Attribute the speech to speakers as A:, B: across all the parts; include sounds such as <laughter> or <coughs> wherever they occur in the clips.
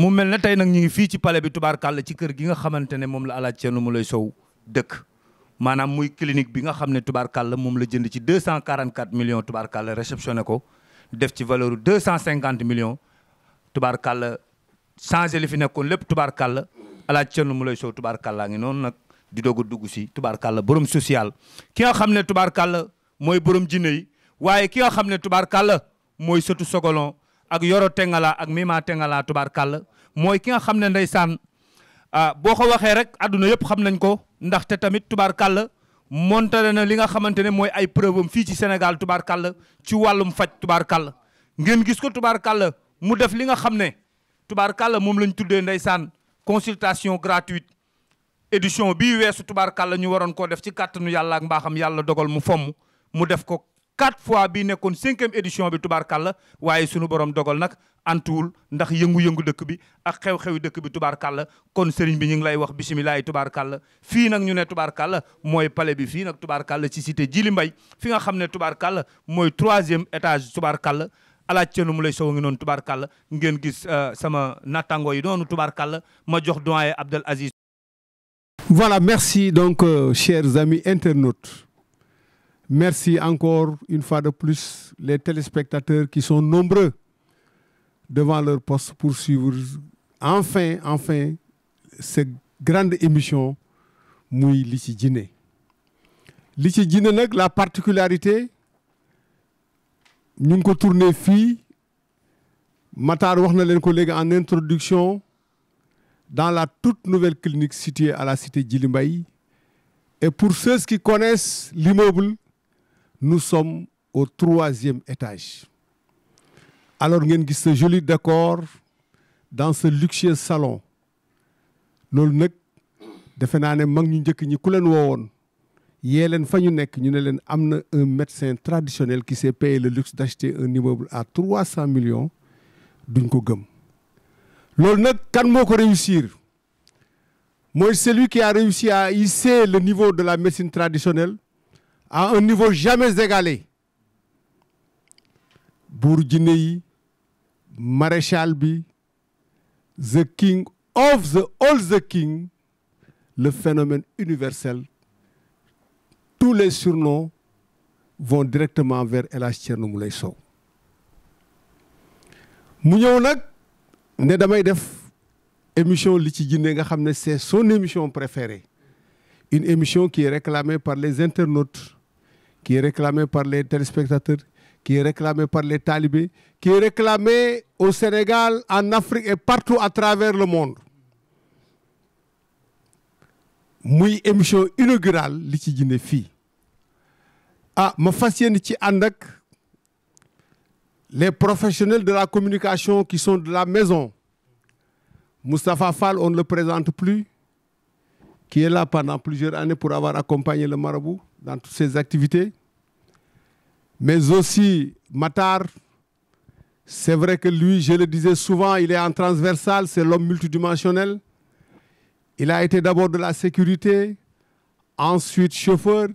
A: mu mel ne tey nag ñu ngi fii ci palais bi tubaarkàlla ci kër gi nga xamante ne moom la alaaj mu lay Sow dëkk maanaam muy clinique bi nga xam ne tubaarkàlla moom la jënd ci deux cent quarante quatre millions tubaarkàlla réceptionné ko def ci valeur deux cent cinquante millions tubaarkàlla changé li fi nekkoon lépp tubaarkàlla alaaj Thierno Mouleye Sow tubaarkàllaa ngi noonu nag di doog a dugg si tubaarkàlla borom social ki nga xam ne tubaarkàlla mooy borom jinne waaye ki nga xam ne tubaar tubaarkàlla mooy sëtu sogolon ak yoro tengala ak tengalaa tubaar tubaarkàlla mooy ki nga xam ne ndeysaan ah boo ko waxee rek àdduna yëpp xam nañ ko ndaxte tamit tubaar kàll monté na li nga xamante ne mooy ay preuve am fii ci Sénégal tubaarkàlla ci wàllum faj tubaar tubaarkàlla ngeen gis ko tubaar tubaarkàlla mu def li nga xam ne tubaar tubaarkàlla moom lañ tuddee ndeysaan consultation gratuite édition bii weesu tubaar tubaarkàlla ñu waroon koo def ci kàttanu yàlla ak mbaaxam yàlla dogal mu fomm mu def ko quatre fois bi nekkoon cinquième édition bi tubaarkàlla waaye sunu borom dogal nag antuwul ndax yëngu-yëngu dëkk bi ak xew-xewi dëkk bi tubaarkàlla kon sëriñ bi ñu ngi lay wax bisimilaay tubaarkàlla fii nag ñu ne tubaarkàlla mooy palais bi fii nag tubaarkàlla ci cité jiili mbay fi nga xam ne tubaarkàlla mooy troisième étage tubaarkàlla alaaj ceenu mu lay sow ngi noonu tubaarkàlla ngeen gis euh, sama nattango yi noonu tubaarkàlla ma jox doyen Abdel Aziz
B: voilà merci donc euh, chers amis Merci encore une fois de plus les téléspectateurs qui sont nombreux devant leur poste pour suivre enfin enfin cette grande émission muy li ci jinne li ci jinne nag la particularité ñu ngi ko tourné fii Matar wax na leen ko léegi en introduction dans la toute nouvelle clinique située à la cité Djily Mbaye et pour ceux qui connaissent nous sommes au troisième étage alors ngeen gis ce joli décor dans ce luxueux salon loolu nag defe naa ne mag ñu njëkk ñi ku leen woowoon yee leen fa ñu nekk ñu ne leen am na un médecin traditionnel qui s'est payé le luxe d'acheter un immeuble à trois cent million duñ ko gëm loolu nag kan moo ko réussir mooy celui qui a réussi à hisser le niveau de la médecine traditionnelle à un niveau jamais égalé buur jinne yi bi the king of the all the king le phénomène universel tous les surnoms von directement vers El Hadj Thierno Moulay Sow mu ñëw nag ne damay def émission li ci jinne nga xam ne c'est son émission préférée une émission qui est réclamée par les internautes kii est réclamé par les téléspectateurs, kii est réclamé par les talibés, qui est réclamé au Sénégal, en Afrique et partout à travers le monde. muy émission inaugurale li ci jinne fii ah ma fas yéene ci ànd ak les professionnels de la communication qui son de la maison Moustapha Fall on ne le présente plus qui est là pendant plusieurs années pour avoir accompagné le marabout dans toutes ses activités. Mais aussi Matar, c'est vrai que lui, je le disais souvent, il est en transversal, c'est l'homme multidimensionnel. Il a été d'abord de la sécurité, ensuite chauffeur,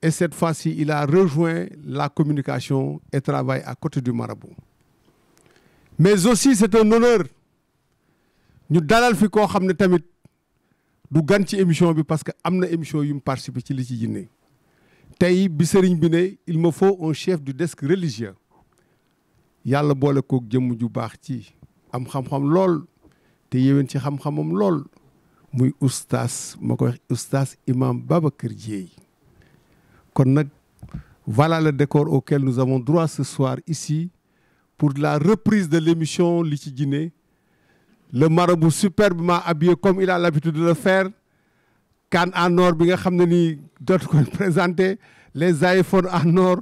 B: et cette fois-ci, il a rejoint la communication et travaille à côté du marabout. mais aussi c'est un honneur ñu dalal fi koo xam ne tamit du gan ci émission bi parce que am na émission yu mu participé ci li ci jinne tey bi sëriñ bi ne il ma faut un chef du desk religieux yàlla boole kook jëmm ju baax ci am xam-xam lool te yéwén ci xam-xamam lool muy oustaz ma ko wax oustaz imam Babacar Dièye kon nag voilà le décor auquel nous avons droit ce soir ici pour la reprise de l'émission li ci jinne le marabout superbement habillé comme il a l'habitude de le faire kan en or bi nga xam ne nii dootu ko <laughs> présenté les iPhones en or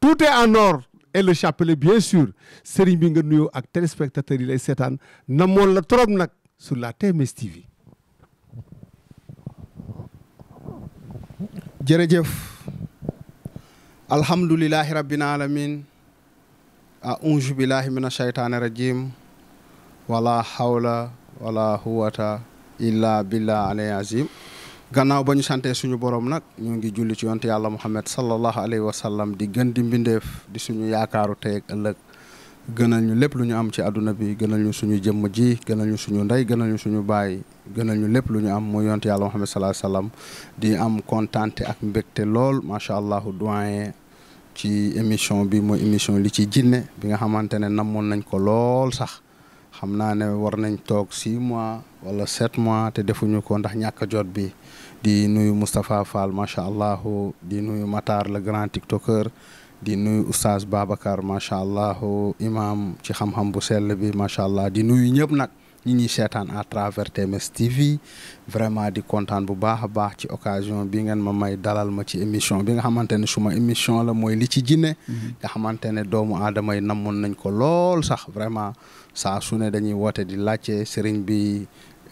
B: tout est en or et le chapelet bien sûr sëriñ bi nga nuyoo ak téléspectateurs yi lay seetaan namoon la trop nag sur la TMS TV. jërëjëf
C: alhamdulilahi rabbil alamin a unju billahi min ashaytaani rajim wala hawla wala huwata illaa billa alay azim gannaaw ba ñu santee suñu borom nag ñu ngi julli ci yonent yàlla muhammad sallallahu alayhi wa sallam di gën di mbindeef di suñu yaakaaru tey ak ëllëg gënal ñu lépp lu ñu am ci àdduna bi gënal ñu suñu jëmm ji gënal ñu suñu ndey gënal ñu suñu baay gënal ñu lépp lu ñu am muy yonent yàlla muhammad sallallahu alayhi wa sallam di am kontante ak mbégte lool macha allah doyen ci émission bi mooy émission li ci jinne bi nga xamante ne namoon nañ ko lool sax xam naa ne war nañ toog six mois wala sept mois te defuñu ko ndax ñàkk jot bi di nuyu Moustapha Fall macha allah di nuyu Matar le grand tiktoker di nuyu oustaz Babacar macha allah imam ci xam-xam bu sell bi macha allah di nuyu ñëpp nag ñi ñuy seetaan à travers TMS TV vraiment di kontaan bu baax a baax ci occasion bi ngeen ma may dalal ma ci émission bi nga xamante ne suma émission la mooy li ci jinne mhm. nga xamante ne doomu aadama yi namoon nañ ko lool sax vraiment saa su ne dañuy woote di laajte sëriñ bi.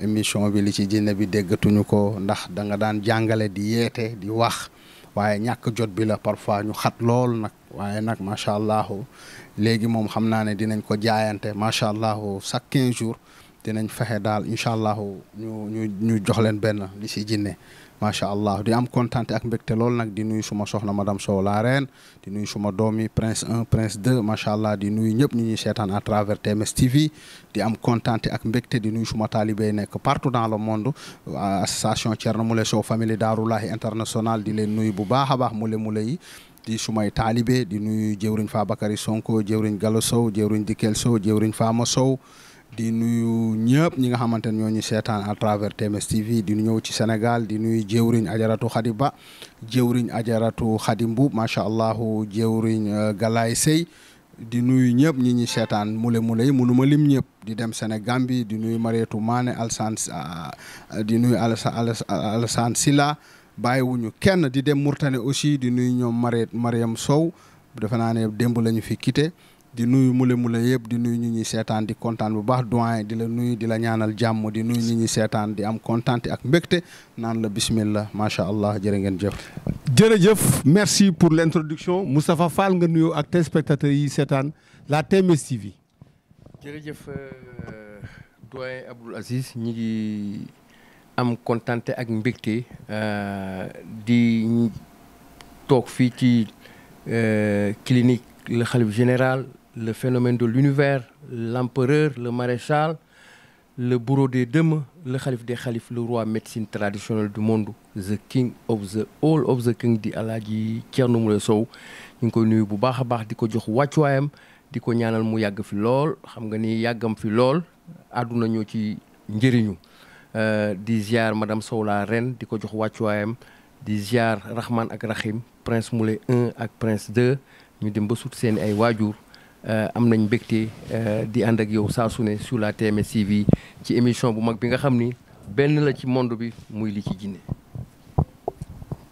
C: émission bi li ci jinne bi déggatuñu ko ndax da nga daan jàngale di yeete di wax waaye ñàkk jot bi la parfois ñu xat lool nag waaye nag macha allah léegi moom xam naa ne dinañ ko jaayante macha allah chaque quinze jours dinañ fexe daal incha allah ñu ñu ñu jox leen benn li ci jinne macha allah di am kontaan ak mbégte lool nag di nuyu suma soxna madame Sow la reine di nuyu suma doomi prince 1 prince 2 macha allah di nuyu ñëpp ñu ñuy seetaan à travers TMS TV di am kontaan ak mbégte di nuyu suma taalibe nekk partout dans le monde association Thierno Moule Sow famille Daarulahi international di leen nuyu bu baax a baax mule mule yi di sumay taalibe di nuyu faa Fabakary Sonko jëwriñ Gallo Sow jëwriñ Dikel Sow jëwriñ Fama Sow di nuyu ñëpp ñi nga xamante ne ñoo seetaan à travers TMS TV di ñëw ci Sénégal di nuyu jëwriñ ajaratu Khady Ba jëwriñ ajaratu Khady macha allah jëwriñ euh, Galaay Sey di nuyu ñëpp ñi ñi seetaan mule mule mu munuma lim ñëpp di dem Sénégambie di nuyu Marietu Maane Alsaan euh, di nuyu Alsaan Sila bàyyiwuñu kenn di dem Mourtane aussi di nuyu ñoom Mariet Mariam Sow defe naa ne démb la ñu fi quitté di nuyu mule mule yëpp di nuyu ñu ñuy seetaan di kontaan bu baax doyen di la nuyu di la ñaanal jàmm di nuyu ñu seetaan di am kontaante ak mbégte
B: naan la bismillah macha allah jërë ngeen jëf. jërëjëf merci pour l' introduction Moustapha Fall nga nuyoo ak téléspectateurs yi seetaan la TMS TV.
D: jërëjëf euh, doyen Abdoul Aziz ngi
B: am kontaante ak
D: mbégte euh, di toog fii ci euh, clinique le xalif général le phénomène de l'univers, l'empereur, la maréchal, le bourreau des dëmm, le khalife de khalifes, le roi médecine traditionnelle du monde, the king of the all of the king di Alaaji Thierno Moule Sow ñu ngi koy nuyu bu baax a baax di ko jox wàccuwaayam di ko ñaanal mu yàgg fi lool xam nga ni yàggam fi lool àdduna ñoo ci njëriñu euh, di ziar madame Sow la reine di ko jox wàccuwaayam di ziar Rahman ak Rahim prince Moule 1 ak prince 2 ñu dem ba sut seen ay waajur. Euh, am nañ mbégte euh, di ànd ak yow saa su ne sur la TMS TV ci émission bu mag bi nga xam ni benn la ci monde bi muy li ci
B: jinne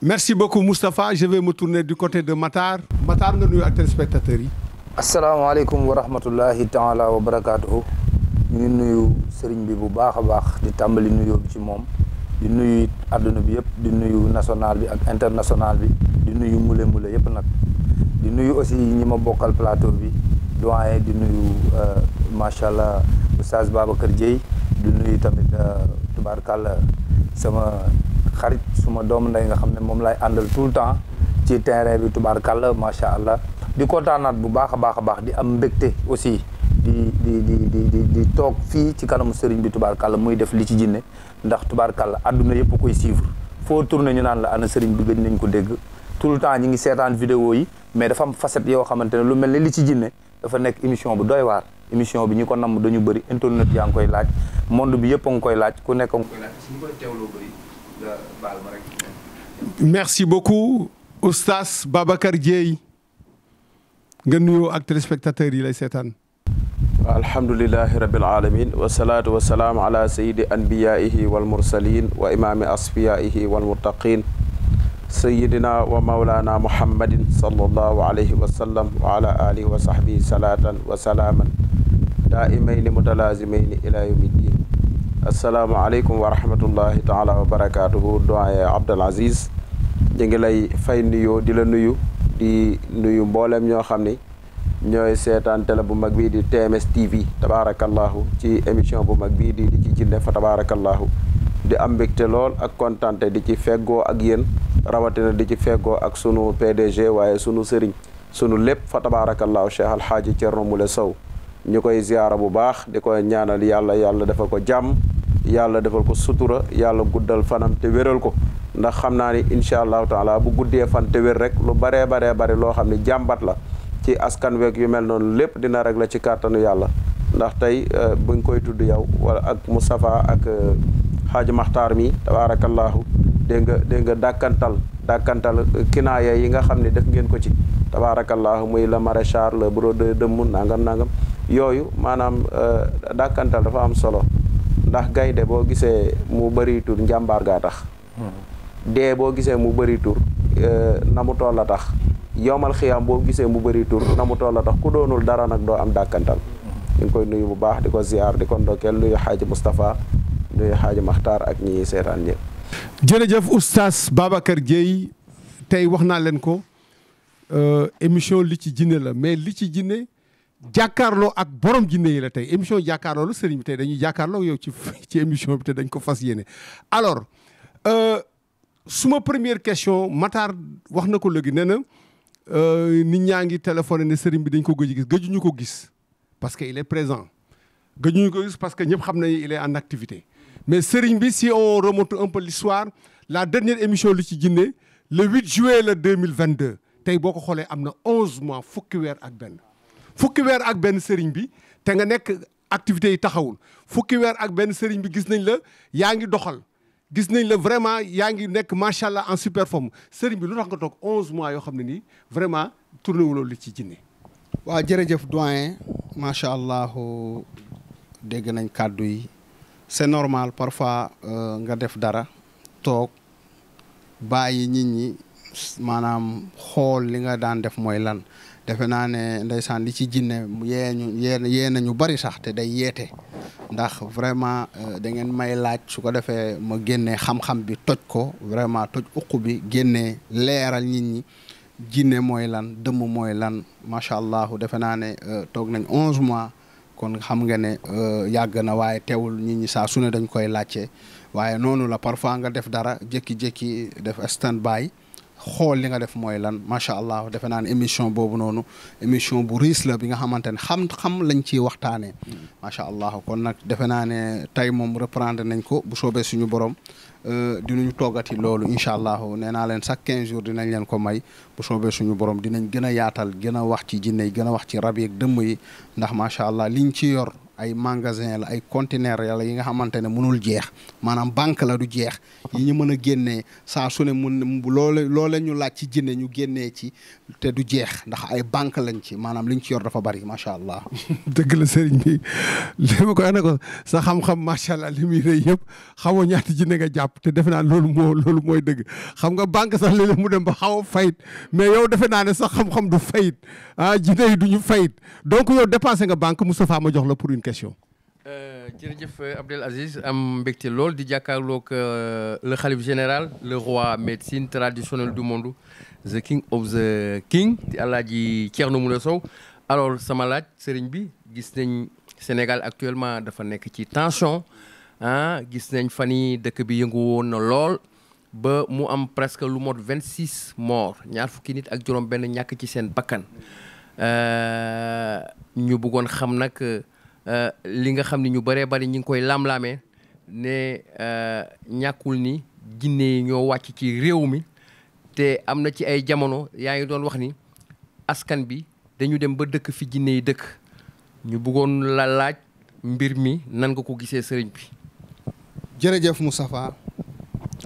B: merci beaucoup Moustapha je vais me du côté de Matar Matar nga nuyu ak téléspectateurs yi asalaamaaleykum wa rahmatullahi taala wa barakaatuhu
A: ñu ngi nuyu sëriñ bi bu baax a baax di tàmbali nuyoo bi ci moom di nuyu àdduna bi yëpp di nuyu national bi ak international bi di nuyu mule mule yëpp nag di nuyu aussi ñi ma bokkal plateau bi doyen di nuyu euh, macha allah oustaz Babacar Dieye di nuyu tamit tubaar euh, tubaarkàlla sama xarit suma doom ndey nga xam ne moom lay àndal tout le temps ci terrain bi tubaar tubaarkàlla macha allah di kontaanaat bu baax a baax a baax di am mbégte aussi. di di di di di di toog fii ci kanamu sëriñ bi tubaarkàlla muy def li ci jinne ndax tubaarkàlla àdduna yëpp koy suivre foo tourné ñu naan la ana sëriñ bi gën nañ ko dégg tout le temps ñi ngi seetaan vidéo yi mais dafa am facette yoo xamante ne lu mel ne li ci jinne dafa nekk émission bu doy waar émission bi ñu ko namm dañu bëri internet yaa ngi koy laaj monde bi yëpp a ngi koy laaj ku nekk ngi koy
B: laaj merci beaucoup oustaz Babacar Dieye nga nuyoo ak téléspectateurs yi lay seetaan.
E: alhamdulilahi rabil alamin wasalaatu wasalaamu ala sayidi anbiyaihi wal mursalin wa imaami asfiyaihi wal murtaqin sayidina wa maulana muhammadin sallallahu alayhi wa sallam wa ala alihi wa sahbihi salaatan wa salaaman daaimayni mutalazimayni ila yawmi ddin aleykum wa rahmatullahi taala wa barakatuhu doyen Abdul Aziz ñu ngi lay fay nuyoo di la nuyu di nuyu mboolem ñoo xam ni ñooy seetaan télé bu mag bii di TMS TV tabaarakallahu ci émission bu mag bii di li ci jinne fa tabaarakallahu di am mbégte lool ak kontante di ci feggoo ak yéen rawatina di ci feggoo ak sunu PDG waaye sunu sëriñ sunu lépp fa tabaarakallaahu Cheikh Alxaaji Thierno Moule Sow ñu koy ziyaara bu baax di ko ñaanal yàlla yàlla dafa ko jàmm yàlla defal ko sutura yàlla guddal fanam te wéral ko ndax xam naa ni incha allahu taala bu guddee fan te wér rek lu baree baree bari loo xam ne jàmbat la ci askan week yu mel noonu lépp dina rek la ci kàttanu yàlla ndax tey euh, buñ koy tudd yow wala ak Moustapha ak euh, xaaji maxtaar mi tabaarakallaahu dégg nga dégg nga dàkkantal dàkkantal kinaaya yi nga xam ne def ngeen ko ci tabaarakallaahu muy le maréchal le brodeur de mun nangam nangam yooyu maanaam euh, dàkkantal dafa am solo ndax gaynde boo gisee mu bëri tur njàmbaar gaa tax hmm. boo gisee mu bëri tur euh, na mu toll a tax yowmal xiyaam boo gisee mu bëri tur na mu toll a tax ku doonul dara nag doo am dàkkantal hmm. ñu ngi koy nuyu bu baax di ko ziar di ko ndokkeel nuyu xaaji Moustapha xaaji maxtaar ak ñi seetaan ñëpp.
B: jërëjëf oustaz Babacar Dieye tey wax naa leen ko euh, émission li ci jinne la mais li ci jinne jàkkaarloo ak borom jinne yi la tey émission jàkkaarloo la sëriñ bi tey dañuy jàkkaarloo yow ci <laughs> ci émission bi te dañ ko fas yéene alors euh, suma première question Matar wax na ko léegi nee na euh, nit ñaa ngi téléphoné ne sëriñ bi dañ ko gëj gis gëjuñu ko gis parce que il est présent gëjuñu ko gis parce que ñëpp xam nañu il est en activité mais sëriñ bi si on remonte un peu l'histoire la dernière émission li ci jinne le 8 juillet le 2022 tey boo ko xoolee am na onze mois fukki weer ak benn fukki weer ak benn sëriñ bi te nga nekk activités yi taxawul fukki weer ak benn sëriñ bi gis nañ la yaa ngi doxal gis nañ la vraiment yaa ngi nekk macha allah en super forme sëriñ bi lu tax nga toog onze mois yoo xam ne nii vraiment tourné wuloo li ci jinne waaw jërëjëf doyen macha
C: allah dégg nañ kàddu yi. c'est normal parfois euh, nga def dara toog bàyyi nit ñi maanaam xool li nga daan def mooy lan defe naa ne ndeysaan li ci jinne yee ñu yee nañu bari sax te day yeete ndax vraiment euh, da ngeen may laaj su ko defee ma génnee xam-xam bi toj ko vraiment toj uq bi génnee leeral nit ñi jinne mooy lan dëmm mooy lan macha allah defe naa ne euh, toog nañ onze mois kon xam nga ne euh, yàgg na waaye teewul nit ñi saa su ne dañ koy laajte waaye noonu la parfois nga def dara jékki-jékki def stand by xool li nga def mooy lan macha allah defe naa ne émission boobu noonu émission bu riis la bi nga xamante ne xam-xam lañ ciy waxtaanee. Mm. macha allah kon nag defe naa ne tey moom reprendre nañ ko bu soobee suñu borom. Euh, dinañu toggati loolu incha allahu nee naa leen chaque 15 jours dinañ leen ko may bu soobee suñu borom dinañ gën a yaatal gëna a wax ci jinne yi gën a wax ci rab yi dëmm yi ndax macha allah liñ ci yor. ay magasin la ay conteneur yàlla yi nga xamante ne mënul jeex maanaam banque la du jeex yi ñu mën a génnee saa su ne mun loole loole ñu laaj ci jinne ñu génnee ci te du jeex ndax ay banque lañ ci maanaam liñ ci yor dafa bari macha allah.
B: <laughs> dëgg la sëriñ bi li ma sa xam-xam macha allah li muy rëy yëpp xamoo ñaata jinne nga jàpp te defe naa loolu moo mooy dëgg xam nga banque sax léeg mu dem ba xaw a fayit mais yow defe naa ne sax xam-xam du fayit ah jinne yi du ñu fayit donc yow dépensé nga banque Moustapha ma jox la pour une question.
F: Euh,
D: jërëjëf Abdel Aziz am mbégte lool di jàkkaarlook euh, le xalif général le roi médecine traditionnelle du monde the king of the king di Alaaji Thierno Moule Sow alors sama laaj sëriñ bi gis nañ Sénégal actuellement dafa nekk ci tension ah gis nañ fan yi dëkk bi yëngu woon na lool ba mu am presque lu mot vingt six morts ñaar fukki nit ak juróom benn ñàkk ci seen bakkan euh, ñu bëggoon xam nag Euh, li nga xam ni ñu bëree bari ñu ngi koy lam-lamee ne euh, ñàkkul ni jinne yi ñoo wàcc ci réew mi te am na ci ay jamono yaa ngi doon wax ni askan bi dañu dem ba dëkk fi jinne yi dëkk ñu buggoon la laaj mbir
C: mi nan nga ko gisee sëriñ bi jërëjëf Moustapha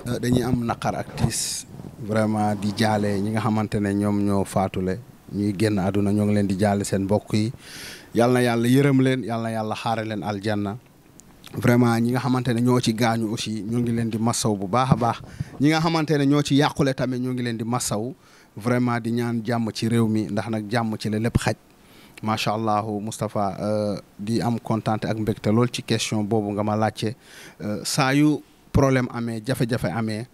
C: euh, dañuy am naqar ak tiis vraiment di jaale ñi nga xamante ne ñoom ñoo faatule ñuy génn àdduna ñoo ngi leen di jaale seen mbokk yi yal na yàlla yërëm leen yal na yàlla xaare leen aljanna vraiment ñi nga xamante ne ñoo ci gaañu aussi ñoo ngi leen di massaw bu baax a baax ñi nga xamante ne ñoo ci yàqule tamit ñoo ngi leen di massaw vraiment di ñaan jàmm ci réew mi ndax nag jàmm ci la lépp xaj macha allah Moustapha euh, di am kontaan ak mbégte lool ci question boobu nga ma laajte euh, saa yu problème amee jafe-jafe amee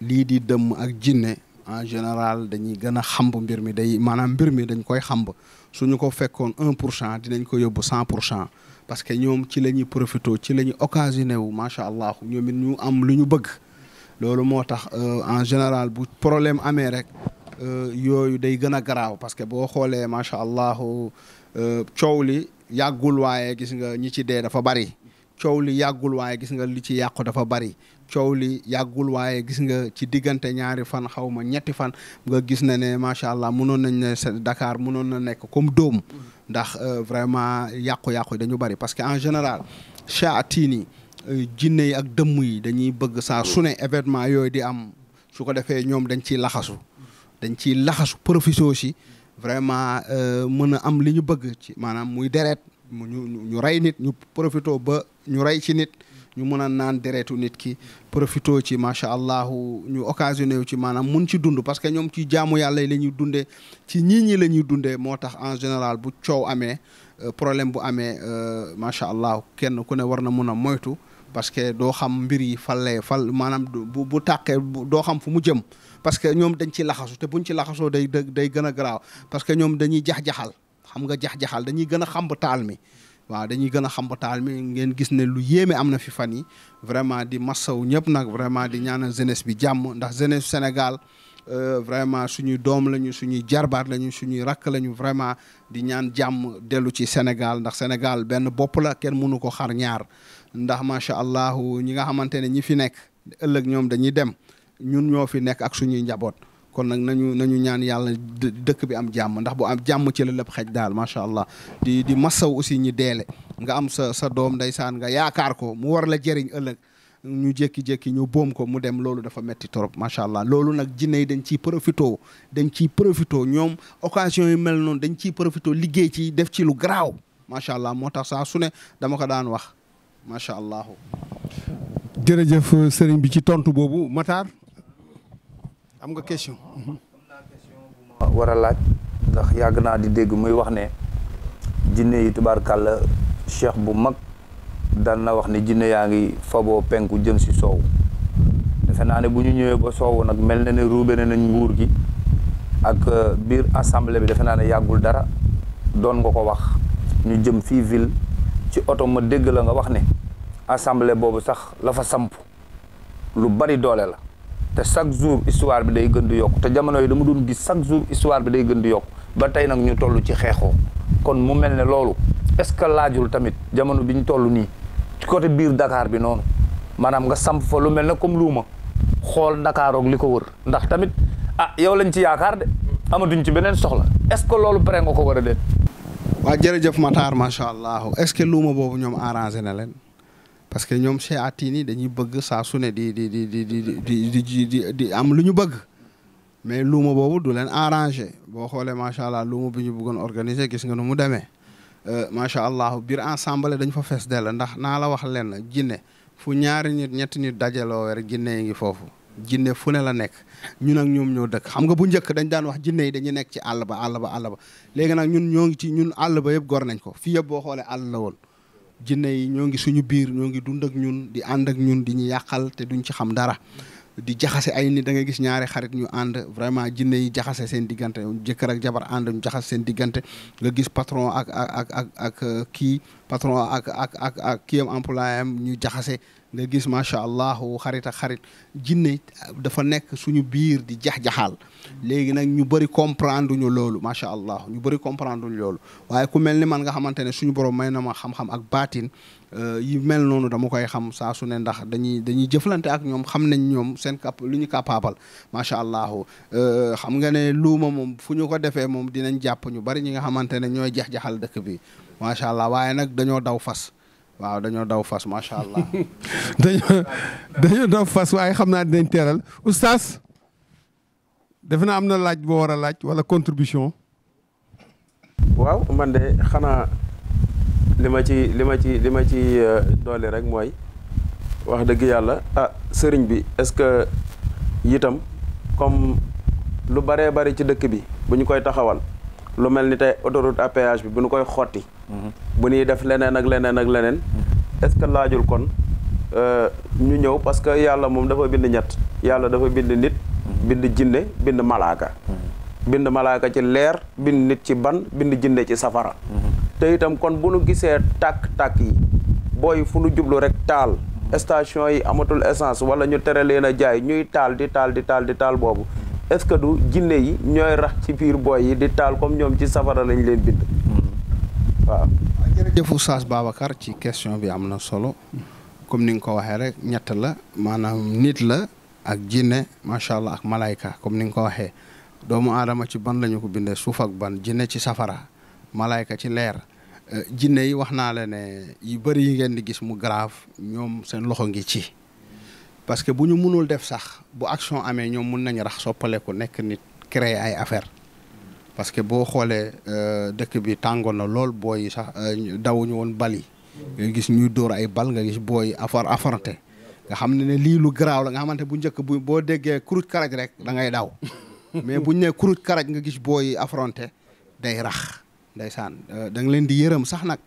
C: lii di dëmm ak jinne en général dañuy gën a xamb mbir mi day maanaam mbir mi dañ koy xamb su ñu ko fekkoon un pour cent dinañ ko yóbbu cent pour cent parce que ñoom ci la ñuy profité ci la ñuy occasionné wu macha allah ñoom it ñu am lu ñu bëgg loolu moo tax euh, en général bu problème amee rek euh, yooyu day gën a garaaw parce que boo xoolee macha allah euh, coow li yàggul waaye gis nga ñi ci dee dafa bari coow li yàggul waaye gis nga lu ci yàqu dafa bari coow li yàggul waaye gis nga ci diggante ñaari fan xawma ñetti fan nga gis na ne macha allah mënoon nañ ne Dakar munoon na nekk comme doom ndax euh, vraiment yàqu-yàqu dañu bari parce que en général shaatini euh, jinne yi ak dëmm yi dañuy bëgg saa su ne événement yooyu di am su ko defee ñoom dañ ciy laxasu dañ ci laxasu profité aussi vraiment euh, mën a am li ñu bëgg ci maanaam muy deret mu ñu ñu rey nit ñu profité ba ñu rey ci nit ñu mun a naan deretu nit ki profité ci macha allah ñu occasionné wu ci maanaam mun ci dund parce que ñoom ci jaamu yàlla yi la ñuy dundee ci ñii ñi la ñuy dundee moo tax en général bu coow amee euh, problème bu amee euh, macha allah kenn ku ne war na mun a moytu parce que doo xam mbir yi falee fal maanaam bu bu tàqee doo xam fu mu jëm parce que ñoom dañ ci laxasu te buñ ci laxasoo day day gën a garaaw parce que ñoom dañuy jax-jaxal xam nga jax-jaxal dañuy gën a xamb taal mi waaw dañuy gën a xambataal ba mi ngeen gis ne lu yéeme am na fi fan yi vraiment di massaw ñëpp nag vraiment di ñaanal jeunesse bi jàmm ndax jeunesse Sénégal euh, vraiment suñuy doom lañu suñuy jarbaat lañu suñuy rakk lañu vraiment di ñaan jàmm dellu ci Sénégal ndax Sénégal benn bopp la kenn mënu ko xar ñaar ndax macha allah ñi nga xamante ne ñi fi nekk ëllëg ñoom dañuy dem ñun ñoo fi nekk ak suñuy njaboot. kon nag nañu nañu ñaan yàlla dëkk bi am jàmm ndax bo am jàmm ci la lépp xaj daal macha allah di di massaw aussi ñi deele nga am sa sa doom ndeysaan nga yaakaar ko mu war la jëriñ ëllëg ñu jékki-jékki ñu boom ko mu dem loolu dafa metti trop macha allah loolu nag jinne yi dañ ciy profito dañ ciy profito ñoom occasion yi mel noon dañ ciy profito liggéey ci def ci lu garaaw macha allah moo tax saa su ne dama ko daan wax macha allah.
B: jërëjëf sëriñ bi ci tontu boobu am nga question.
C: war a laaj
A: ndax yàgg naa di dégg muy wax ne jinne yi tubaarkàlla cheikh bu mag daan na wax ne jinne yaa ngi faboo penku jëm si soow defe naa ne bu ñu ñëwee ba soow nag mel na ne ruube ne nañ nguur gi ak euh, biir assemblée bi defe naa ne yàggul dara doon nga ko wax ñu jëm fii ville ci oto ma dégg la nga wax ne assemblée boobu sax la fa samp lu bari doole la te chaque jour histoire bi day gën di yokk te jamono yi dama doon gis chaque jour histoire bi day gën di yokk ba tey nag ñu tollu ci xeexoo kon mu mel ne loolu est-ce que laajul tamit jamono bi ñu toll nii ci côté biir dakaar bi noonu maanaam nga samp fa lu mel ne comme luuma xool Dakar ak li ko wër ndax tamit ah yow lañ ci yaakaar de amatuñ ci beneen soxla
C: est-ce que loolu pare nga ko war a déet. waa jërëjëf Matar macha allah est-ce que luuma boobu ñoom arrangé na leen. parce que ñoom chez Atini dañuy bëgg saa su ne di di di di di di di di am lu ñu bëgg mais luuma boobu du leen arrangé boo xoolee macha allah luuma bi ñu bëggoon organiser gis nga nu mu demee euh, macha allah biir ensemble dañ fa fees dell ndax naa la wax lenn jinne fu ñaari nit ñetti nit dajaloo weer jinne yi ngi foofu jinne fu ne la nekk ñun ak ñoom ñoo dëkk xam nga bu njëkk dañ daan wax jinne yi dañuy nekk ci àll ba àll ba àll ba léegi nag ñun ñoo ngi ci ñun àll ba yëpp gor nañ ko fii yëpp boo xoolee àll la woon jinne yi ñoo ngi suñu biir ñoo ngi dund ak ñun di ànd ak ñun di ñu yàqal te duñ ci xam dara di jaxase ay nit da ngay gis ñaari xarit ñu ànd vraiment jinne yi jaxase seen diggante jëkkër ak jabar ànd ñu jaxase seen diggante nga gis patron ak ak ak kii patron ak ak ak ak kii am employé am ñu jaxase nga gis macha allah xarit ak xarit jinne dafa nekk suñu biir di jax jaxal léegi nag ñu bëri comprendre ñu loolu macha allah ñu bëri comprendre ñu loolu waaye ku mel ni man nga xamante ne suñu borom may na ma xam-xam ak baatin euh, yi mel noonu dama koy xam saa su ne ndax dañuy dañuy jëflante ak ñoom xam nañ ñoom seen kap lu ñu capable macha allah euh, xam nga ne luuma moom fu ñu ko defee moom dinañ jàpp ñu bari ñi nga xamante ne ñooy jax-jaxal dëkk bi macha allah waaye nag dañoo daw fas waaw dañoo daw fas macha allah.
B: <laughs> dañoo daw fas waaye xam naa dinañ teeral oustaz defe naa am na laaj boo war a laaj wala contribution.
E: waaw man de xanaa li ma ci li ma ci li ma ci euh, doole rek mooy wax dëgg yàlla ah sëriñ bi est-ce que itam comme lu baree bari ci dëkk bi bu ñu koy taxawal. lu mel ni tey autoroute à bi bu ñu koy xotti. Mhm. bu ñuy def leneen ak leneen ak leneen. Mhm. est-ce que laajul kon euh, ñu ñëw parce que yàlla moom dafa bind ñett yàlla dafa bind nit. Mhm. bind jinne bind malaaka. bind malaaka ci leer bind nit ci ban bind jinne ci safara. te itam kon bu nu gisee tàkk-tàkk yi booy fu nu jublu rek taal. station yi amatul essence wala ñu tere leen a jaay ñuy taal di taal di taal di taal boobu. est-ce que du jinne yi ñooy rax ci biir booy yi di taal comme ñoom ci safara lañ leen bind
C: waaw jërëjëf Oustaz Babacar ci question bi am na solo comme ni nga ko waxee rek ñett la maanaam nit la ak jinne macha allah ak malayka comme ni nga ko waxee doomu aadama ci ban lañu ko bindee suuf ak ban jinne ci safara malayka ci leer eh, jinne yi wax naa la ne yu bëri yi ngeen di gis mu grave ñoom seen loxo ngi ci parce que bu ñu mënul def sax bu action amee ñoom mun nañu rax soppaleku nekk nit créer ay affaire parce que boo xoolee euh, dëkk bi tàngoon na lool booy yi sax euh, dawuñu woon bal nga gis ñuy dóor ay bal nga gis booy affaire affronté nga xam ne ne lii lu garaaw la nga xamante bu njëkk bu boo déggee kurut karaj rek da daw <laughs> mais bu ñu nee kurut karaj nga gis booy affronté day rax ndeysaan euh, da nga leen di yërëm sax nag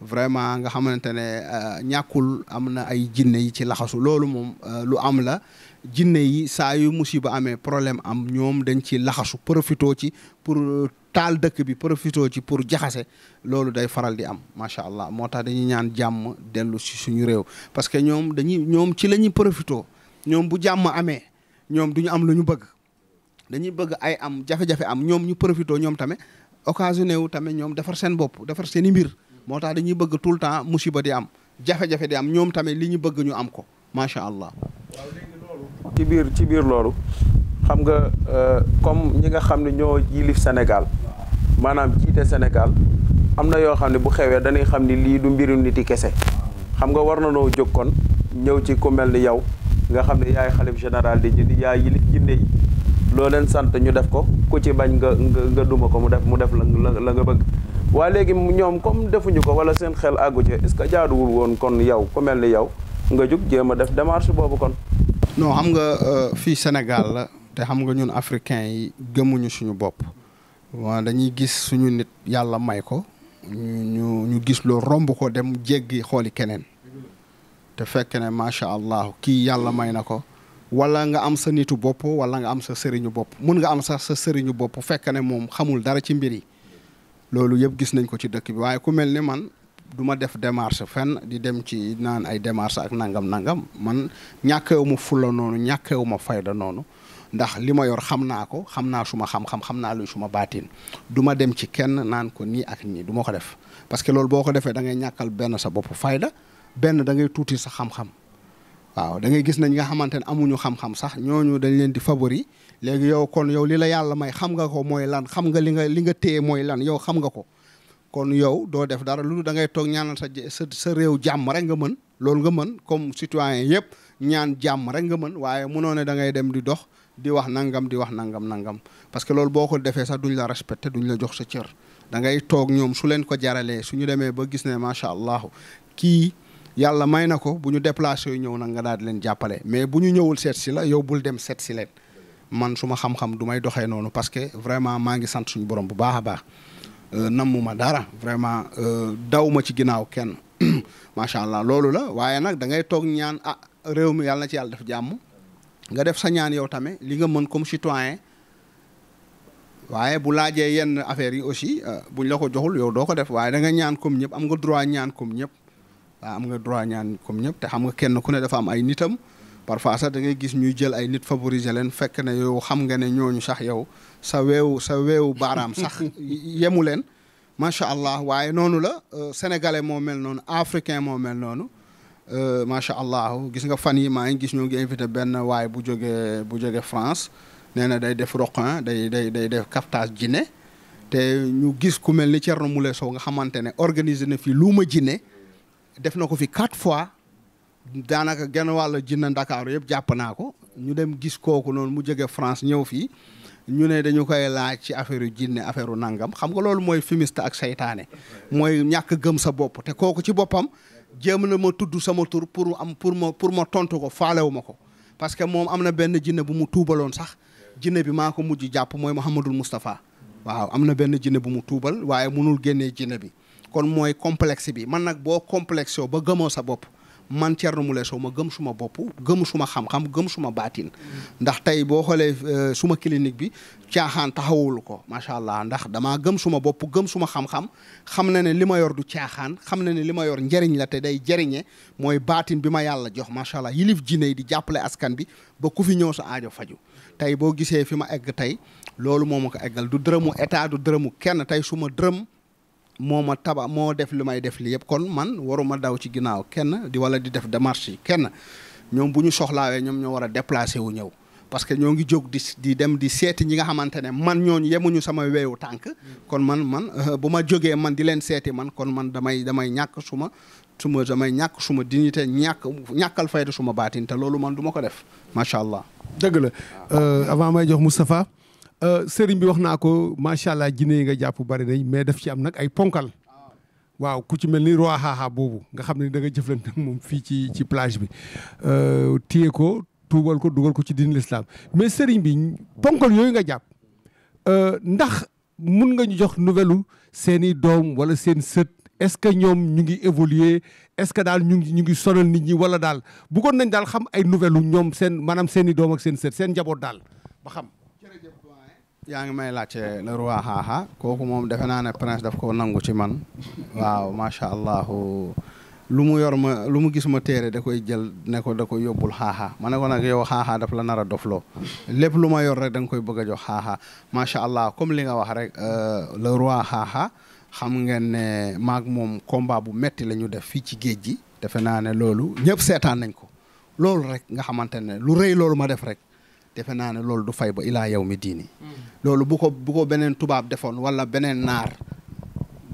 C: vraiment nga xamante ne euh, ñàkkul am na ay jinne yi ci laxasu loolu moom euh, lu am la jinne yi saa yu musiba amee problème am ñoom dañ ci laxasu profitoo ci pour euh, taal dëkk bi profitoo ci pour jaxase loolu day faral di am macha allah moo tax dañuy ñaan jàmm dellu si suñu réew parce que ñoom dañuy ñoom ci la ñuy profitoo ñoom bu jàmm amee ñoom du ñu am lu ñu bëgg dañuy bëgg ay am jafe-jafe am ñoom ñu profitoo ñoom tamit occasionné wu tamit ñoom defar seen bopp defar seen i mbir moo tax dañuy bëgg tout le temps musiba di am jafe-jafe di am ñoom tamit li ñu bëgg ñu am ko macha allah. waaw ci biir
E: ci biir loolu xam nga euh, comme ñi nga xam ne ñoo yilif Sénégal maanaam jiite Sénégal am na yoo xam ne bu xewee dañuy xam ni lii du mbirum nit yi kese xam nga war na noo jóg kon ñëw ci ku mel ni yow nga xam ne yaay xalif général di jindi yaay yilif jinne yi loo leen sant ñu def ko ku ci bañ nga nga duma ko mu def mu def la la nga bëgg waa léegi ñoom comme defuñu ko wala seen xel àggu ci est-ce que jaaduwul woon kon yow ku mel ni yow nga jóg jéem a def démarche boobu kon.
C: non xam nga euh, fii Sénégal la te xam nga ñun africain yi gëmuñu suñu bopp waa dañuy gis suñu nit yàlla may ko ñu ñu gis loolu romb ko dem jéggi xooli keneen te fekk ne macha allah kii yàlla may na ko wala nga am sa nitu bopp wala nga am sa sëriñu bopp mun nga am sax sa sëriñu bopp fekk ne moom xamul dara ci mbir yi. loolu yëpp gis nañ ko ci dëkk bi waaye ku mel ni man duma def démarche fenn di dem ci naan ay démarche ak nangam nangam man ñàkkeewu ma fulla noonu ñàkkeewu ma fayda noonu ndax li ma yor xam naa ko xam naa suma xam-xam xam naa luy suma baatin duma dem ci kenn naan ko nii ak nii du ma ko def parce que loolu boo ko defee da ngay ñàkkal benn sa bopp fayda benn da ngay tuuti sa xam-xam waaw da ngay gis nañ nga xamante ne amuñu xam-xam sax ñooñu dañ leen di favori léegi yow kon yow li la yàlla may xam nga ko mooy lan xam nga li nga li nga téye mooy lan yow xam nga ko kon yow doo def dara lu da ngay toog ñaanal sa sa sa réew jàmm rek nga mën loolu nga mën comme citoyen yëpp ñaan jàmm rek nga mën waaye mënoo ne da ngay dem di dox di wax nangam di wax nangam nangam parce que loolu boo ko defee sax duñ la respecté duñ la jox sa cër da ngay toog ñoom su leen ko jaralee su ñu demee ba gis ne macha allah kii yàlla may na ko bu ñu déplacé yu ñëw nag nga daal di leen jàppale mais bu ñu ñëwul seet si la yow bul dem seet si leen man suma xam-xam du may doxee noonu parce que vraiment maa ngi sant suñu borom bu baax a baax euh, nammuma dara vraiment euh, daw ma ci ginnaaw kenn <clears throat> macha allah loolu la waaye nag da ngay toog ñaan ah réew mi yàlla na ci yàlla def jàmm nga def sa ñaan yow tamit li nga mën comme citoyen waaye bu laajee yenn affaires yi aussi euh, buñ la ko joxul yow doo ko def waaye da nga ñaan comme ñëpp am nga droit ñaan comme ñëp waaw am nga droit ñaan comme ñëpp te xam nga kenn ku ne dafa am ay nitam parfois sax da ngay gis ñuy jël ay nit favoriser leen fekk ne yow xam nga ne ñooñu sax yow sa weewu sa weewu baaraam <laughs> sax yemu leen macha allah waaye noonu la euh, sénégalais moo mel noonu africain moo mel noonu euh, macha allah gis nga fan yi maa ngi gis ñoo ngi invité benn waaye bu jógee bu jógee France nee na day def roqan day day day def captage jinne te ñu gis ku mel ni Thierno mule Sow nga xamante ne organiser na fi luuma jinne def na ko fi quatre fois daanaka genn wàll jinna Ndakaaru yëpp jàpp naa ko ñu dem gis kooku noonu mu jege France ñëw fii ñu ne dañu koy laaj ci affaire yu jinne affaire u nangam xam nga loolu mooy fumiste ak seytaane mooy ñàkk gëm sa bopp te kooku ci boppam jéem na ma tudd sama tur pour am pour ma pour ma tontu ko faalewu ma ko parce que moom am na benn jinne bu mu tuubaloon sax jinne bi maa ko mujj jàpp mooy Mouhamadul Moustapha waaw am na benn jinne bu mu tuubal waaye munul génnee jinne bi kon mooy complexe bi man nag boo complexé ba gëmoo sa bopp man Thierno Moule Sow ma gëm suma bopp gëm suma xam-xam gëm suma baatin ndax tey boo xoolee euh, suma clinique bi caaxaan taxawul ko macha allah ndax damaa gëm suma bopp gëm suma xam-xam xam na ne li ma yor du caaxaan xam na ne li ma yor njëriñ la te day jëriñe mooy baatin bi ma yàlla jox macha allah yilif jinne yi di jàppale askan bi ba ku fi ñëw sa aajo faju tey boo gisee fi ma egg tey loolu moom ma ko eggal du dërëmu état du dërëmu kenn tey suma dërëm moo ma taba moo def li may def li yëpp kon man waruma daw ci ginnaaw kenn di wala di def démarche yi kenn ñoom bu ñu soxlaawee ñoom ñoo war a déplacé wu ñëw parce que ñoo ngi jóg di di dem di seeti ñi nga xamante ne man ñooñu yemuñu sama weewu tànk kon man man euh, bu ma jógee man di leen seeti man kon man damay damay ñàkk suma suma damay ñàkk suma dignité ñàkk ñàkkal fayda suma baatin loolu man duma ko def macha allah
B: dëgg la euh, avant may jox Moustapha Euh, sëriñ bi wax naa ko macha allah jinne yi nga jàpp bari nañ mais def ci am nag ay ponkal waaw ku ci mel ni roi haha boobu nga xam ne da nga jëflante moom fii ci ci plage bi euh, tiye ko tuubal ko dugal ko ci diin l'islam mais sëriñ bi ponkal yooyu nga jàpp euh, ndax mun nga ñu jox nouvelle seen i doom wala seen sët est-ce que ñoom ñu ngi évoluer est-ce que daal ñu ngi ñu ngi sonal nit ñi wala daal bëggoon nañ daal xam ay nouvelle ñoom seen maanaam seen i doom ak seen sët seen njaboot daal xam.
C: yaa ngi may laajte le roi xaaxa kooku moom defe naa ne prince daf ko nangu ci man waaw macha allah lu mu yor ma lu mu gis ma téere da koy jël ne ko da koy yóbbul xaaxa ma ne ko nag yow xaaxa daf la nara a loo lépp lu ma yor rek da nga koy bëgg a jox xaaxa macha allah comme li nga wax rek euh, le roi xaaxa xam ngeen ne maag moom combat bu metti la ñu def fii ci géej gi defe naa ne loolu ñëpp seetaan nañ ko loolu rek nga xamante ne lu rëy loolu ma def rek. defe naa ne loolu du fay ba ilaa yow mi diini. Hmm. loolu bu ko bu ko beneen tubaab defoon wala beneen naar.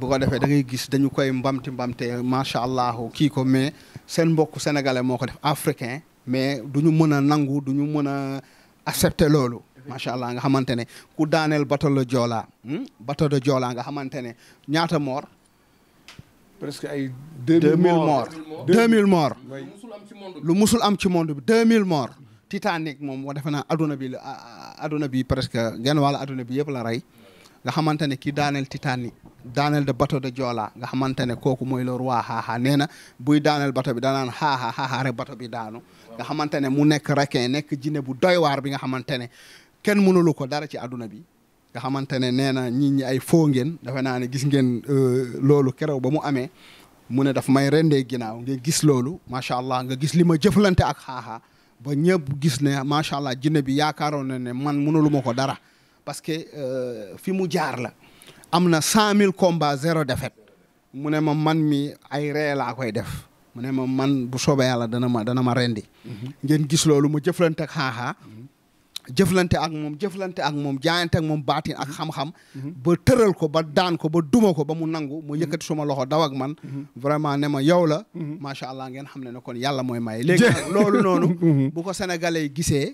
C: bu ko defee da ngay gis dañu koy mbamti mbamte macha allah kii ko mais seen mbokk sénégalais moo ko def africain mais du ñu mën a nangu du ñu mën a accepter loolu. macha allah nga xamante ne ku daaneel bateau le Joola. Hmm, bateau de Joola nga xamante ne ñaata moor. presque ay deux mille mille morts. lu musul am ci monde bi deux mille morts. Titanic moom wa defe naa adduna bi la adduna bi presque genn wàlla adduna bi yëpp la rey nga xamante ne kii daaneel Titanic daaneel de bateau de Joola nga xamante ne kooku mooy le xaaxaa nee na buy daaneel bateau bi danaan xaaxaa xaaxaa rek bateau daanu nga xamante ne mu nekk requin nekk jine bu doy waar bi nga xamante ne kenn mënulu ko dara ci adduna bi nga xamante ne nee na ñi ay foo ngeen dafa naa ne gis ngeen euh, loolu keroog ba mu amee mu ne daf may rendee ginnaaw nga gis loolu macha allah nga gis li ma jëflante ak xaaxaa ba ñëpp gis ne macha allah jinne bi yaakaaroon na ne man mënuluma ko dara parce que euh, fi mu jaar la am na cent mille combats zéro défaite mu ne ma man mi ay ree laa koy def mu ne ma man bu soobee yàlla dana ma dana ma rendi mhm. ngeen gis loolu ma jëflante ak jëflante ak moom jëflante ak moom jaayante ak moom baatin ak mhm. xam-xam mhm. ba tëral ko ba daan ko ba duma ko ba mu nangu mu mhm. yëkkati suma loxo daw ak man vraiment ne ma yow la macha allah ngeen xam ne ne kon yàlla mooy maye léegi nag loolu noonu <laughs> bu ko sénégalais yi gisee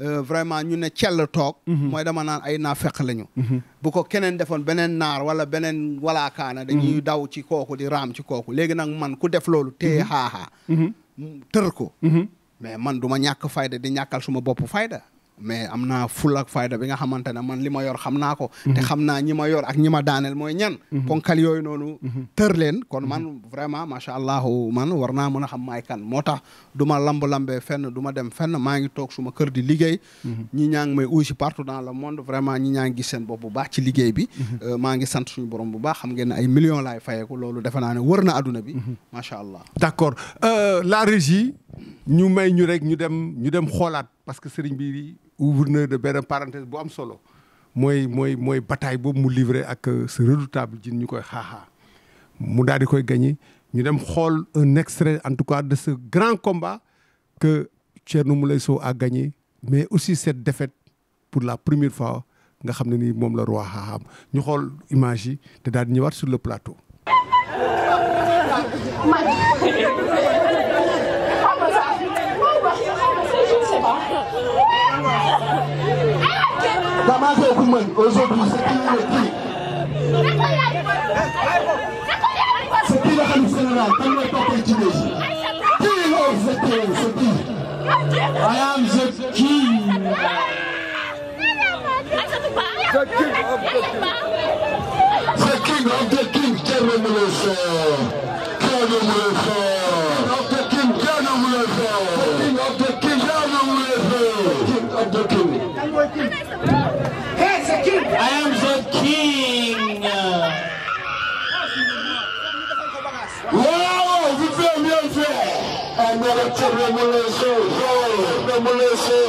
C: euh, vraiment ñu ne cell toog mooy dama naan ay naa feq lañu bu ko keneen defoon beneen naar wala beneen walaakaana dañuy daw ci kooku di raam ci kooku léegi nag man ku def loolu téye xaaxaa tër ko mais man du ma ñàkk fayda di ñàkkal suma bopp fayda mais am na ful ak fayda bi nga xamante ne man li ma yor xam naa ko mhm. te xam naa ñi ma yor ak ñi ma daaneel mooy ñan mhm. ponkal yooyu noonu mhm. tër leen kon man vraiment macha allahu man war naa mën a xam maay kan moo tax duma ma lamb-lambee fenn du ma dem fenn maa ngi toog suma kër di liggéey ñi ñaa ngi may uy si partout dans le monde vraiment ñi ñaa ngi gis seen bopp bu baax ci liggéey bi euh, maa ngi
B: sant suñu borom bu baax xam ngeen ne ay millions laay fayeeku loolu defe naa ne wër na adduna bi macha allah d'accord euh, la régie ñu may ñu rek ñu dem ñu dem xoolaat parce que sëriñ bi ouvre na de benn parenthèse bu am solo mooy mooy mooy bataille boobu mu livrer ak euh, ce redoutable jin ñu koy xaaxaa mu daal di koy gagné ñu dem xool un extrait en tout cas de ce grand combat que mu lay Sow a gagné mais aussi cette défaite pour la première fois nga xam ne ni moom la roi xaaxaam ñu xool image yi te daal di ñëwaat sur le plateau.
G: Damas et Women, aujourd'hui, c'est qui le qui C'est qui le Khalif général Qui est le Qui est le C'est qui
F: I am the king. The king of the king.
G: The king of the king. Quel est le I am the king. Wow, fífẹ́ mi ò fẹ́. Àgbẹ̀rẹ̀ tẹ̀lé mo lè ṣe òṣòro. Mo lè ṣe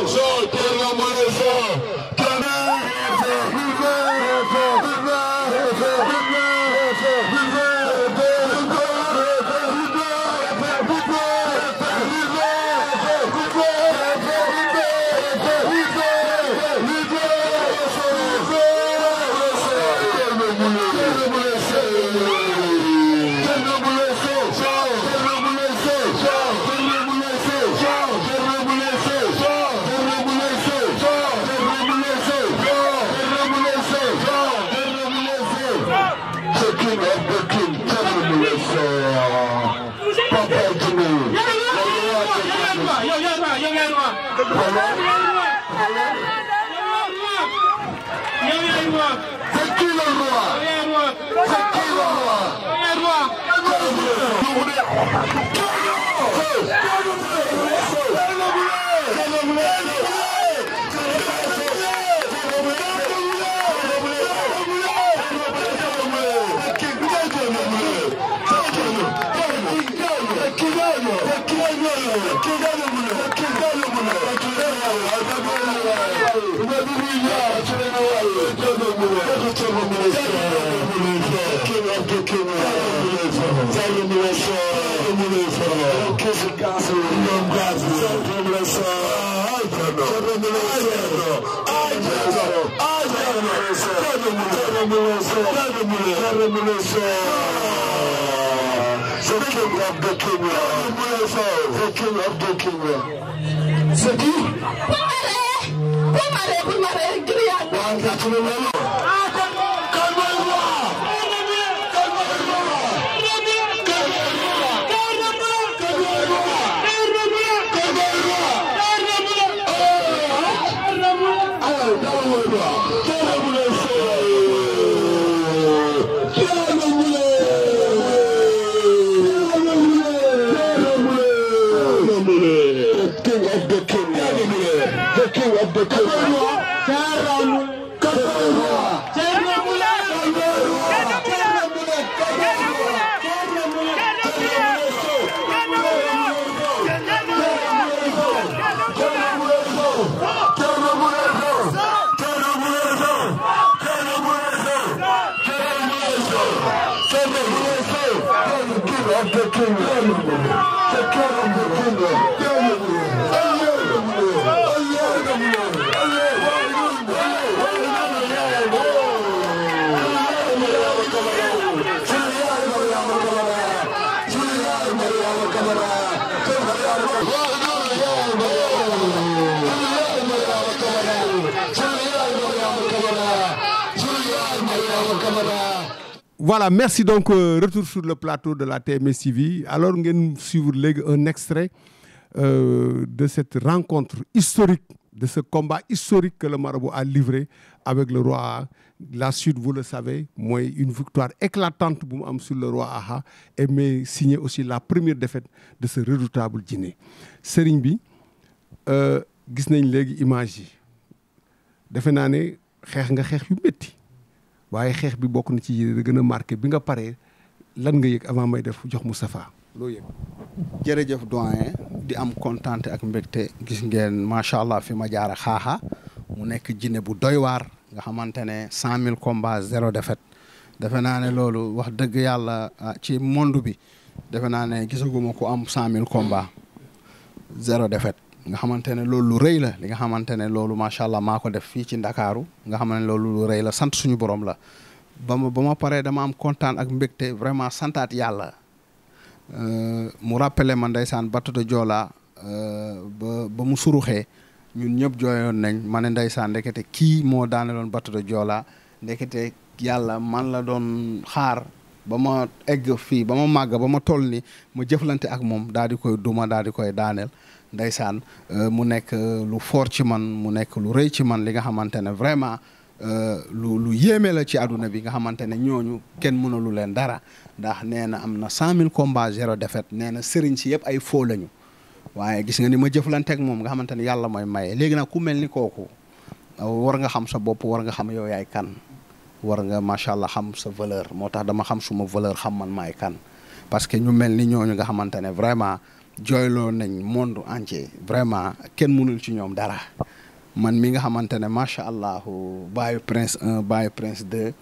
G: of the kingdom. C'est dit? Pour marrer, pour marrer, pour marrer, grillade. jaaraama
B: voilà merci donc euh, retour sur le plateau de la TMS TV alors ngeen suivre léegi un extrait euh, de cette rencontre historique de ce combat historique que le marabout a livré avec le roi Aha la suite vous le savez mooy une victoire éclatante bu mu am sur le roi Aha et mais signé aussi la première défaite de ce redoutable dîner sëriñ bi euh, gis nañ léegi image defe naa ne xeex nga xeex yu métti waaye xeex bi bokk na ci yéen gën a bi nga paree lan nga yëg avant may def jox Moustapha loo yëg.
C: jërëjëf doyen di am kontante ak mbégte gis ngeen macha allah fi ma jaar xaaxa mu nekk jinne bu doy waar nga xamante ne cent mille combats zéro défaite defe naa ne loolu wax dëgg yàlla ah, ci monde bi defe naa ne gisaguma ko am cent mille combats zéro défaite nga xamante ne loolu lu rëy la li nga xamante ne loolu macha allah maa ko def fii ci ndakaaru nga xam ne loolu rëy la sant suñu borom la ba ma ba ma paree dama am kontaan ak mbégte vraiment santaat yàlla euh, mu rappelé ma ndeysaan Batoto Joola euh, ba ba mu suruxee ñun ñëpp jooyoon nañ ma ne ndeysaan ndekete kii moo daaneloon Batoto Joola ndekete yàlla man la doon xaar ba ma egg fii ba ma màgg ba ma toll ni ma jëflante ak moom daal di koy duma daal di koy daaneel ndeysaan euh, mu nekk euh, lu fort ci man mu nekk lu rëy ci man li nga xamante ne vraiment euh, lu lu yéeme la ci adduna bi nga xamante ne ñooñu kenn mënalu leen dara ndax nee na am na cent mille combats zéro nee na sëriñ si yëpp ay foo lañu waaye gis nga ni ma jëflanteeg moom nga xamante ne yàlla mooy maye léegi nag ku mel ni kooku war nga xam sa bopp war nga xam yow yaay kan war nga macha allah xam sa valeur moo tax dama xam suma valeur xam man maay kan parce que ñu mel ni ñooñu nga xamante ne vraiment jooyloo nañ monde entier vraiment kenn mënul ci ñoom dara man mi nga xamante ne macha allah baayu prince un baayu prince deux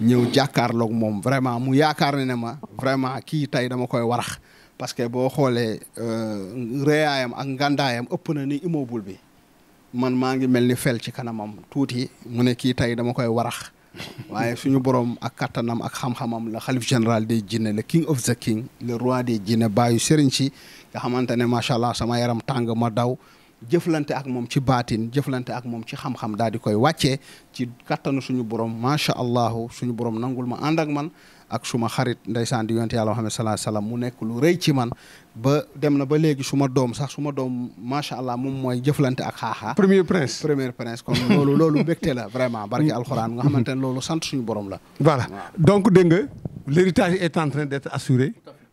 C: ñëw jàkkaarloog moom vraiment mu yaakaar ne ne ma vraiment kii tey dama koy warax parce que boo xoolee euh, réyaayam ak ngàndaayam ëpp na ni immobile bi man maa ngi mel ni fel ci kanamam tuuti mu ne kii tey dama koy warax waaye suñu borom ak kattanam ak xam-xamam la xalif général des jinne le king of the king le roi des jinne baayu sëriñ si nga xamante ne macha allah sama yaram tàng ma daw jëflante ak moom ci baatin jëflante ak moom ci xam-xam daal di koy wàccee ci kattanu suñu borom macha allah suñu borom nangul ma ànd man ak suma xarit ndeysaan di yonte yàlla Muhammad sallallahu alayhi wasallam mu nekk lu rëy ci man ba dem na ba léegi suma doom sax suma doom macha allah moom mooy jëflante ak xaaxaa premier prince premier prince kon loolu loolu mbégte la vraiment barke alxuraan nga xamante ne loolu sant suñu borom la voilà
B: donc dégg nga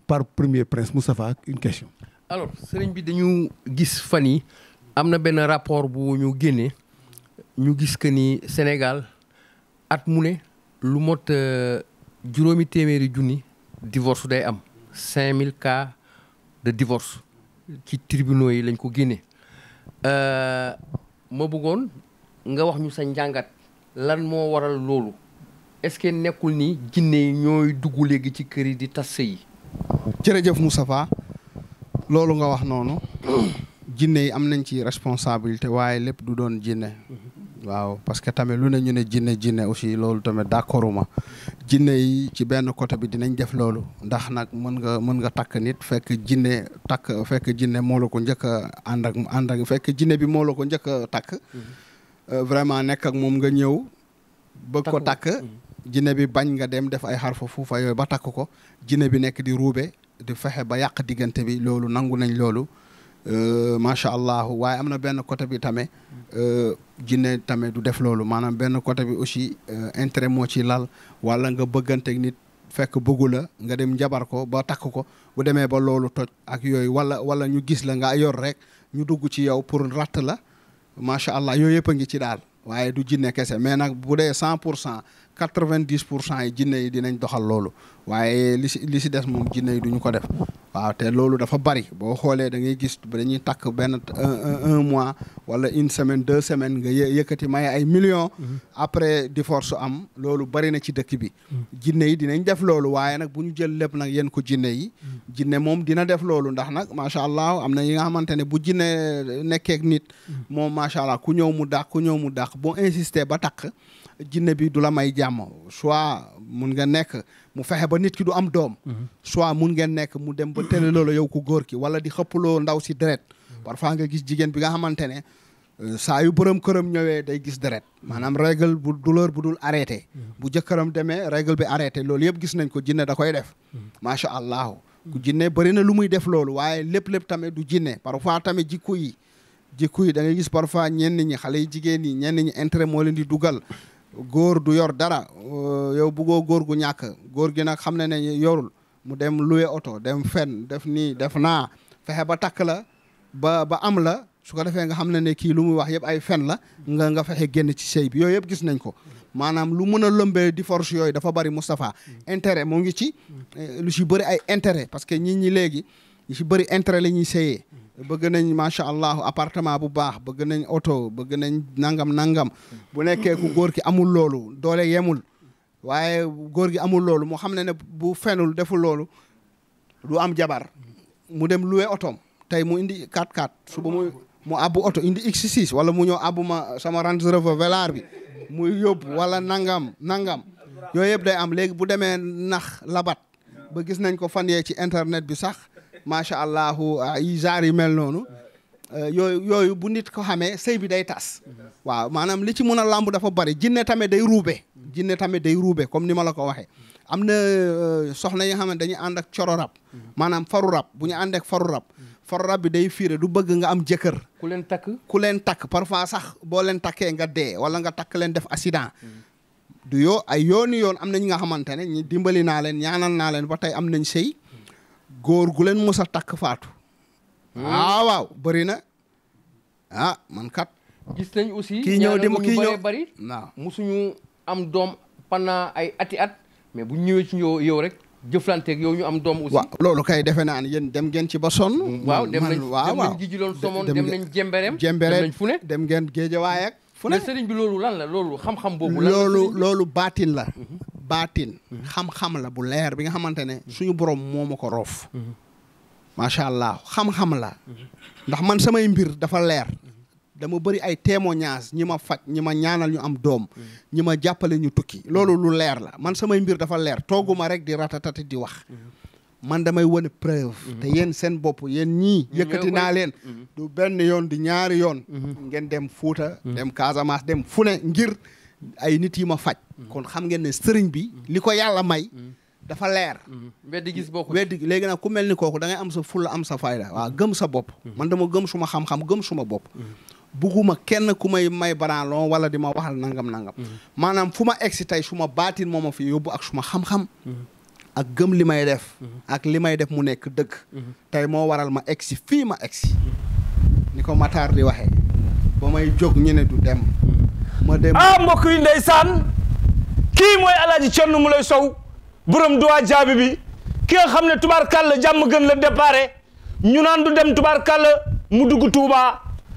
B: par premier prince Moustapha ak une question.
D: alors sëriñ bi dañu gis fan yi am na benn rapport bu ñu génnee ñu gis que ni Sénégal at mu ne lu mot euh, juróomi téeméeri junni divorce day am cinq mille cas de divorce ci tribunaux yi lañ ko génnee euh, ma buggoon nga wax ñu sa njàngat lan moo waral loolu est-ce que nekkul ni
C: jinne ñooy dugg léegi ci kër yi di tas sëy jërëjëf Moustapha loolu nga wax noonu jinne yi am nañ ci responsabilité waaye lépp du doon jinne waaw parce que tamit lu ne ñu ne jinne jinne aussi loolu tamit d'accorduma jinne yi ci benn côté bi dinañ def loolu ndax nag mën nga mën nga takk nit fekk jinne takk fekk jinne moo ko njëkk a ànd ak ànd ak fekk jinne bi moo la ko njëkk takk mhm. euh, vraiment nekk ak moom nga ñëw bëgg ko takk mhm. jinne bi bañ nga dem def ay xarfa fuufa yooyu ba takk ko jinne bi nekk di ruube di fexe ba yàq diggante bi loolu nangu nañ loolu euh, macha allah waaye am na benn côté bi tamit euh, jinne tamit du def loolu maanaam benn côté bi aussi euh, intérêt moo ci lal wala nga bëgganteeg nit fekk bëggu la nga dem njabar ko ba takk ko bu demee ba loolu toj ak yooyu wala wala ñu gis la nga yor rek ñu dugg ci yow pour ratt la macha allah yooyu yëpp a ngi ci daal waaye du jinne kese mais nag pour cent quatre-vingt-dix pour cent yi jinne yi dinañ doxal loolu waaye li si li si des moom jinne yi duñu ko def waaw te loolu dafa bari boo xoolee da ngay ba dañuy takk benn un mois wala une semaine deux semaines nga yëkkati may ay millions. Mm-hmm. après divorce am loolu bari na ci dëkk bi. Mm-hmm. jinne yi dinañ def loolu waaye nag bu ñu jël lépp nag yéen ko jinne yi. Mm-hmm. jinne moom dina def loolu ndax nag macha allah am na yi nga xamante ne bu jinne nekkeek nit. moom macha allah ku ñëw mu dàq ku ñëw mu dàq boo insister ba takk. jinne bi du la may jàmm soit mun nga nekk mu fexe ba nit ki du am doom mhm. soit mun ngeen nekk mu dem ba tële loolu yow ku góor ki wala di xëppaloo ndaw si deret mhm. parfois nga gis jigéen bi nga xamante ne euh, saa borom këram ñëwee day gis deret maanaam règle bu douleur bu dul arrêté mhm. bu jëkkëram demee règle arrêté loolu yëpp gis nañ ko jinne da koy def macha allah ku jinne bari na lu muy def loolu waaye lépp lépp tamit du jinne parfois tamit jikko yi jikko yi da ngay gis parfois ñenn ñi xale yi jigéen ñi ñenn ñi intérêt moo leen di dugal góor du yor dara euh, yow buggoo góor gu ñàkk góor gi nag xam ne ne yorul mu dem loué oto dem fen def nii def naa fexe ba takk la ba ba am la su ko defee nga xam ne ne kii lu muy wax yëpp ay fen la nga nga fexe génn ci sëy bi yooyu yëpp gis nañ ko maanaam lu mën a lëmbee di force yooyu dafa bari Moustapha intérêt moo ngi ci eh, lu si bëri ay intérêt parce que nit ñi léegi ñu si bëri intérêt la ñuy sëyee bëgg nañ macha allah appartement bu baax bëgg nañ oto bëgg nañ nangam nangam bu nekkee ku góor ki amul loolu doole yemul waaye góor gi amul loolu mu xam ne ne bu fenul deful loolu du am jabar mu dem loué otoom tey mu indi 4x4 suba mu abu oto indi X6 wala mu ñëw abbu ma sama Range Rover bi mu yóbbu wala nangam nangam yooyu yëpp day am léegi bu demee nax labat ba gis nañ ko fan yee ci internet bi sax macha allah ay ah, genre yu mel noonu eh, yooyu yooyu bu nit ko xamee sëy bi day tas waaw maanaam li ci mën a làmb dafa bari jinne tamit day ruube jinne tamit day ruube comme ni ma la ko waxee am na eh, soxna yi nga xam ne ànd ak coro rab maanaam faru rab bu ñu ànd ak faru rab faru rab bi day fiire du bëgg nga am jëkkër ku leen takk ku leen takk parfois sax boo leen takkee nga dee wala nga takk leen def accident du yoo ay yooni yoon am na ñi nga xamante ne ñi dimbali naa leen ñaanal naa leen ba tey am nañ sëy góor gu leen mës takk faatu. Hmm. Ah, waaw bari na ah man kat. gis nañ aussi kii ñëw di ma kii ñëw bëri waaw
D: musuñu am doom pendant ay ati at mais bu ñëwee ci yow yow rek jëflanteeg yow ñu am doom aussi. waaw
C: loolu kay defe naa ne yéen dem ngeen ci ba sonn. Hmm. waaw dem nañ dem nañ ji jiloon somoon dem nañ
D: jembereem jembereem dem fu
C: ne dem ngeen géejawaay ak
D: fu ne mais sëriñ bi loolu lan la loolu xam boobu. lan loolu loolu
C: baatin la. Hmm. baatin xam-xam la bu leer bi nga xamante ne suñu borom moo ma ko roof macha allah xam-xam la ndax man samay mbir dafa leer dama bëri ay témoignages ñi ma faj ñi ma ñaanal ñu am doom ñi ma jàppale ñu tukki loolu lu leer la man samay mbir dafa leer tooguma rek di ratatati di wax man damay wane preuve mhm. te yéen seen bopp yéen ñii mhm. yëkkati naa leen mhm. du benn yoon di ñaari yoon ngeen dem Fuuta dem kasamaas dem fune ngir ay nit yi ma faj kon xam ngeen ne sëriñ bi li ko yàlla may dafa leer weddi gis boo bokk weddi léegi nag ku mel ni kooku da ngay am sa fulla am sa fayda waaw gëm sa bopp man dama gëm suma xam-xam gëm suma bopp bugguma kenn ku may may banaaloon wala di ma waxal nangam nangam maanaam fu ma egsi tey suma baatin moo ma fi yóbbu ak suma xam-xam ak gëm li may def ak li may def mu nekk dëkk tey moo waral ma egsi fii ma egsi ni ko Matar di waxee ba may jóg ñu du dem ma ah, kii mooy alaaji Cerno mu lay sow
A: borom duwaa jaabi bi ki nga xam ne tubaar tubaarkàlla jàmm gën la déparé ñu naan du dem tubaar tubaarkàlla mu dugg Touba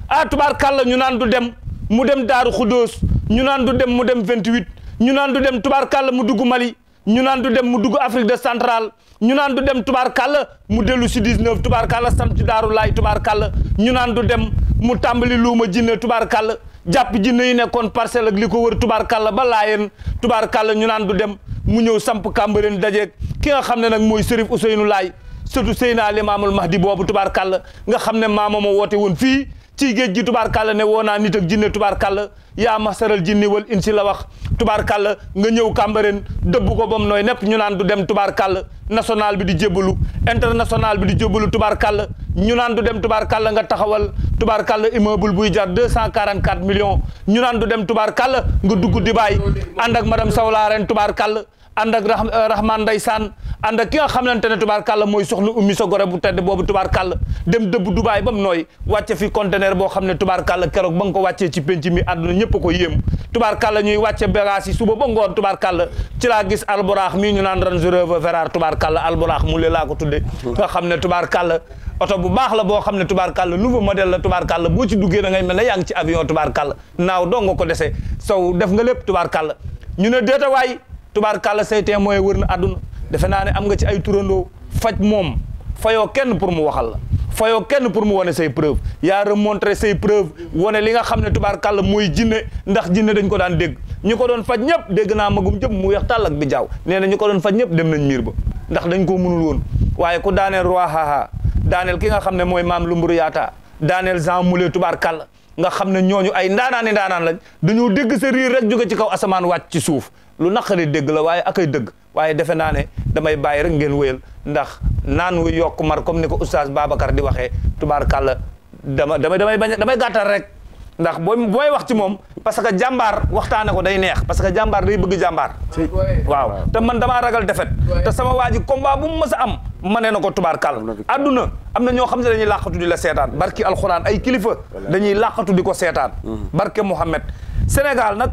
A: ah tubaarkàlla ñu naan du dem mu dem Daaru Xudóos ñu naan du dem mu dem 28 ñu naan du dem tubaarkàlla mu dugg Mali ñu naan du dem mu dugg Afrique de central ñu naan du dem tubaarkàlla mu dellu si tubaar tubaarkàlla sant Daaru Laay tubaarkàlla ñu naan du dem mu tàmbali luuma jinne tubaarkàlla jàpp jinne yi nekkoon parcelle ak li ko wër tubaarkàlla ba laayeen tubaarkàlla ñu naan du dem mu ñëw samp kàmbareen dajeeg ki nga xam ne nag mooy Serif seynu Laay surtout Seydina Limaamul Mahdi boobu tubaar tubaarkàlla nga xam ne maama ma woote woon fii ci géej gi tubaarkàlla ne woo naa nit ak jinne tubaarkàlla yaa masaral jinni wal insi la wax tubaarkàlla nga ñëw Cambérène dëbb ko bam nooy nepp ñu naan du dem tubaarkàlla national bi di jébbalu international bi di tubaar tubaarkàlla ñu naan du dem tubaar tubaarkàlla nga taxawal tubaarkàlla immeuble buy jar deux cent quarante quatre millions ñu naan du dem tubaar tubaarkàlla nga dugg Dubaï ànd ak madame Sawla ren tubaarkàlla ànd ak euh, rahman ndeysaan ànd ak ki nga xamante ne tubaarkàlla mooy soxna ummi sa gore bu tedd boobu tubaarkàlla dem dëbb Dubaay ba mu nooy wàcce fi conteneur boo xam ne tubaar keroog ba nga ko wàccee ci penc mi àdduna ñëpp a ko yéem tubaarkàlla ñuy wàcce bagage yi suba ba ngoon tubaarkàlla ci laa gis alboraax mii ñu naan Range Rover Verar tubaarkàlla alboraax mu lee laa ko tudde a xam ne tubaarkàlla oto bu baax la boo xam ne tubaarkàlla nouveau modèle la tubaarkàlla boo ci duggee da ngay mel ne yaa ngi ci avion tubaarkàlla naaw doo nga ko dese sow def nga lépp tubaarkàlla ñu ne déeta waay tubaar kàlla say témoin wër na àdduna defe naa ne am nga ci ay turandoo faj moom fayoo kenn pour mu waxal la fayoo kenn pour mu wane say preuve yaa remontré say preuve wane li nga xam ne tubaar kàlla mooy jinne ndax jinne dañ ko daan dégg ñi ko doon faj ñëpp dégg naa magum jëpp mu weex tàll ak bi jaaw nee na ñi ko doon faj ñëpp dem nañ miir ba ndax dañ koo mënul woon waaye ku daaneel roi haha daaneel ki nga xam ne mooy maam lu lumburu yaata daaneel Jean Moulé tubaar kàlla nga xam ne ñooñu ay ndaanaani ndaanaan lañ dañoo dégg sa riir rek ci kaw asamaan wàcc ci suuf lu naqari dégg la waaye akay dëgg waaye defe naa ne damay bàyyi rek ngeen wéyal ndax naan wu yokk mar comme ni ko oustaz Babacar di waxee tubaarkàlla dama damay damay bañ damay gàttal rek ndax boo booy wax ci moom parce que jàmbaar waxtaane ko day neex parce que jàmbaar day bëgg jàmbaar waaw te man damaa ragal defet te sama waa ji combat bu mu mës a am ma ne na ko tubaarkàll adduna am na ñoo xam ne dañuy làqatu di la seetaan barki alxuraan ay kilifa dañuy làqatu di ko seetaan mm-hmm. barke Mouhamed Sénégal nag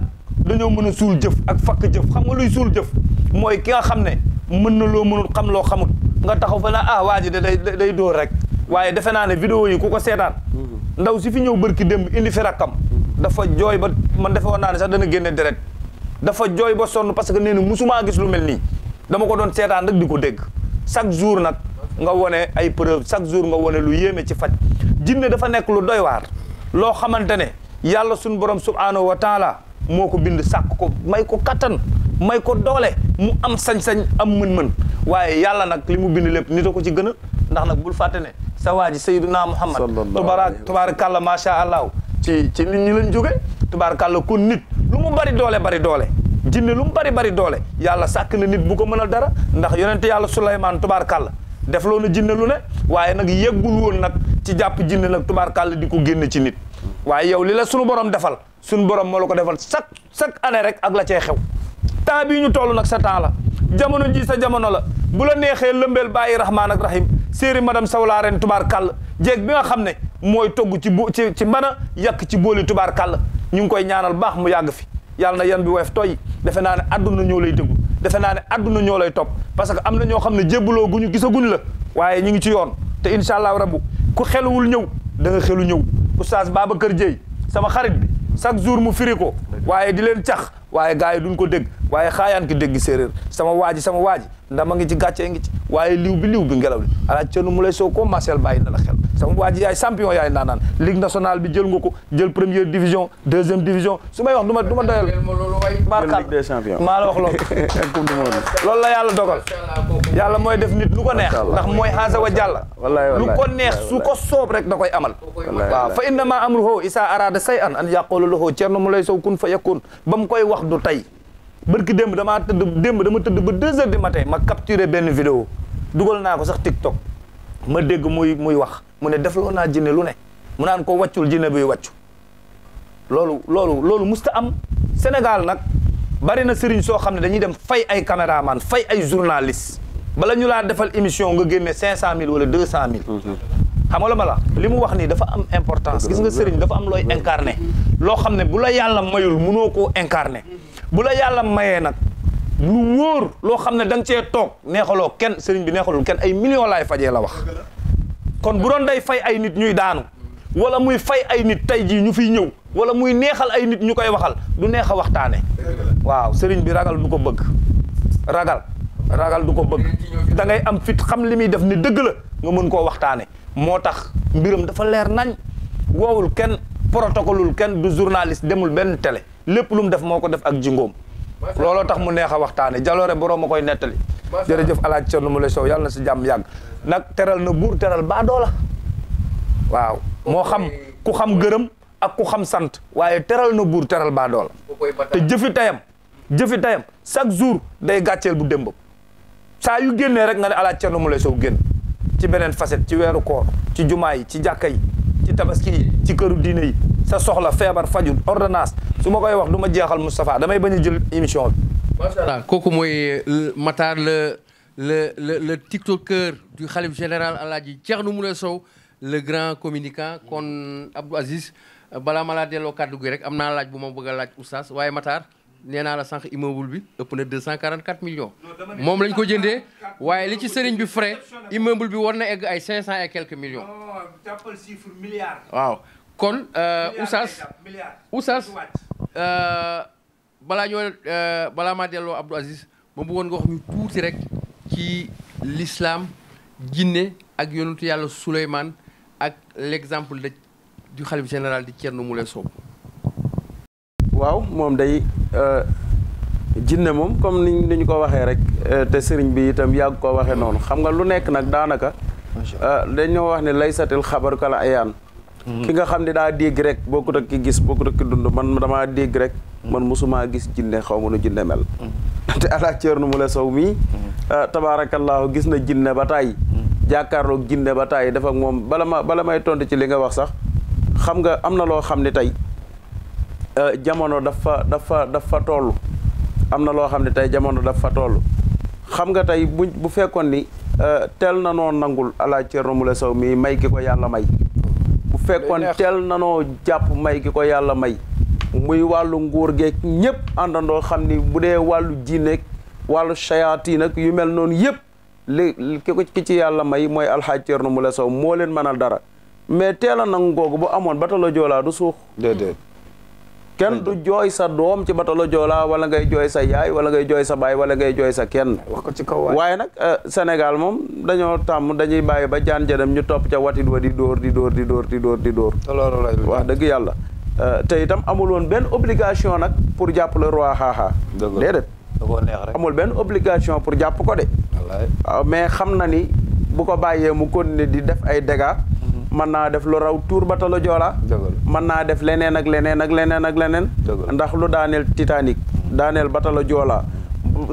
A: dañoo mën a suul jëf ak fakk jëf xam nga luy suul jëf mooy ki nga xam ne mën na loo mënul xam loo xamul nga taxaw fa la ah waa ji de day day dóor rek waaye defe naa ne vidéo yi ku ko seetaan mm-hmm. ndaw si fi ñëw bërki démb indi fi rakkam mm-hmm. dafa jooy ba man defe naa ne sax dana génne deret dafa jooy ba sonn parce que nee na musumaa gis lu mel nii dama ko doon seetaan rek di ko dégg chaque jour nag nga wone ay preuve chaque jour nga wone lu yéeme ci faj jinne dafa nekk lu doy waar loo xamante ne yàlla suñu borom subhanahu wa taala moo ko bind sàkk ko may ko kattan may ko doole mu am sañ-sañ am mën-mën waaye yàlla nag li mu bind lépp nit a ko ci gën a ndax nag bul fàtte ne sa waa ji sayyiduna muhammad tubaara tubaarakàlla macha allah ci ci nit ñi lañ jóge tubaarakàlla kon nit lu mu bari doole bari doole jinne lu mu bari bari doole yàlla sàkk na nit bu ko mënal dara ndax yonente yàlla tubaar tubaarakàlla def loonu jinne lu ne waaye nag yeggul woon nag ci jàpp jinne nag tubaarakàlla di ko génn ci nit waaye yow lii la sunu borom defal sunu borom moo la ko defal chaque chaque année rek ak la cay xew temps bii ñu toll nag sa temps la jamono ji sa jamono la bu la neexee lëmbeel bàyyi rahmaan ak rahim séeri madame sawla ren tubaar kàll jéeg bi nga xam ne mooy togg ci bu ci ci mën a yàq ci booli tubaar kàll ñu ngi koy ñaanal baax mu yàgg fi yàlla na yan bi woyof tooy defe naa ne adduna ñoo lay déglu defe naa ne adduna ñoo lay topp parce que am na ñoo xam ne jébbaloo ñu gisaguñ la waaye ñu ngi ci yoon te incha allah rabbu ku xeluwul ñëw da ñëw oustaz Babacar Dieye sama xarit bi chaque jour mu firi ko waaye di leen cax waaye gars yi ko dégg waaye xaayaan ki dégg séeréer sama waaji sama waaji ndama ngi ci gàccee ngi ci waaye liw bi liw bi ngelaw li alaaj cënn mu lay soo ko Marcel bàyyi na la xel sama waaji yaay champion yaay naanaan ligue nationale bi jël nga ko jël première division deuxième division su may wax du ma du ma doyal maa
E: la wax loolu
A: <laughs> loolu la yàlla dogal yàlla mooy def nit lu ko neex ndax mooy xaasa wa jàlla lu ko neex su ko soob rek da koy amal waaw fa innama amruhu issa araada say an an yaqulu lahu ceerno mu lay sow kun fa yakun ba mu koy wax du tey bërki démb damaa tëdd démb dama tëdd ba deux heures ma tey ma capturé benn vidéo dugal naa ko sax TikTok ma dégg muy muy wax mu ne defloo naa jinne lu ne mu naan ko wàccul jinne buy wàccu loolu loolu loolu musta am Sénégal nag bari na sëriñ soo xam ne dañuy dem fay ay caméraman fay ay journaliste bala ñu laa defal émission nga génne cinq cent mille wala deux cent mille xam la ma la li mu wax nii dafa am importance gis nga sëriñ dafa am looy incarné loo xam ne bu la yàlla mayul munoo ko incarné bu la yàlla mayee nag lu wóor loo xam ne da nga cee toog neexaloo kenn sëriñ bi neexalul kenn ay millions laay fajee la wax kon bu doon day fay ay nit ñuy daanu wala muy fay ay nit tey jii ñu fiy ñëw wala muy neexal ay nit ñu koy waxal du neex a waxtaane waaw sëriñ bi ragal du ko bëgg ragal du ko bëgg da ngay am fit xam li muy def ni dëgg la nga mën koo waxtaane moo tax mbiram dafa leer nañ wowul kenn protocolul kenn du journaliste demul benn télé lépp lu mu def moo ko def ak jingóom looloo tax mu neex a waxtaane jaloore boroom a koy nettali jërëjëf alaaj Thierno lay Sow yàlla na si jàmm yàgg nag teral na buur teral baa doola waaw moo xam ku xam gërëm ak ku xam sant waaye teral na buur teral baa doola te jëfi tayam jëfi tayam chaque jour day gàcceel bu démbam saa yu génnee rek nga ne Alaaji Thierno Moule Sow génn ci beneen facette ci weeru koor ci jumaa yi ci jàkka yi ci tabaski yi ci këru diine yi sa soxla feebar fajul ordonnance su ma koy wax du ma jeexal Moustapha damay bañ a jël émission bi.
D: macha allah kooku mooy euh, Matar le le le le tiktoker du xalif général Alaaji Thierno Moule Sow le grand communicant kon Abdou Aziz balaa ma laa delloo kàddu gi rek am naa laaj bu ma bëgg a laaj oustaz waaye Matar. nee naa la sànq immeuble bi ëpp na 244 millions moom lañ ko jëndee waaye li ci sëriñ bi frais immeuble bi war na egg ay 500 et quelques millions.
A: jàppal chiffre milliard.
D: waaw kon Oustaz euh, Oustaz euh, balaa ñoo euh, balaa maa delloo Abdou Aziz ma bëggoon nga wax ñu tuuti rek ci l'islam jinne ak yonentu yàlla Souleymane
E: ak l'exemple
D: de du xalif général di Thierno Moule Sow.
E: waaw moom day euh, jinne moom comme ni ni ñu ko waxee rek euh, te sëriñ bi itam yàgg koo waxee noonu xam nga lu nekk nag daanaka euh, dañoo wax ne laysatil xabaru kala ayaan mm-hmm. ki nga xam ne daa dégg rek ko ak ki gis bokkut ak ki dund man damaa dégg rek mm-hmm. man mosumaa gis jinne xaw ma nu jinne mel mm-hmm. <laughs> te alaaj Ceerno Moule Sow mii tabaarakallaahu gis na jinne ba tàyyi jàkkaarloog jinne ba tàyyi dafa ak moom bala ma bala may tontu ci li nga wax sax xam nga am na loo xam ne tey Euh, jamono dafa dafa dafa toll am na loo xam ne tey jamono dafa toll xam nga tey bu bu fekkoon ni euh, teel na noo nangul ala Thierno Moule Sow mii may ki yàlla may bu fekkoon teel na noo jàpp may ki ko yàlla may muy wàllu nguur geek ñëpp àndandoo xam ni bu dee wàllu jiineeg wàllu shayaati nag yu mel noonu yëpp li ki ci yàlla may mooy alxaaj Thierno Moule Sow moo leen mënal dara mais teel a nangu googu bu amoon ba tala joolaa du suux kenn du jooy sa doom ci batalo Joola wala ngay jooy sa yaay wala ngay jooy sa baay wala ngay jooy sa kenn. ko ci kaw waaye nag eh, Sénégal moom dañoo tàmm dañuy bàyyi ba jaan jënam ñu topp ca watit wa di dóor di dóor di door di dóor di dóor. loolu lay dëgg yàlla. Eh, tey itam amul woon benn obligation nag pour jàpp le roi xaaxaa. déedéet amul benn obligation pour jàpp ko de. Ah, mais xam na ni bu ko bàyyee mu continuer di def ay dégâts. Mm-hmm. mën naa def lu raw tuur batalu Joola mën naa def leneen ak leneen ak leneen ak leneen ndax lu daaneel Titanic daaneel batalu Joola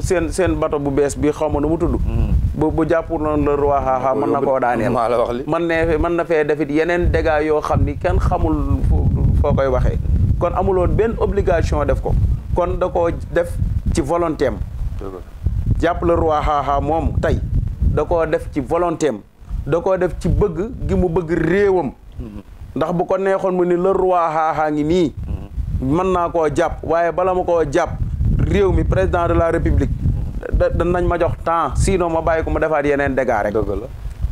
E: seen seen bato bu bees bi xaw ma nu mu tudd hmm. bu bu jàppul noonu la roi xaaxaa man na koo mën ne defit yeneen dégâts yoo xam ni kenn xamul foo koy waxee kon amuloon benn obligation def ko kon da koo def ci volonté am jàpp la roi xaaxaa moom tey da ko def ci volonté da koo def ci bëgg gi mu bëgg réewam ndax bu ko neexoon mu ni le xaaxaa ngi nii mën naa koo jàpp waaye bala ma koo jàpp réew mi président de la république danañ ma jox temps sinon ma bàyyi ko mu defaat yeneen dégâts rek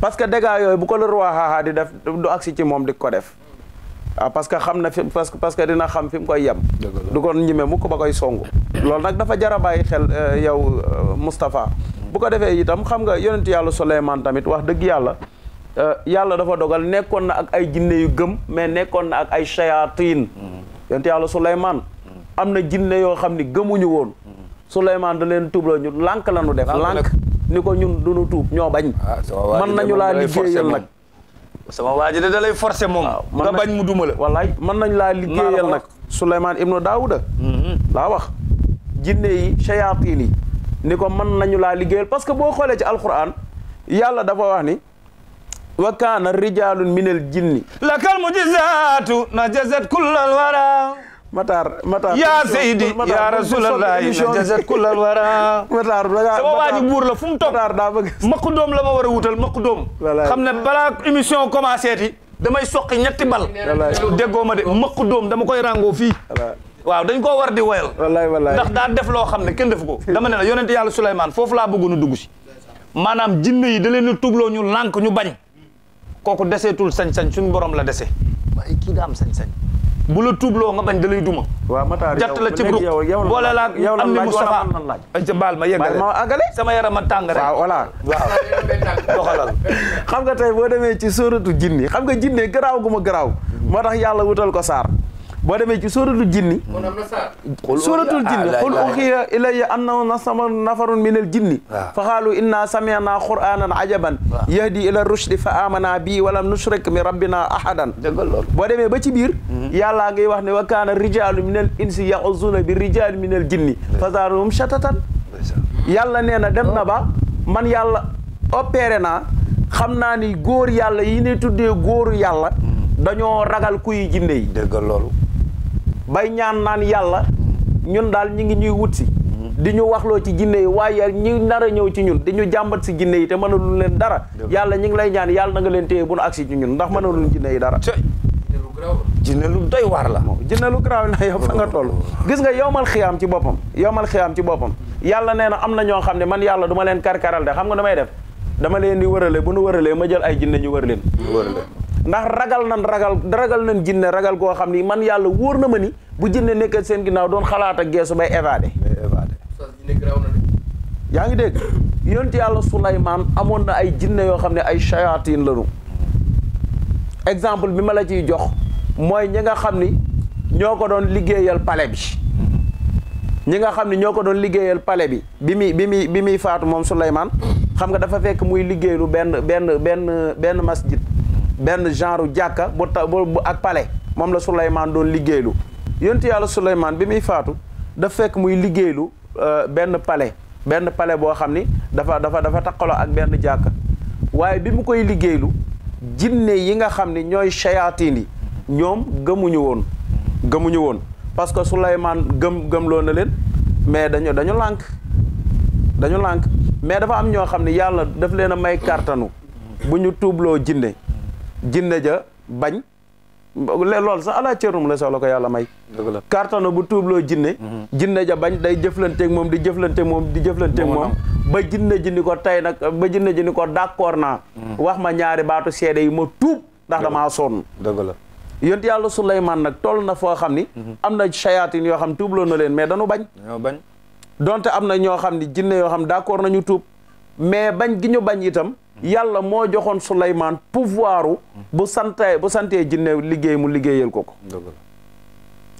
E: parce que dégâts yooyu bu ko le roi xaaxaa di def du agsi ci moom di ko def ah parce xam na fi parce que parce que dina xam fi mu koy yem du ko ñime mukk ba koy songu loolu nag dafa jar bàyyi xel euh, yow euh, Moustapha bu ko defee itam xam nga yonent yàlla Suleymaan tamit wax dëgg yàlla euh, yàlla dafa dogal nekkoon na ak ay jinne yu gëm mais nekkoon na ak ay shayatin mm-hmm. yonent yàlla Suleymaan mm-hmm. am na jinne yoo xam ni gëmuñu woon mm-hmm. Suleymaan da leen tuub la ñu lànk la ñu def lànk ni ko ñun du ñu tuub ñoo bañ ah, mën nañu laa liggéeyal nag sama waa ji de da forcer moom nga bañ mu duma la wallaay mën nañ laa liggéeyal nag Suleymaan ibnu Daawuda laa wax jinne yi shayatin yi ni ko man nañu laa liggéeyal parce que bo xoolee ci alquran yàlla dafa wax ni wa kaana rijalun minal jinni lakal mujizatu najazat kullal wara Matar Matar
A: yaa Seydi yaa Rasulallah na jasat kullal wara Matar sama buur la fu mu makku doom la ma war a wutal makku doom xam ne balaa émission commencé ti damay soqi ñetti bal déggoo ma de makku doom dama koy ràngoo fii waaw dañ koo war di woyal wallaay wallaay ndax daa def loo xam ne kenn def ko dama ne la yonent yàlla Souleymane foofu laa bëggoon a dugg si maanaam jinne yi da leen a tubloo ñu lànk ñu bañ kooku deseetul sañ-sañ suñu borom la dese waaye kii am sañ bu la tubloo nga bañ duma waaw Matar la ci groupe boole laa am ni Moustapha ay ca baal ma yeggale ma sama yaram a tàng
E: rek waaw waaw <laughs> doxalal xam nga tey boo demee ci sóoratu jinni xam nga jinne garaaw gu ma garaaw moo tax yàlla wutal ko saar boo demee ci sóoratul jinni
D: sóoratul jinni xul uxiya
E: ilayya annahu nasama nafarun min al jinni fa qaalu inna sami'na qur'anan ajaban yahdi ila rushdi fa bi walam nushrik bi rabbina ahadan boo demee ba ci biir mm-hmm. yàllaa ngay wax ne wa kaana rijalu min al insi ya'uzuna bi rijali min al jinni fa nee na dem na ba man yàlla opéré naa xam naa ni góor yàlla yi ne tuddee góoru yàlla mm-hmm. dañoo ragal kuy jinne bay ñaan naan yàlla ñun daal ñi ngi ñuy wut si di ñu waxloo ci jinne yi waaye ñi nara ñëw ci ñun di ñu jàmbat si jinne yi te mënaluñ leen dara yàlla ñu ngi lay ñaan yàlla na nga leen téye bu nu agsi ci ñun ndax mënaluñ jinne yi dara jinne lu doy waar la jinne lu garaaw na yow fa nga toll gis nga yowmal xiyaam ci boppam yowmal xiyaam ci boppam yàlla nee na am na ñoo xam ne man yàlla du ma leen karkaral de xam nga damay def dama leen di wërale bu nu wëralee ma jël ay jinne ñu wër leen ndax ragal nan ragal ragal nan jinne ragal koo xam ni man yàlla wóor na ma ni bu jinne nekkee seen ginaaw doon xalaat ak geesu bay évadé yaa ngi dégg yonent yàlla Souleymane amoon na ay jinne yoo xam ne ay shayatin lañu exemple bi ma la ciy jox mooy ñi nga xam ni ñoo ko doon liggéeyal pale bi ñi nga xam ne ñoo ko doon liggéeyal pale bi bi muy bi muy bi muy faatu moom Souleymane xam nga dafa fekk muy liggéey lu benn benn benn benn masjid benn genre jàkka bu ta bu ak pale moom la Souleymane doon liggéeylu yontu yàlla Souleymane bi muy faatu dafa fekk muy liggéeylu euh, benn pale benn pale boo xam ni dafa dafa dafa taqaloo ak benn jàkka waaye bi mu koy liggéeylu jinne yi nga xam ni ñooy shayatin yi ñoom gëmuñu woon gëmuñu woon parce que Souleymane gëm gëmloo na leen mais dañu dañu lànk dañu lànk mais dafa am ñoo xam ne yàlla daf leen a may kartanu bu ñu tuubloo jinne jinne ja bañ loolu sax alaa mu la soxla ko yàlla may carton bu tuub loo jinne mhm. jinne ja bañ day jëflanteeg moom di jëflanteeg moom di jëflanteeg moom ba jinne ji ko tey na ba jinne ji ni ko d'accord naa mhm. wax ma ñaari baatu seede yi ma tuub ndax damaa sonn dëgg la yonent yàlla Suleymaan nag tool na foo xam ni mhm. am na sayaatin yoo xam tuubloo na leen mais dañu bañ bañ donte am na ñoo xam ni jinne yoo xam d'accord nañu tuub mais bañ gi ñu bañ itam yàlla moo joxoon Souleymane pouvoir bu santee bu santee jinne liggéey mu liggéeyal ko ko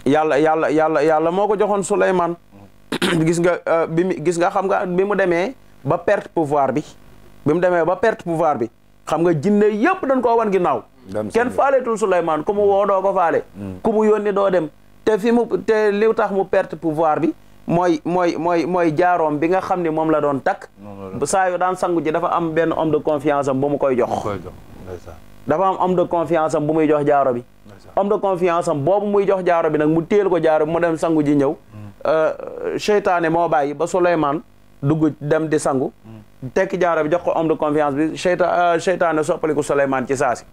E: yàlla yàlla yàlla yàlla moo ko joxoon Souleymane mm. <clears throat> gis nga euh, bi mu gis nga xam nga bi mu demee ba perte pouvoir bi bi mu demee ba perte pouvoir bi xam nga jinne yëpp dañ koo wan ginnaaw kenn faaleetul Souleymane ku mu woo doo ko faale mm. ku mu yónni doo dem te fi mu te li tax mu perte pouvoir bi mooy mooy mooy mooy jaaroom bi nga xam ne moom la doon takk saa yu daan sangu ji dafa am benn homme de confiance am bu mu koy jox dafa am homme de confiance bu muy jox jaaro bi homme de confiance boobu muy jox jaaro bi nag mu téel ko jaaro bi mu dem sangu ji ñëw mm. euh, seytaane moo bàyyi ba Souleymane dugg dem di sangu mm. tekki jaaro bi jox ko homme de confiance bi seyta euh, seytaane soppaliku Souleymane ci saasi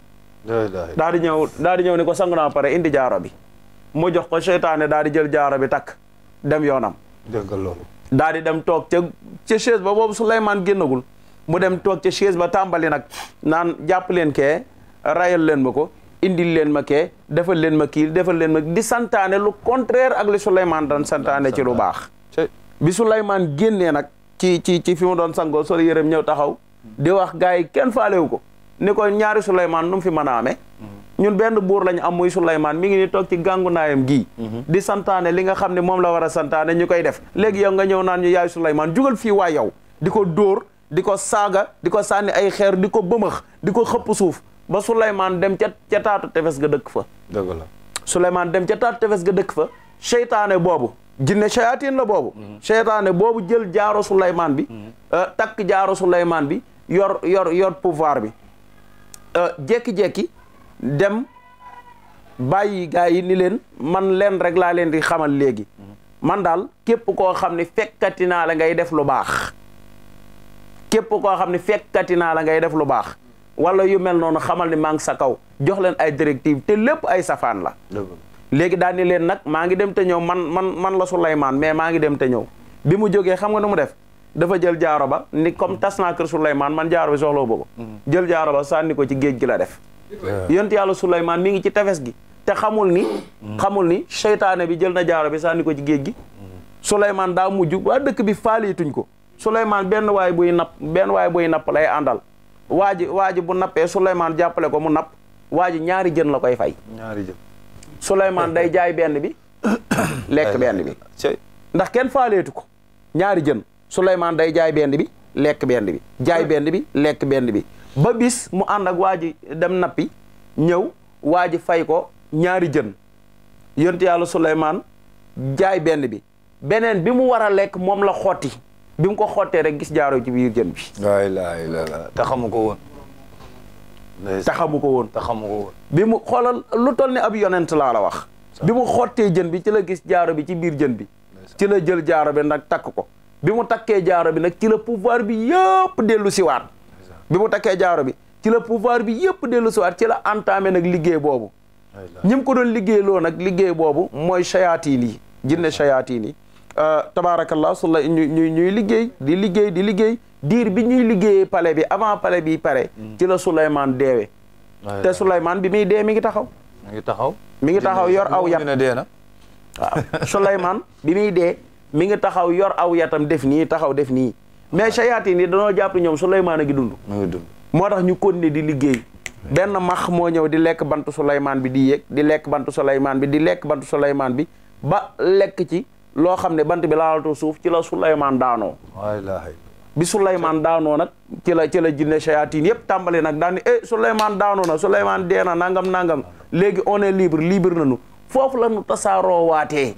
E: daal di ñëw daal di ñëw ne ko sangu naa pare indi jaaro bi mu jox ko seytaane daal di jël jaaro bi takk dem yoonam. dégg nga loolu. daal di dem toog ca ca chaise ba boobu Souleymane génnagul mu dem toog ca chaise ba tàmbali nag naan jàpp leen ke rayal leen ma ko indil leen ma kee defal leen ma kii defal leen ma di santaane lu contraire ak li Souleymane daan santaane ci lu baax. bi Souleymane génnee nag ci ci ci fi mu doon sangoo sol yërëm ñëw taxaw. di wax gars yi kenn faalewu ko ni ko ñaari Souleymane nu mu fi mën a amee ñun benn buur lañu am muy Souleymane mi ngi ni toog ci gàngu gii mhm. di santaane li nga xam ne moom la war a santaane ñu koy def léegi yow nga ñëw naan ñu yaay Souleymane jugal fii waa yow di ko dóor di ko saaga di ko sànni ay xeer di ko bëmax di ko xëpp suuf ba Souleymane dem ca ca taatu tefes ga dëkk fa dëgg la Souleymane dem ca taatu tefes ga dëkk fa seytaane boobu jinne shayatin la boobu mhm. seytaane boobu jël jaaro Souleymane bi mhm. euh, takk jaaro Souleymane bi yor yor yor pouvoir bi euh, jékki-jékki dem bàyyi gaa yi ni leen man leen rek laa leen di xamal léegi man daal képp koo xam ne fekkati naa la ngay def lu baax képp koo xam ne fekkati naa la ngay def lu baax wala yu mel noonu xamal ni maa ngi sa kaw jox leen ay directive te lépp ay safaan la léegi daal ni leen nag maa ngi dem te ñëw man man man la Souleymane mais maa ngi dem te ñëw bi mu jógee xam nga nu mu def dafa jël jaaro ba ni comme tas naa kër Souleymane man jaaro bi soxla boobu mm-hmm. jël jaaro ba sànni ko ci géej gi la def yonent yàlla Souleymane mi ngi ci tefes gi te xamul ni xamul ni seytaane bi jël na jaaro bi sànni ko ci géej gi Souleymane daa mujj waa dëkk bi faaleetuñ ko Souleymane benn waay buy napp benn waay buy napp lay àndal waa ji waa bu nappee Souleymane jàppale ko mu napp waaji ñaari jën la koy fay ñaari jën Souleymane day jaay benn bi
C: <coughs> lekk benn
E: bi ndax kenn faaleetu ko ñaari jën Souleymane day jaay benn bi lekk benn bi jaay benn bi lekk benn bi ba bis mu ànd ak waa ji dem nappi ñëw waa fay ko ñaari jën yonent yàlla Suleymaan jaay benn bi beneen bi mu war a lekk moom la xotti bi mu ko xottee rek gis jaaro ci biir jën bi. la xamu ko woon. te xamu ko woon ko bi mu xoolal lu toll ni ab yonent laa la wax. bi mu xottee jën bi ci la gis jaaro bi ci biir jën bi. ci la jël jaaro bi nag takk ko bi mu takkee jaaro bi nag ci la pouvoir bi yëpp dellu siwaat bi mu takkee jaaro bi ci la pouvoir bi yëpp dellu siwaat ci la entamé nag liggéey boobu ñi mu ko doon liggéeyloo nag liggéey boobu mooy shayatin yi jinne shayatin yi euh, tabaarakallah su la ñuy ñuy liggéey di liggéey di liggéey diir bi ñuy liggéeyee palais bi avant palais bi pare ci la Souleymane deewee te Souleymane bi muy dee mi ngi taxaw mi ngi taxaw mi ngi taxaw yor aw yat waaw Souleymane bi muy dee mi ngi taxaw yor aw yatam def nii taxaw def nii mais sayaatiin yi danoo jàpp ñoom Souleymane gi dund moo tax ñu continuer di liggéey benn max moo ñëw di lekk bantu Souleymane bi di yéeg di lekk bantu Souleymane bi di lekk bantu Souleymane bi ba lekk ci loo xam ne bant bi la laalatoo suuf ci la Souleymane daanoo bi Souleymane daanoo nag ci la ci la jinne shayatin yëpp tàmbali nag daan ni eh Souleymane daanoo na Souleymane dee na nangam nangam léegi on libre libre na nu foofu la ñu tasaaroo waatee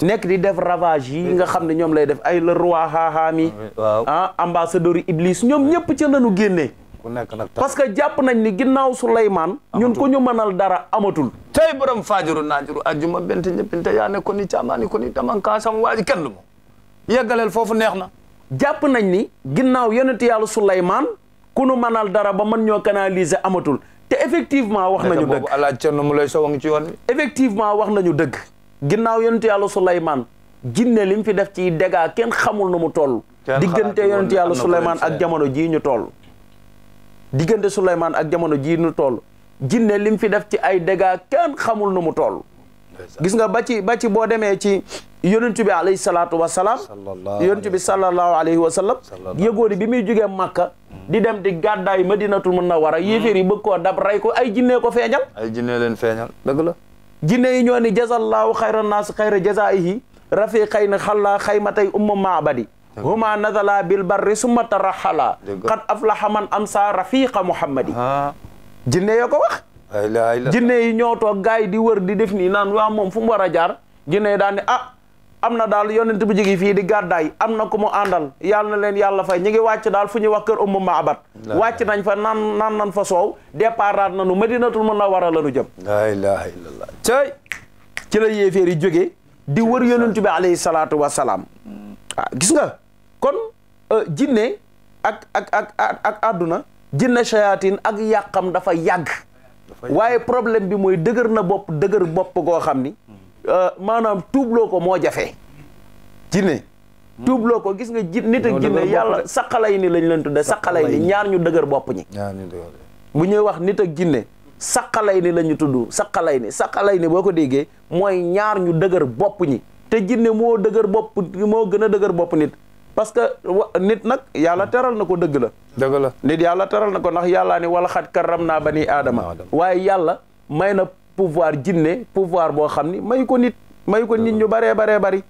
E: nekk di def ravage yi nga xam ne ñoom lay def ay le roi haahami ah, ah ambassadeur iblis ñoom ñëpp ca lañu génnee parce que jàpp nañ ni ginnaaw Souleymane ñun ku ñu mënal dara amatul tey borom fajiru naajiru ajjuma bente ñëppinte yaa ne ko ni caamaani ko ni taman kaasam waaji kenn lu mo yeggaleel foofu neex na jàpp nañ ni ginnaaw yonent yàlla Souleymane ku nu mënal dara ba man ñoo canaliser amatul te effectivement wax nañu dëgg
A: alaaj Cerno mu lay sow ngi ci yoon
E: effectivement wax nañu dëgg ginnaaw yonent yàlla Souleymane jinne li mu fi def ci dégâts kenn xamul nu mu toll. diggante yonent yàlla Souleymane ak jamono jii ñu toll. diggante Souleymane ak jamono jii ñu toll jinne li mu fi def ci ay dégâts kenn xamul nu mu toll. gis nga ba ci ba ci boo demee ci yonentu bi alayhi salaatu wa salaam. yonentu bi sallallahu alayhi wa sallam. yëgooni bi muy jugee Makka. di dem di gàddaay Madinatul Munawwara yéeféer yi bëgg koo dab rey ko ay jinne ko feeñal. ay leen feeñal dëgg la. jinne yi ñoo ni jazallahu xayra naas xayra jazaihi rafiqay na xalla xaymatay umma maabadi huma nazala bil barri summa taraxala qad aflaha man amsa rafiqa muhammadi ah. jinne yoo ko wax jinne yi ñoo toog gars yi di wër di def nii naan waa moom fu mu war a jaar jinne yi daan ne ah am na daal yonent bu jigi fii di gàddaay am na ko mu àndal yàlla na leen yàlla fay ñu ngi wàcc daal fu ñuy wax kër ummu maabat wàcc nañ fa naan naan nañ fa soow départaat nañu madinatul munawwara la ñu jëm laa ilaha illallah cay ci la yéeféer yi jógee di wër yonent bi alayhi salaatu wasalaam ah gis nga kon euh, jinne ak ak ak ak àdduna jinne shayatin ak yàqam dafa yàgg waaye problème bi mooy dëgër na bopp dëgër bopp goo xam ni Euh, maanaam tuubloo ko moo jafe jinne tuubloo ko gis nga ji nit ak jinne yàlla saqalay ni lañ leen tudde saqalay ñaar ñu dëgër bopp ñi bu ñuy wax nit ak jinne saqalay ni la tudd saqalay ni saqalay ni boo ko déggee mooy ñaar ñu dëgër bopp ñi te jinne moo dëgër bopp moo gën a dëgër bopp nit parce que nit nag yàlla teral na ko dëgg la dëgg la nit yàlla teral na ko ndax yàllaa ni wala xat karam na ba ni aadama waaye yàlla may na pouvoir jinne pouvoir boo xam ni may ko nit may ko nit ñu baree baree bari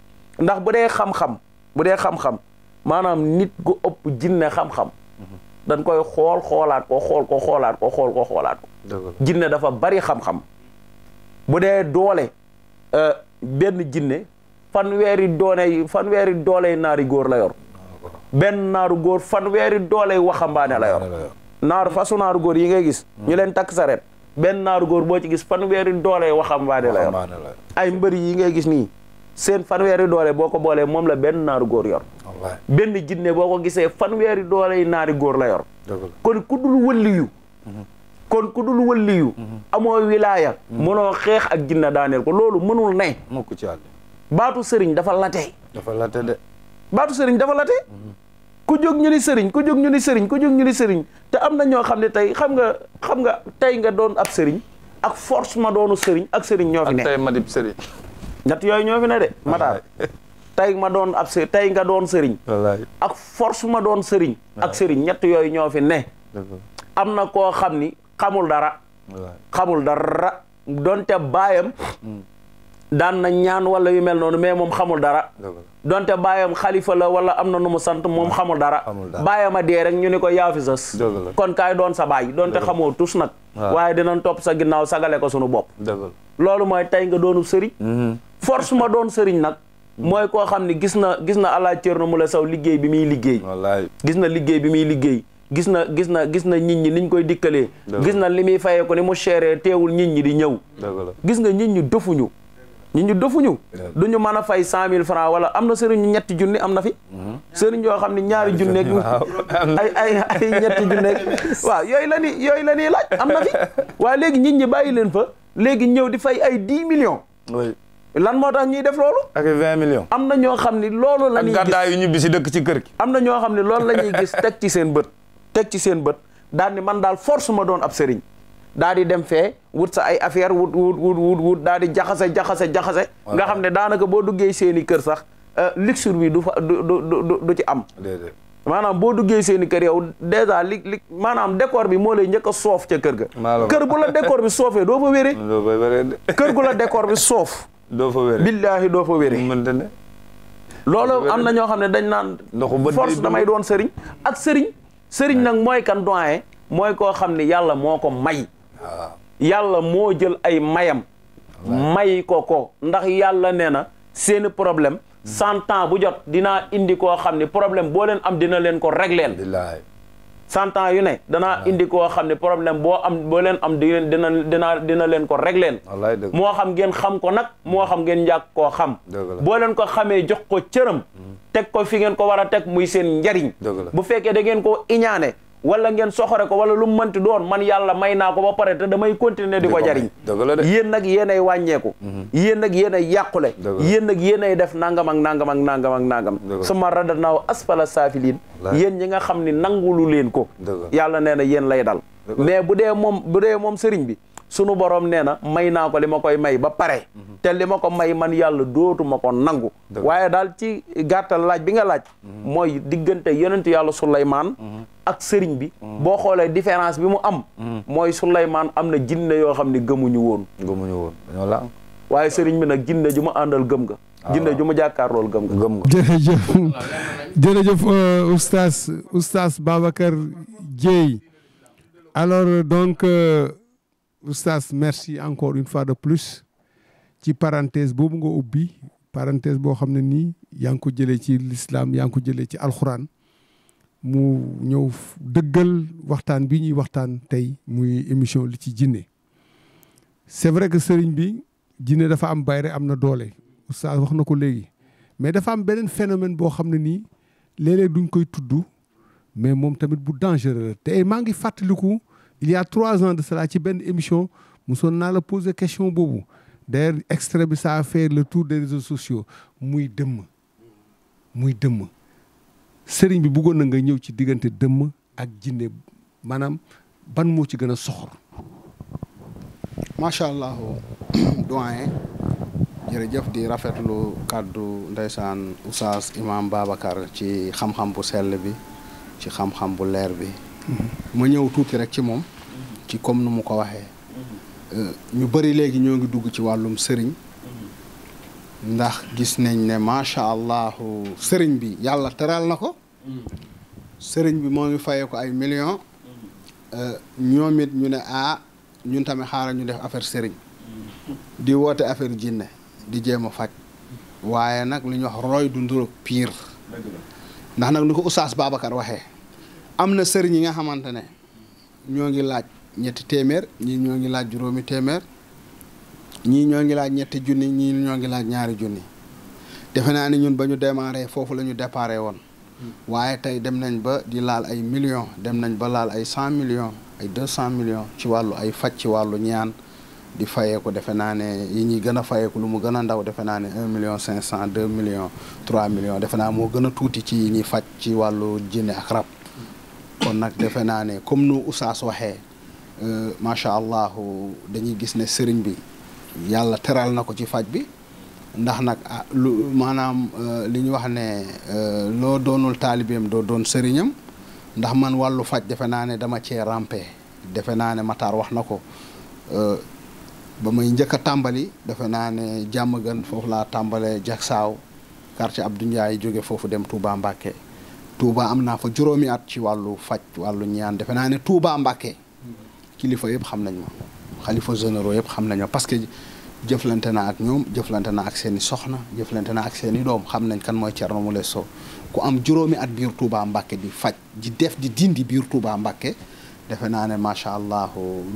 E: ndax bu dee xam-xam bu dee xam-xam maanaam nit ku ëpp jinne xam-xam dañ koy xool xoolaat ko xool ko xoolaat ko xool ko xoolaat ko jinne dafa bari xam-xam bu dee doole euh, benn jinne fanweeri doole fanweeri doole naari góor la yor benn naaru góor fanweeri doole waxambaane la yor naaru façon naaru góor yi ngay gis ñu hmm. leen takk saret benn naaru góor boo ci gis fanweeri doole waxambaane la yor ay mbëri yi ngay gis nii seen fanweeri doole boo ko boolee moom la benn naaru góor yor benn jinne boo ko gisee fan weeri doole yu naari góor la yor kon ku dul wëlliyu mhm. kon ku dul wëlliyu mhm. amoo wilaaya mhm. mënoo xeex ak ginna daaneel ko loolu mënul ne baatu sëriñ dafa late dafa late de baatu sëriñ dafa late ku jóg ñu ni sëriñ ku jóg ñu ni sëriñ ku jóg ñu ni te am na ñoo xam ne tey xam nga xam nga tey nga doon ab sëriñ ak force ma doonu sëriñ ak sëriñ ak tey ma dib sëriñ ñett yooyu ñoo fi ne de mataar <laughs> tey ma doon ab tey nga doon sëriñ ak force ma doon sëriñ ak sëriñ ñett yooyu ñoo fi ne am na koo xam ni xamul dara xamul dara donte baayam hmm. daan na ñaan wala yu mel noonu mais moom xamul dara donte baayam xalifa la wala am na nu mu sant moom ah, xamul dara baayam a dee rek ñu ni ko yaa fi sës kon kaay doon sa baay donte xamoo tus nag ah. waaye dinañ topp sa ginnaaw sagale ko sunu bopp loolu mooy tey nga doonu sëriñ mm-hmm. force ma doon sëriñ nag mm-hmm. mooy koo xam ne gis na gis na Alaaji Thierno Moule Sow liggéey bi muy liggéey gis na liggéey bi muy liggéey gis na gis na gis na nit ñi niñ koy dikkalee gis na li muy fayee ko ni mu chéré teewul nit ñi di ñëw gis nga nit ñi defuñu ñu ñu dofuñu du ñu mën a fay cent mille franc wala am na sëriñ ñu ñetti junni am na fi mm-hmm. sëriñ yoo xam ne ñaari junneeg <laughs> ay ay ay ñetti junneeg <laughs> waaw yooyu la yooyu la ñuy laaj am na fi léegi nit ñi bàyyi leen fa léegi ñëw di fay ay dix millions lan moo tax ñuy def loolu ak vingt million am na ñoo xam ni loolu la ñuy gis gàddaay yu ci kër gi am na ñoo xam ne loolu la ñuy gis teg ci seen bët teg ci seen bët daal ni man daal force ma doon ab sëriñ daa di dem fee wut sa ay affaire wut wut wut wut daa jaxase jaxase jaxase. nga xam ne daanaka boo duggee seeni kër sax euh, luxure bi du fa du du du ci am. maanaam boo duggee seeni kër yow dèjà li li maanaam décor bi moo lay njëkk soof ca kër ga. kër gu la décor bi soofee doo fa wéree. <laughs> doo fa wéree kër gu la décor bi soof. doo fa wéree billaahi doo fa wéree. loolu am na ñoo xam ne dañ naan. force may doon sëriñ. ak sëriñ sëriñ nag mooy kan doyen mooy koo xam ne yàlla moo ko may. yàlla moo jël ay mayam may ko ko ndax yàlla nee na seeni problème hmm. cent ans bu jot dinaa indi koo xam ne problème boo leen am dina leen ko régleel cent yu ne danaa indi koo xam ne problème boo am boo leen am di dina dina dina leen ko régleel moo xam ngeen xam ko nag moo xam ngeen njàkk koo xam boo leen ko xamee jox ko cëram hmm. teg ko fi ngeen ko war a teg muy seen njariñ bu fekkee da ngeen iñaane wala ngeen soxore ko wala lu mu mënti doon man yàlla may naa ko ba pare te damay continuer di ko jariñ yéen nag yéen ay wàññeeku mhm. yéen nag yéen ay yàqule yéen nag yéen ay def nangam ak nangam ak nangam ak nangam suma radanaaw asfala saafiliin yéen ñi nga xam ni nangulu leen ko yàlla nee na yéen lay dal mais bu dee moom bu dee moom sëriñ bi sunu boroom nee na may naa ko li ma koy may ba pare mhm. te li ma ko may man yàlla dootuma ko nangu waaye daal ci gàttal laaj bi nga laaj mhm. mooy diggante yonent yàlla Suleymaan mhm. ak sëriñ bi boo xoolee différence bi mu am mooy Suleymaan am na jinne yoo xam ne gëmuñu woon gëmuñu woon voilà waaye sëriñ bi nag jinne ju ma àndal gëm nga ah. jinne ju ma jàkkaar lool gëm nga gëm nga
B: jërëjëf jërëjëf euh, oustaz oustaz Babacar Dieye alors donc euh, oustaz merci encore une fois de plus ci parenthèse boobu nga ubbi parenthèse boo xam ne nii yaa ngi ko jëlee ci lislaam yaa ngi ko jëlee ci alxuraan mu ñëw dëggal waxtaan bi ñuy waxtaan tey muy émission li ci jinne c'est vrai que sëriñ bi jinne dafa am bayre am na doole oustaz wax na ko léegi mais dafa am beneen phénomène boo xam ne nii léeg-léeg duñ koy tudd mais moom tamit bu dangereux la te maa ngi fàttaliku il y trois ans de cela ci benn émission mosoon naa la poser question boobu d'ailleurs extrait bi ça a fait le tour des réseaux sociaux muy dëmm muy dëmm sëriñ bi buggoon na nga ñëw ci diggante dëmm ak jinne maanaam ban moo ci gën a soxor
C: macha allah <coughs> doyen jërëjëf di rafetlu kàddu ndeysaan oustaz imam babacar ci xam-xam bu sell bi ci xam-xam bu leer bi ma ñëw tuuti rek ci moom ci comme nu mu ko waxee euh, ñu bëri léegi ñoo ngi dugg ci wàllum sëriñ ndax gis nañ ne macha allahu sëriñ bi yàlla teral na ko sëriñ bi moo ngi fayee ko ay millions euh, ñoom it ñu ne ah ñun tamit xaaral ñu def affaire sëriñ di woote affaire jinne di jéem a faj waaye nag li ñuy wax roy du ndurug piir ndax nag ni ko Oustaz Babacar waxee am na sëriñ ñi nga xamante ne ñoo ngi laaj ñetti téeméer ñii ñoo ngi laaj juróomi téeméer ñii ñoo ngi laaj ñetti junni ñii ñoo ngi laaj ñaari junni defe naa ni ñun ba ñu démarré foofu la ñu déparé woon waaye tey dem nañ ba di laal ay millions dem nañ ba laal ay cent millions ay deux cent millions ci wàllu ay faj ci wàllu ñaan di fayeeku defe naa ne yi ñuy gën a fayeeku lu mu gën a ndaw defe naa ne un million cinq cent deux million trois million defe naa moo gën a tuuti ci yi ñuy faj ci wàllu jinne ak kon nag defe naa ne comme nu Oustaz waxee euh, macha allah dañuy gis ne sëriñ bi yàlla teral na ko ci faj bi ndax nag ah, lu maanaam euh, li ñu wax ne euh, loo doonul taalibeem doo doon sëriñam ndax man wàllu faj defe naa ne dama cee rampe defe naa ne Matar wax na ko ba may njëkk a tàmbali defe naa ne jàmm gan foofu laa tàmbalee Jaksaaw quartier Abdou Ndiaye jóge foofu dem Touba Mbacké Touba am naa fa juróomi at ci wàllu faj wàllu ñaan defe naa ne Touba Mbàkke kilifa yëpp xam nañ ma xalifa généraux yëpp xam nañ ma parce que jëflante naa ak ñoom jëflante naa ak seen i soxna jëflante naa ak seen i doom xam nañ kan mooy Thierno Moule Sow ku am juróomi at biir Touba Mbàkke di faj di def di dindi biir Touba Mbàkke defe naa ne macha allah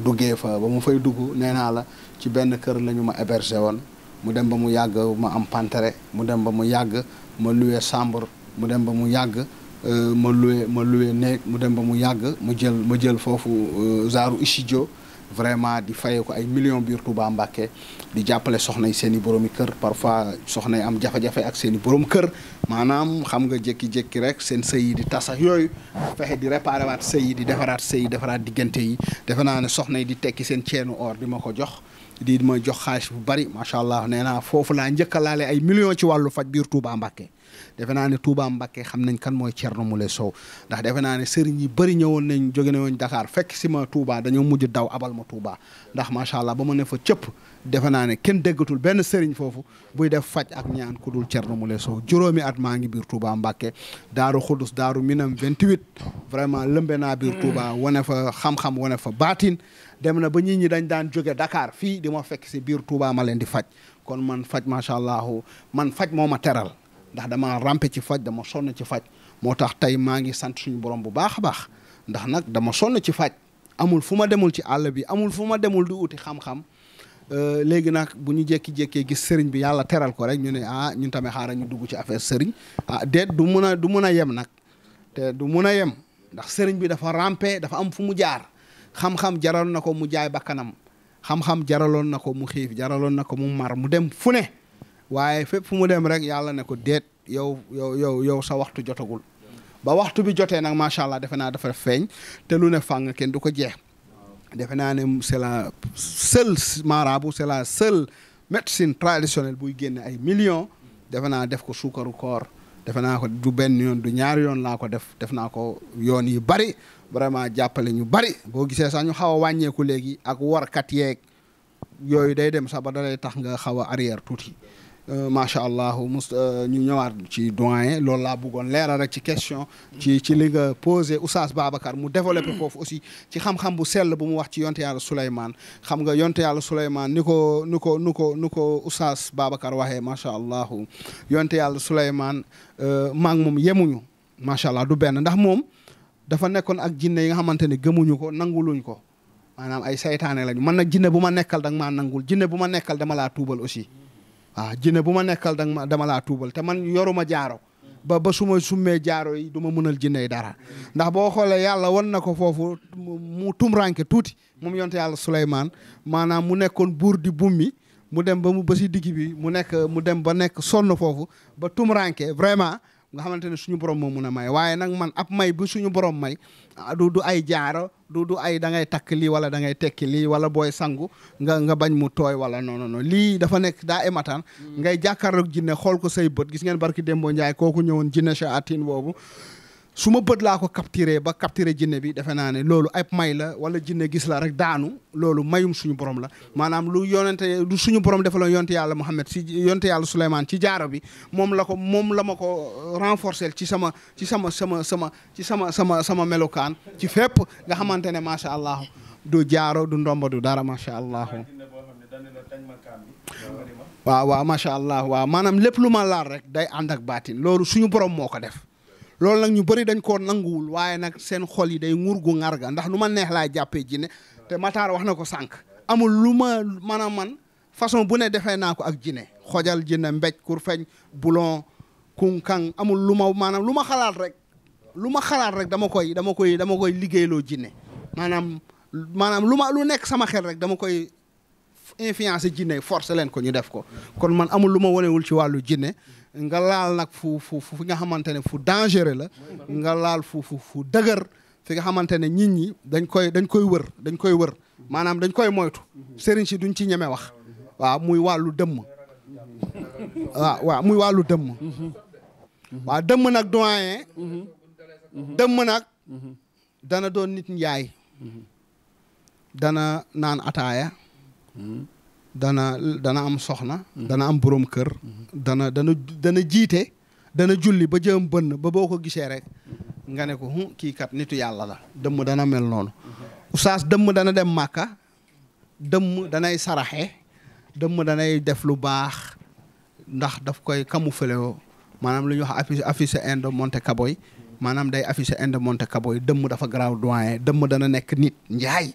C: duggee fa ba mu fay dugg nee naa la ci benn kër lañu ma hébergé woon mu dem ba mu yàgg ma am pantere mu dem ba mu yàgg ma loué mu dem ba mu yàgg Euh, ma loué ma loué néeg mu dem ba mu yàgg mu jël ma jël foofu euh, zaaru studio vraiment di fayee ko ay millions biir Touba Mbacké di jàppale soxna yi seen i boroomi kër parfois soxna yi am jafe-jafe ak seen i borom kër maanaam xam nga jékki-jékki rek seen sëy di tas ak yooyu fexe di réparé waat yi di defaraat sëy yi defaraat diggante yi defe naa ne soxna yi di tekki seen ceenu or di ma ko jox di ma jox xaalis bu bari macha allah nee naa foofu laa njëkk a laale ay millions ci wàllu faj biir defe naa ne Touba Mbakke xam nañ kan mooy Thierno Moule Sow ndax defe naa ne sëriñ yi bëri ñëwoon nañ jóge nañu Dakar fekk si ma Touba dañoo mujj daw abal ma Touba ndax macha allah ba ma ne fa cëpp defe naa ne kenn déggatul benn sëriñ foofu buy def faj ak ñaan ku dul mu Moule Sow juróomi at maa ngi biir Touba Mbakke daaru xudus daaru minam 28 vraiment lëmbe naa biir Touba mm. wane fa xam-xam wane fa baatin dem na ba nit ñi dañ daan jóge Dakar fii di ma fekk si biir Touba ma leen di faj kon man faj macha allah man faj moo ma ndax dama rampe ci faj dama sonn ci faj moo tax tey maa ngi sant suñu borom bu baax a baax ndax nag dama sonn ci faj amul fu ma demul ci àll bi amul fu ma demul du uti xam-xam euh, léegi nag bu ñu jékki-jékkee gis sëriñ bi yàlla teral ko rek ñu ne ah ñun tamit xaaral ñu dugg ci affaire sëriñ ah déet du mun a du mun a yem nag te du mun a yem ndax sëriñ bi dafa rampe dafa am fu mu jaar xam-xam jaral na ko mu jaay bakkanam xam-xam jaraloon na ko mu xiif jaraloon na ko mu mar mu dem fu ne waaye fépp fu mu dem rek yàlla ne ko déet yow yow yow yow sa waxtu jotagul ba waxtu bi jotee nag macha allah defe naa dafa feeñ te lu ne fàng kenn du ko jeex defe naa ne c'est la seule marabout c'est la seule médecine traditionnelle buy génne ay millions defe naa def ko suukaru koor defe naa ko du benn yoon du ñaari yoon laa ko def def naa ko yoon yu bari vraiment jàppale ñu bari boo gisee sax ñu xaw a wàññeeku léegi ak warkat yeeg yooyu day dem sax ba dalay tax nga xaw a arrière tuuti Euh, macha allah mus euh, ñu ñëwaat ci doyen loolu laa bëggoon leeral rek ci question. ci ci li nga posé Oustaz Babacar mu développé <clears throat> foofu aussi ci xam-xam bu sell bu mu wax ci yonte yàlla Souleymane xam nga yonte yàlla Souleymane ni ko ni ko ni ko ni ko Oustaz Babacar waxee macha allah yonte yàlla Souleymane euh, maa ngi moom yemuñu macha allah du benn ndax moom dafa nekkoon ak jinne yi nga xamante ne gëmuñu ko nanguluñ ko. maanaam ay saytaane lañu man na jinne bu ma nekkal da nga maa nangul jinne bu ma nekkal dama laa tuubal aussi. waaw jinne bu ma nekkal danga ma dama laa tuubal te man yoruma jaaro ba ba suma summee jaaro yi du ma mënal jinne yi dara ndax boo xoolee yàlla wan na ko foofu mu tumranke tuuti moom yonte yàlla Suleymaan maanaam mu nekkoon buur di bummi mu dem ba mu ba si digg bi mu nekk mu dem ba nekk sonn foofu ba tumranke vraiment nga xamante ne suñu borom moo mun a may waaye nag man ab may bu suñu borom may ah, du du ay jaaro du du ay da ngay takk lii wala da ngay tekki lii wala booy sangu nga nga bañ mu tooy wala non non lii dafa nekk daa émataan mm. ngay jàkkaarloog jinne xool ko say bët gis ngeen barki Dembo Njaay kooku ñëwoon jinne Chaatin boobu su ma bët laa ko capturé ba capturé jinne bi defe naa ne loolu ay may la wala jinne gis la rek daanu loolu mayum suñu borom la maanaam lu yonente lu suñu borom defaloon yonte yàlla Muhammad si yonte yàlla Souleymane ci jaaro bi moom la ko moom la ma ko euh, renforcer ci sama ci sama sama sama ci sama sama sama melokaan ci fépp nga xamante ne macha allah du jaaro du ndomba du dara macha allah. waaw waaw macha allah waaw maanaam lépp lu ma laal rek day ànd ak baatin loolu suñu borom moo ko def. loolu nag ñu bëri dañ koo nanguwul waaye nag seen xol yi day ngur gu ngar ga ndax lu ma neex laa jàppee jinne te Matar wax na ko sànq amul lu ma man man façon bu ne defee naa ko ak jinne xojal jinne mbéj kur feñ bulon kunkang amul lu ma maanaam lu ma xalaat rek lu ma xalaat rek dama koy dama koy dama koy liggéeyloo jinne maanaam maanaam lu ma lu nekk sama xel rek dama koy influencer jinne forcer leen ko ñu def ko kon man amul lu ma wanewul ci wàllu jinne nga laal nag fu fu fu nga xamante ne fu dangereux la nga laal fu fu fu dëgër fi nga xamante ne nit ñi dañ koy dañ koy wër dañ koy wër maanaam dañ koy moytu sëriñ si duñ ci ñeme wax waaw muy wàllu dëmm
F: waaw muy wàllu dëmm
C: waaw dëmm nag doyen dëmm nag dana doon nit njaay dana naan ataaya dana dana am soxna. Mhm. dana am boroom kër. Mhm. dana dana dana jiite. dana julli ba jëm bënn ba boo ko gisee rek. nga ne ko kii kat nitu yàlla la. dëmm dana mel noonu.
F: Mhm.
C: oustaz dëmm dana dem màkka. dëmm danay saraxe. dëmm danay def lu baax. ndax daf koy camoufler woo maanaam lu ñuy wax affiche affiche Inde Monte maanaam day affiche Inde Monte Kaboy dëmm dafa garaaw doyen dëmm dana nekk nit njaay.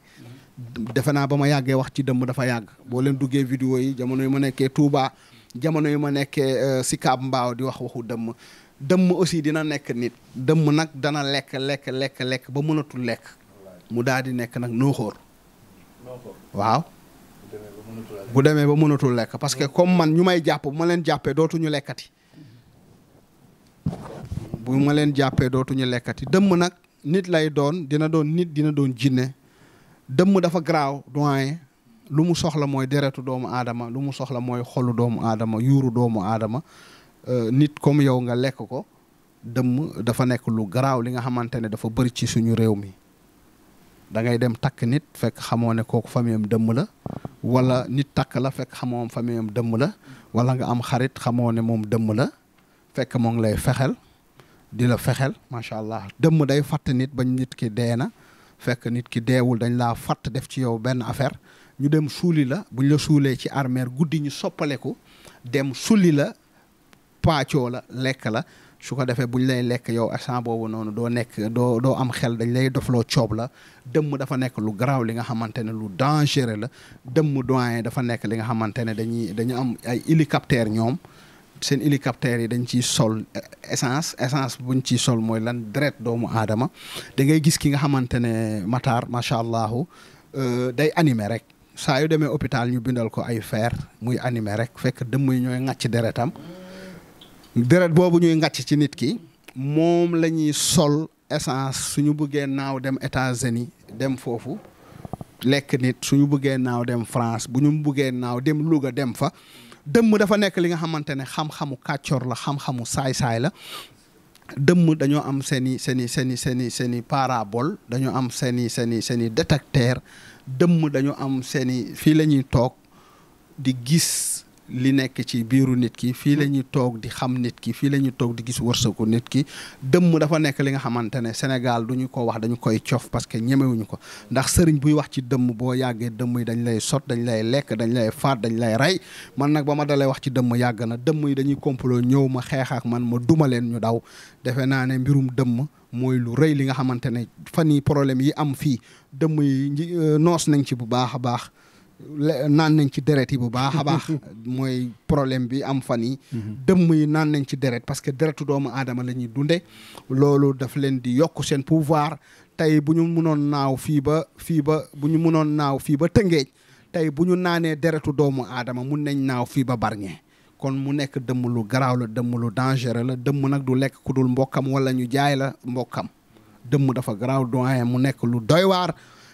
C: defe naa ba ma yàggee wax ci dëmm dafa yàgg boo leen duggee vidéo yi jamono yi ma nekkee Touba jamono yi ma nekkee euh, Sicap mbaaw di wax waxu dëmm dëmm aussi dina nekk nit dëmm nag dana lekk lekk lekk lekk ba mënatul lekk mu daal di nekk nag nooxóor waaw bu demee ba mënatul lekk parce que comme man ñu may jàpp ma leen jàppee dootuñu lekkati bu ma leen jàppee dootuñu lekkati dëmm nag nit lay doon dina doon nit dina doon jinne dëmm dafa garaaw doyen lu mu soxla mooy deretu doomu aadama lu mu soxla mooy xolu doomu aadama yuuru doomu aadama euh, nit comme yow nga lekk ko dëmm dafa nekk lu garaaw li nga xamante ne dafa bëri ci suñu réew mi da ngay dem takk nit fekk xamoo ne kooku famiyam dëmm la wala nit takk la fekk xamoo famiyam dëmm la wala am xarit xamoo ne moom dëmm la fekk moo ngi lay fexel di la fexel macha allah dëmm day fatt nit ba nit ki dee na fekk nit ki deewul dañ laa fatt def ci yow benn affaire ñu dem suuli la bu ñu la suulee ci armeer guddi ñu soppaleku dem sulli la paacoo la lekk la su ko defee bu ñu lay lekk yow instant boobu noonu doo nekk doo doo am xel dañ lay dofloo coob la dëmm dafa nekk lu garaaw li nga xamante ne lu dangereux la dëmm doyen dafa nekk li nga xamante ne dañuy dañu am ay hélicoptère ñoom seen hélicoptère yi dañ ciy sol eh, essence essence buñ ciy sol mooy lan deret doomu aadama da ngay gis ki nga xamante ne Matar macha allah euh, day animé rek saa yu demee hôpital ñu bindal ko ay fer muy animé rek fekk dëmm yi ñooy ŋàcc deretam deret boobu ñuy ŋàcc ci nit ki moom la ñuy sol essence suñu buggee naaw dem États-Unis dem foofu lekk nit suñu buggee naaw dem France bu ñu buggee naaw dem Louga dem fa dëmm dafa nekk li nga xamante ne xam-xamu kàccoor la xam-xamu saay-saay la dëmm dañoo am seeni i seen i seen seeni seen i dañoo am seeni i seen i seen détecteur dëmm dañoo am seeni fii lañuy toog di gis li nekk ci biiru nit ki fii la ñuy toog di xam nit ki fii la ñuy toog di gis wërsëgu nit ki dëmm dafa nekk li nga xamante ne Sénégal du ko wax dañu koy cof parce que ñemewuñu ko ndax sëriñ buy wax ci dëmm boo yàggee dëmm yi dañ lay sot dañ lay lekk dañ lay faat dañ lay rey man nag ba ma dalee wax ci dëmm yàgg na dëmm yi dañuy complot ñëw ma xeex ak man ma duma leen ñu daw defe naa ne mbirum dëmm mooy lu rëy li nga xamante ne fan yi problème yi am fii dëmm yi euh, noos nañ ci bu baax a baax naan nañ ci deret yi bu baax a baax <laughs> mooy problème bi am fan yi mm-hmm. dëmm yi naan nañ ci deret parce que deretu doomu aadama lañuy dunde loolu daf leen di yokk seen pouvoir tey bu ñu mënoon naaw fii ba fii ba bu ñu mënoon naaw fii ba tëngeej tey bu ñu naanee deretu doomu aadama mun nañ naaw fii ba barñe kon mu nekk dëmm lu garaaw la dëmm lu dangereux la dëmm nag du lekk ku dul mbokkam wala ñu jaay la mbokkam dëmm dafa garaaw doyen mu nekk lu doy waar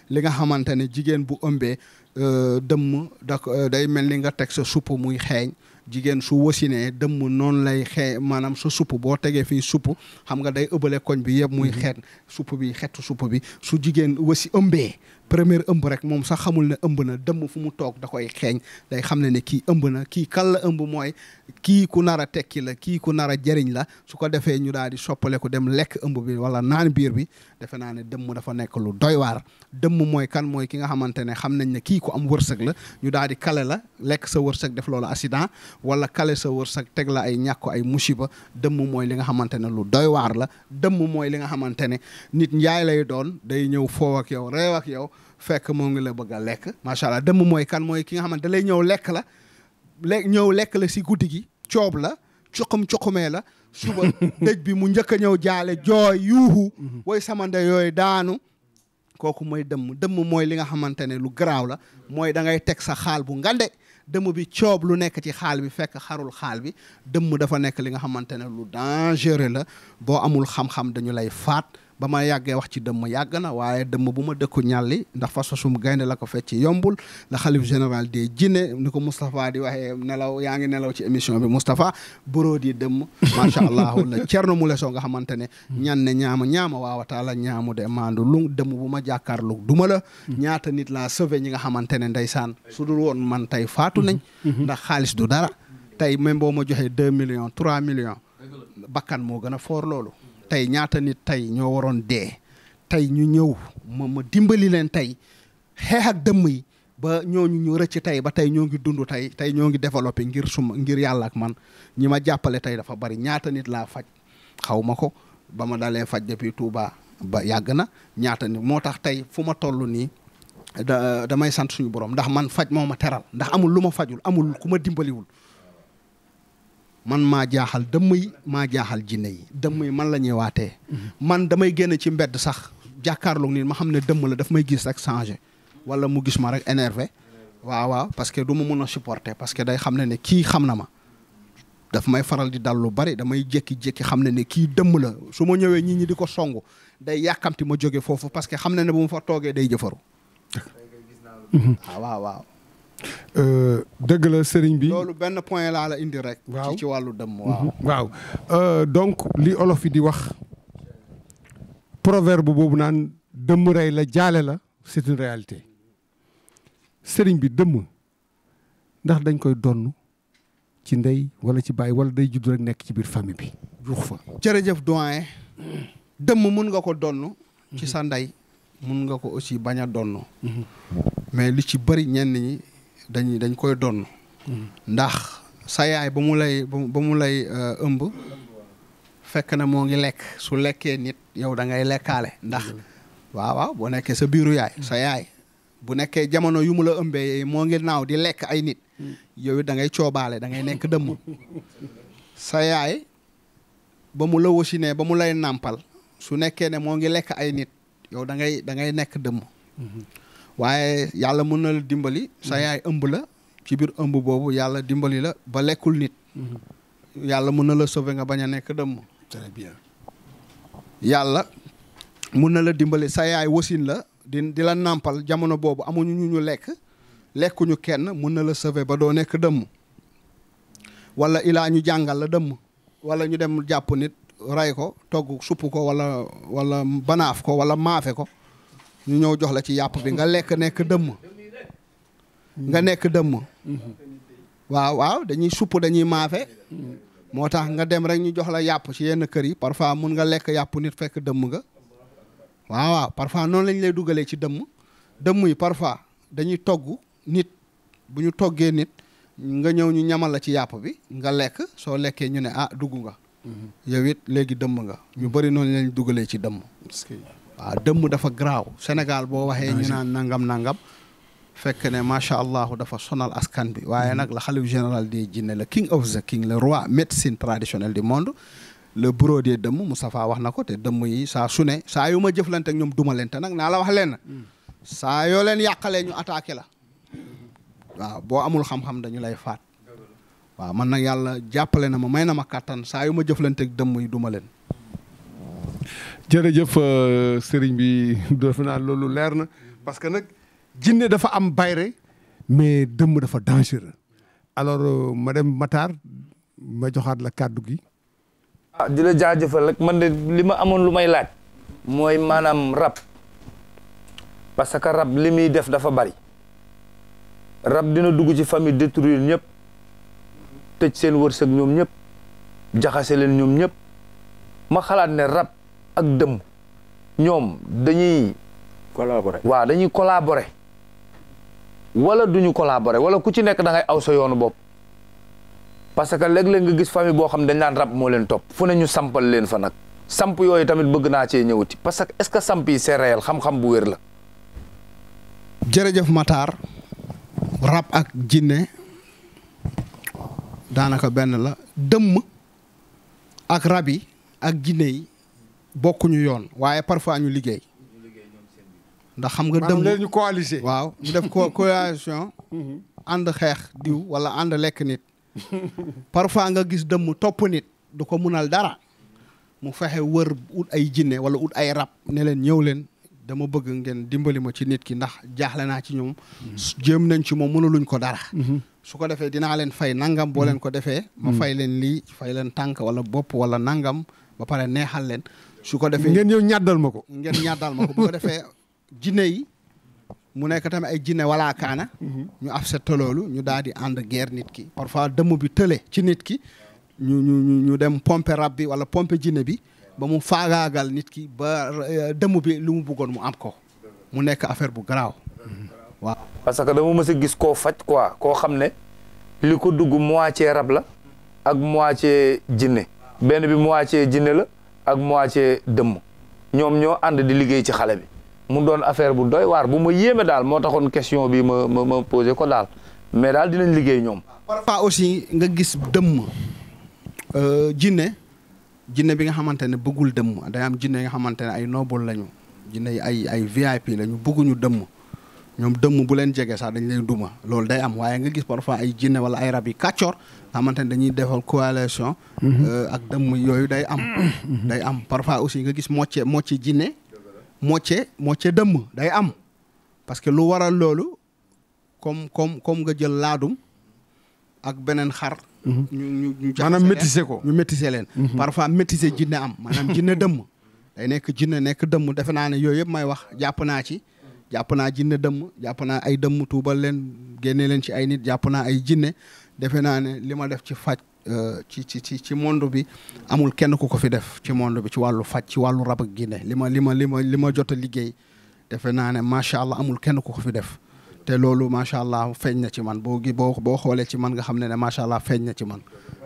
C: li nga xamante ne jigéen bu ëmbee Euh, dëmm da euh, day mel ni nga teg sa supp muy xeeñ jigéen su wasinee dëmm noonu lay xee maanaam sa supp boo tegee fii supp xam nga day ëbbale koñ bi yëpp muy mm-hmm. xeet supp bi xeetu supp bi su jigéen wasi ëmbee première ëmb rek moom sax xamul ne ëmb na dëmm fu mu toog da koy xeeñ day xam ne ne kii ëmb na kii kan la ëmb mooy kii ku nar a tekki la kii ku nar a jëriñ la su ko defee ñu daal di soppale ko dem lekk ëmb bi wala naan biir bi defe naa ne dëmm dafa nekk lu doy dëmm mooy kan mooy ki nga xamante ne xam nañ ne kii ku am wërsëg la ñu daal di kale la lekk sa wërsëg def loolu accident wala kale sa wërsëg teg la ay ñàkk ay musiba dëmm mooy li nga xamante ne lu doy waar la dëmm mooy li nga xamante ne nit njaay lay doon day ñëw foow ak yow réew ak yow fekk moo ngi la bëgg a lekk macha allah dëmm mooy kan mooy ki nga xamante da lay ñëw lekk la le ñëw lekk la si guddi gi coob la cuqum cuqumee la suba <laughs> dëj bi mu njëkk a ñëw jaale jooy yuuxu mhm. way sama ndey yooyu daanu kooku mooy dëmm dëmm mooy li nga xamante ne lu garaaw la mooy da ngay teg sa xaal bu ngande dëmb bi coob lu nekk ci xaal bi fekk xarul xaal bi dëmm dafa nekk li nga xamante ne lu dangereux la boo amul xam-xam dañu lay faat ba ma yàggee wax ci dëmm yàgg na waaye dëmm bu ma dëkku ñàlli ndax fa sosum gaynde la ko fecc yombul la xalif général des jinne ni ko Moustapha di waxee nelaw yaa ngi nelaw ci émission bi Moustapha buróod yi dëmm <laughs> macha allah la Thierno Moule soo nga xamante ne ñan ne ñaama ñaama waawa taala ñaamu de maandu lu dëmm bu ma jàkkaarlu duma la mm. ñaata nit laa sauvé ñi nga xamante ne ndeysaan su dul woon man tey faatu nañ mm-hmm. Mm-hmm. ndax xaalis du dara tey même boo ma joxee deux millions trois millions bakkan moo gën a foor loolu tey ñaata nit tey ñoo waroon dee tey ñu ñëw ma ma dimbali leen tey xeex ak dëmm yi ba ñooñu ñu rëcc tey ba tey ñoo ngi dundu tey tey ñoo ngi développé ngir suma ngir yàllaak man ñi ma jàppale tey dafa bari ñaata nit laa faj xaw ma ko ba ma dalee faj depuis Touba ba yàgg na ñaata nit moo tax tey fu ma toll nii da damay sant suñu borom ndax man faj moo ma teral ndax amul lu ma fajul amul ku ma dimbaliwul man maa jaaxal damay maa jaaxal jinne yi damay man la ñuy waatee mhm. man damay génn ci mbedd sax jàkkaarloog nit ma xam ne dëmm la dafa may gis rek changé wala mu gis ma rek énervé waaw waaw parce que du ma mun a supporter parce que day xam ne ne kii xam na ma daf may faral di dal lu bari damay jékki-jékki xam ne ne kii dëmm la su ma ñëwee nit ñi di ko song day yàkkamti ma jóge foofu parce que xam na ne bu mu fa toogee day jëfaru
B: mhm. Euh, dëgg la sëriñ bi loolu
C: benn point laa la indi rek. waaw ci wàllu dëmm mhm. waaw.
B: waaw euh, donc li olof yi di wax proverbe boobu naan dëmm rey la jaale la c'est réalité sëriñ bi dëmm ndax dañ koy donn ci ndey wala ci baay wala day juddu rek nekk ci biir famille bi. juux fa
C: jërëjëf doyen dëmm mun nga ko donn ci sa ndey mun nga ko aussi bañ a donn mhm. mais li ci bëri ñenn ñi. dañ dañ koy donn ndax sa yaay ba mu lay ba mu lay euh, ëmb fekk na moo ngi lekk su lekkee nit yow da ngay lekkaale ndax waaw waaw boo nekkee sa biiru yaay sa yaay bu nekkee jamono yu mu la ëmbee moo ngi naaw di lekk ay nit yow da ngay coobaale dangay nekk dëmm sa yaay ba mu la wasinee ba mu lay nàmpal su nekkee ne moo ngi lekk ay nit yow da ngay da nekk dëmm waaye yàlla mun na la dimbali sa yaay ëmb la ci biir ëmb boobu yàlla dimbali la ba lekkul nit
B: mm-hmm.
C: yàlla mën na la sauver nga bañ a nekk dëmm yàlla mun na la dimbali sa yaay wasin la di di la nàmpal jamono boobu amuñu ñu ñu lekk lekkuñu kenn mun na la sauver ba doo nekk dëmm wala ilaa ñu jàngal la dëmm wala ñu dem jàpp nit rey ko togg supp ko wala wala banaaf ko wala maafe ko ñu ñëw jox la ci yàpp bi nga lekk nekk dëmm nga nekk dëmm waaw waaw dañuy supp dañuy maafe moo tax nga dem rek ñu jox la yàpp ci yenn kër yi parfois mun nga lekk yàpp nit fekk dëmm nga waaw waaw parfois noonu lañ lay dugalee ci dëmm dëmm yi parfois dañuy togg nit bu ñu toggee nit nga ñëw ñu ñamal la ci yàpp bi nga lekk soo lekkee ñu ne ah dugg nga mm-hmm. yow it léegi dëmm nga ñu bari noonu lañ dugalee ci dëmm waaw ah, dëmm dafa garaaw Sénégal boo waxee ñu naan nangam nangam fekk ne macha allah dafa sonal askan bi waaye mm-hmm. nag la xalif général di jinne la king of the king le roi médecine traditionnelle di monde le bureau des dëmm Moustapha wax na ko te dëmm yi saa su ne saa yu ma jëflante ak ñoom duma leen te nag naa la wax leen mm-hmm. saa yoo leen yàqalee ñu attaqué la mm-hmm. waaw boo amul xam-xam dañu lay faat waaw man nag yàlla jàppale na ma may na ma kàttan saa yu
B: ma jëflante dëmm yi duma leen jërëjëf euh, sëriñ bi <laughs> defe naa loolu leer na parce que nag jinne dafa am bayre mais dëmm dafa dangereux alors euh, madame Matar ma joxaat la kàddu gi.
A: ah di la jaajëfal rek man de li ma amoon lu may laaj. mooy maanaam rab parce que rab li muy def dafa bari rab dina dugg ci famille détruire ñëpp tëj seen wërsëg ñoom ñëpp jaxase leen ñoom ñëpp ma xalaat ne rab. ak dëmm ñoom dañuy collaborer waaw dañuy collaborer wala duñu collaborer wala ku ci nekk da ngay aw sa yoonu bopp parce que léeg-léeg nga gis famille boo xam ne dañ naan rab moo leen topp fu ne ñu sampal leen fa nag samp yooyu tamit bëgg naa cee ñëwati parce que est-ce que samp yi c'est réel
C: xam-xam bu wér la jërëjëf Matar rab ak jinne daanaka benn la dëmm ak rab ak ginne yi bokkuñu yoon waaye parfois ñu liggéey. ndax xam nga dem leen ñu coaliser waaw ñu def co <laughs> coalition. Mhm. ànd xeex diw wala ànd lekk nit. <laughs> parfois nga gis dem mu topp nit du ko munal dara. mu fexe wër ut ay jinne wala ut ay rab ne leen ñëw leen dama bëgg ngeen dimbali ma ci nit ki ndax jaaxle naa ci ñoom mhm. jéem nañ ci moom mënuluñ ko dara mhm. su ko defee dinaa leen fay nangam boo leen ko defee ma fay leen lii fay leen tànk wala bopp wala nangam ba pare neexal leen su ko defee ngeen ñëw ñaddal ma ko ngeen ñaddal ma ko bu ko defee jinne yi mu nekk tamit ay jinne walaa kaana ñu afset loolu ñu daal di ànd guerre nit ki parfois dëmm bi tële ci nit ki ñu ñu ñu dem pompe rab bi wala pompe jinne bi ba mu faagaagal nit ki ba euh, dëmm bi lu mu buggoon mu am ko mu nekk affaire bu garaaw waaw
A: parce que dama mës gis koo faj quoi koo xam ne li ko dugg moitié rab la ak moitié jinne benn bi moitié jinne la ak moitié dëmm ñoom ñoo ànd di liggéey ci xale bi mu doon affaire bu doy waar bu ma yéeme daal moo taxoon question bi ma ma ma posé ko daal mais daal dinañ liggéey ñoom.
C: parfois aussi nga gis dëmm euh, jinne jinne bi nga xamante ne bëggul dëmm day am jinne yi nga xamante ne ay noble lañu jinne yi ay ay VIP lañu bëgguñu dëmm. ñoom dëmm bu leen jege sax dañ leen duma loolu day am waaye nga gis parfois ay jinne wala ay rab yi kàccoor xamante ne dañuy defal coalition mhm. euh, ak dëmm yooyu day am mhm. day am parfois aussi nga gis mocce mocce jinne mocce mocce dëmm day am parce que lu waral loolu comme comme comme nga jël laadum ak beneen xar mhm. ñu ñu maanaam métissé ko ñu métissé leen parfois métissé jinne am maanaam jinne dëmm day nekk jinne nekk dëmm defe naa ne yooyu yëpp may wax jàpp naa ci jàpp naa jinne dëmm jàpp naa ay dëmm tuubal leen génne leen ci ay nit jàpp naa ay jinne defe naa ne li ma def ci faj euh, ci ci ci ci monde bi amul kenn ku ko fi def ci monde bi ci wàllu faj ci wàllu rab ak jinne li ma li ma li ma li ma jot a liggéey defe naa ne macha allah amul kenn ku ko fi def te loolu macha allah feeñ na ci man boo gi boo boo xoolee ci man nga xam ne ne macha allah feeñ na ci man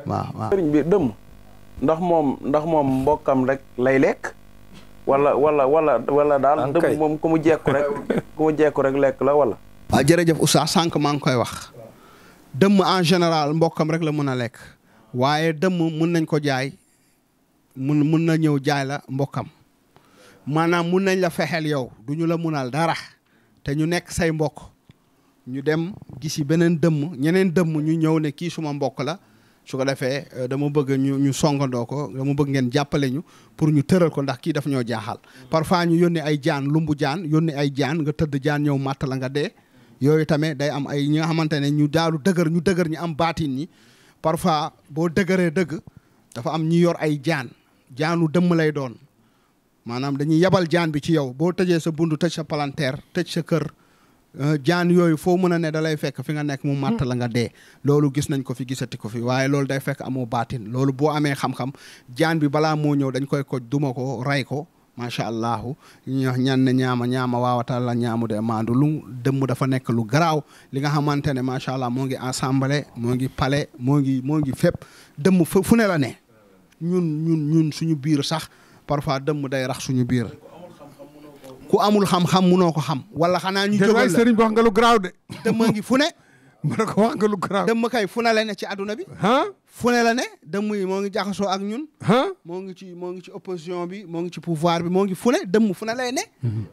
C: waaw waaw.
E: moom ndax moom mbokkam rek lay lekk. wala wala wala wala daal dëbb
C: moom ku mu jekku rek ku mu rek lekk la wala waaw jërëjëf Oustaz sànq maa ngi koy wax dëmm en général mbokkam rek la mën a lekk waaye dëmm mun nañ ko jaay mun mun na ñëw jaay la mbokkam maanaam mun nañ la fexeel yow du ñu la munal dara te ñu nekk say mbokk ñu dem gisi beneen dëmm ñeneen dëmm ñu ñëw ne kii suma mbokk la su ko defee euh, dama bëgg ñu ñu songandoo ko dama bëgg ngeen jàppale ñu pour ñu tëral ko ndax kii daf ñoo jaaxal parfois ñu yónni ay jaan lumbu jaan yónni ay jaan nga tëdd jaan ñëw màtt la nga dee yooyu tamit day am ay ñi nga xamante ne ñu daalu dëgër ñu dëgër ñu am baatin ñi parfois boo dëgëree dëgg dafa am ñi yor ay jaan jaanu dëmm lay doon maanaam dañuy yebal jaan bi ci yow boo tëjee sa bundu tëj sa palanteer tëj sa kër Euh, jaan yooyu foo mën a ne da lay fekk fi nga nekk mu màtt hmm. la nga dee loolu gis nañ ko fi gisati ko fi waaye loolu day fekk amoo baatin loolu boo amee xam-xam jaan bi balaa moo ñëw dañ koy koj duma ko ray ko macha allahu ño ñan ne ñaama ñaama waawatal la ñaamu de maandu lu dëmm dafa nekk lu garaaw li nga xamante ne macha allah moo ngi assemblée moo ngi pale moo ngi moo ngi fépp dëmm fu ne la ne ñun ñun ñun suñu biir sax parfois dëmm day rax suñu biir ku amul xam-xam munoo ko xam wala xanaa ñu jógal la sëriñ bi wax nga lu garaaw de dama ngi fu ne <laughs> mën ko wax nga lu garaaw dama kay fu ne la ne ci àdduna bi ah fu ne la ne dëmm yi moo ngi jaxasoo ak ñun ah moo ngi ci moo ngi ci opposition bi moo ngi ci pouvoir bi moo ngi fu ne dëmm fu ne lay ne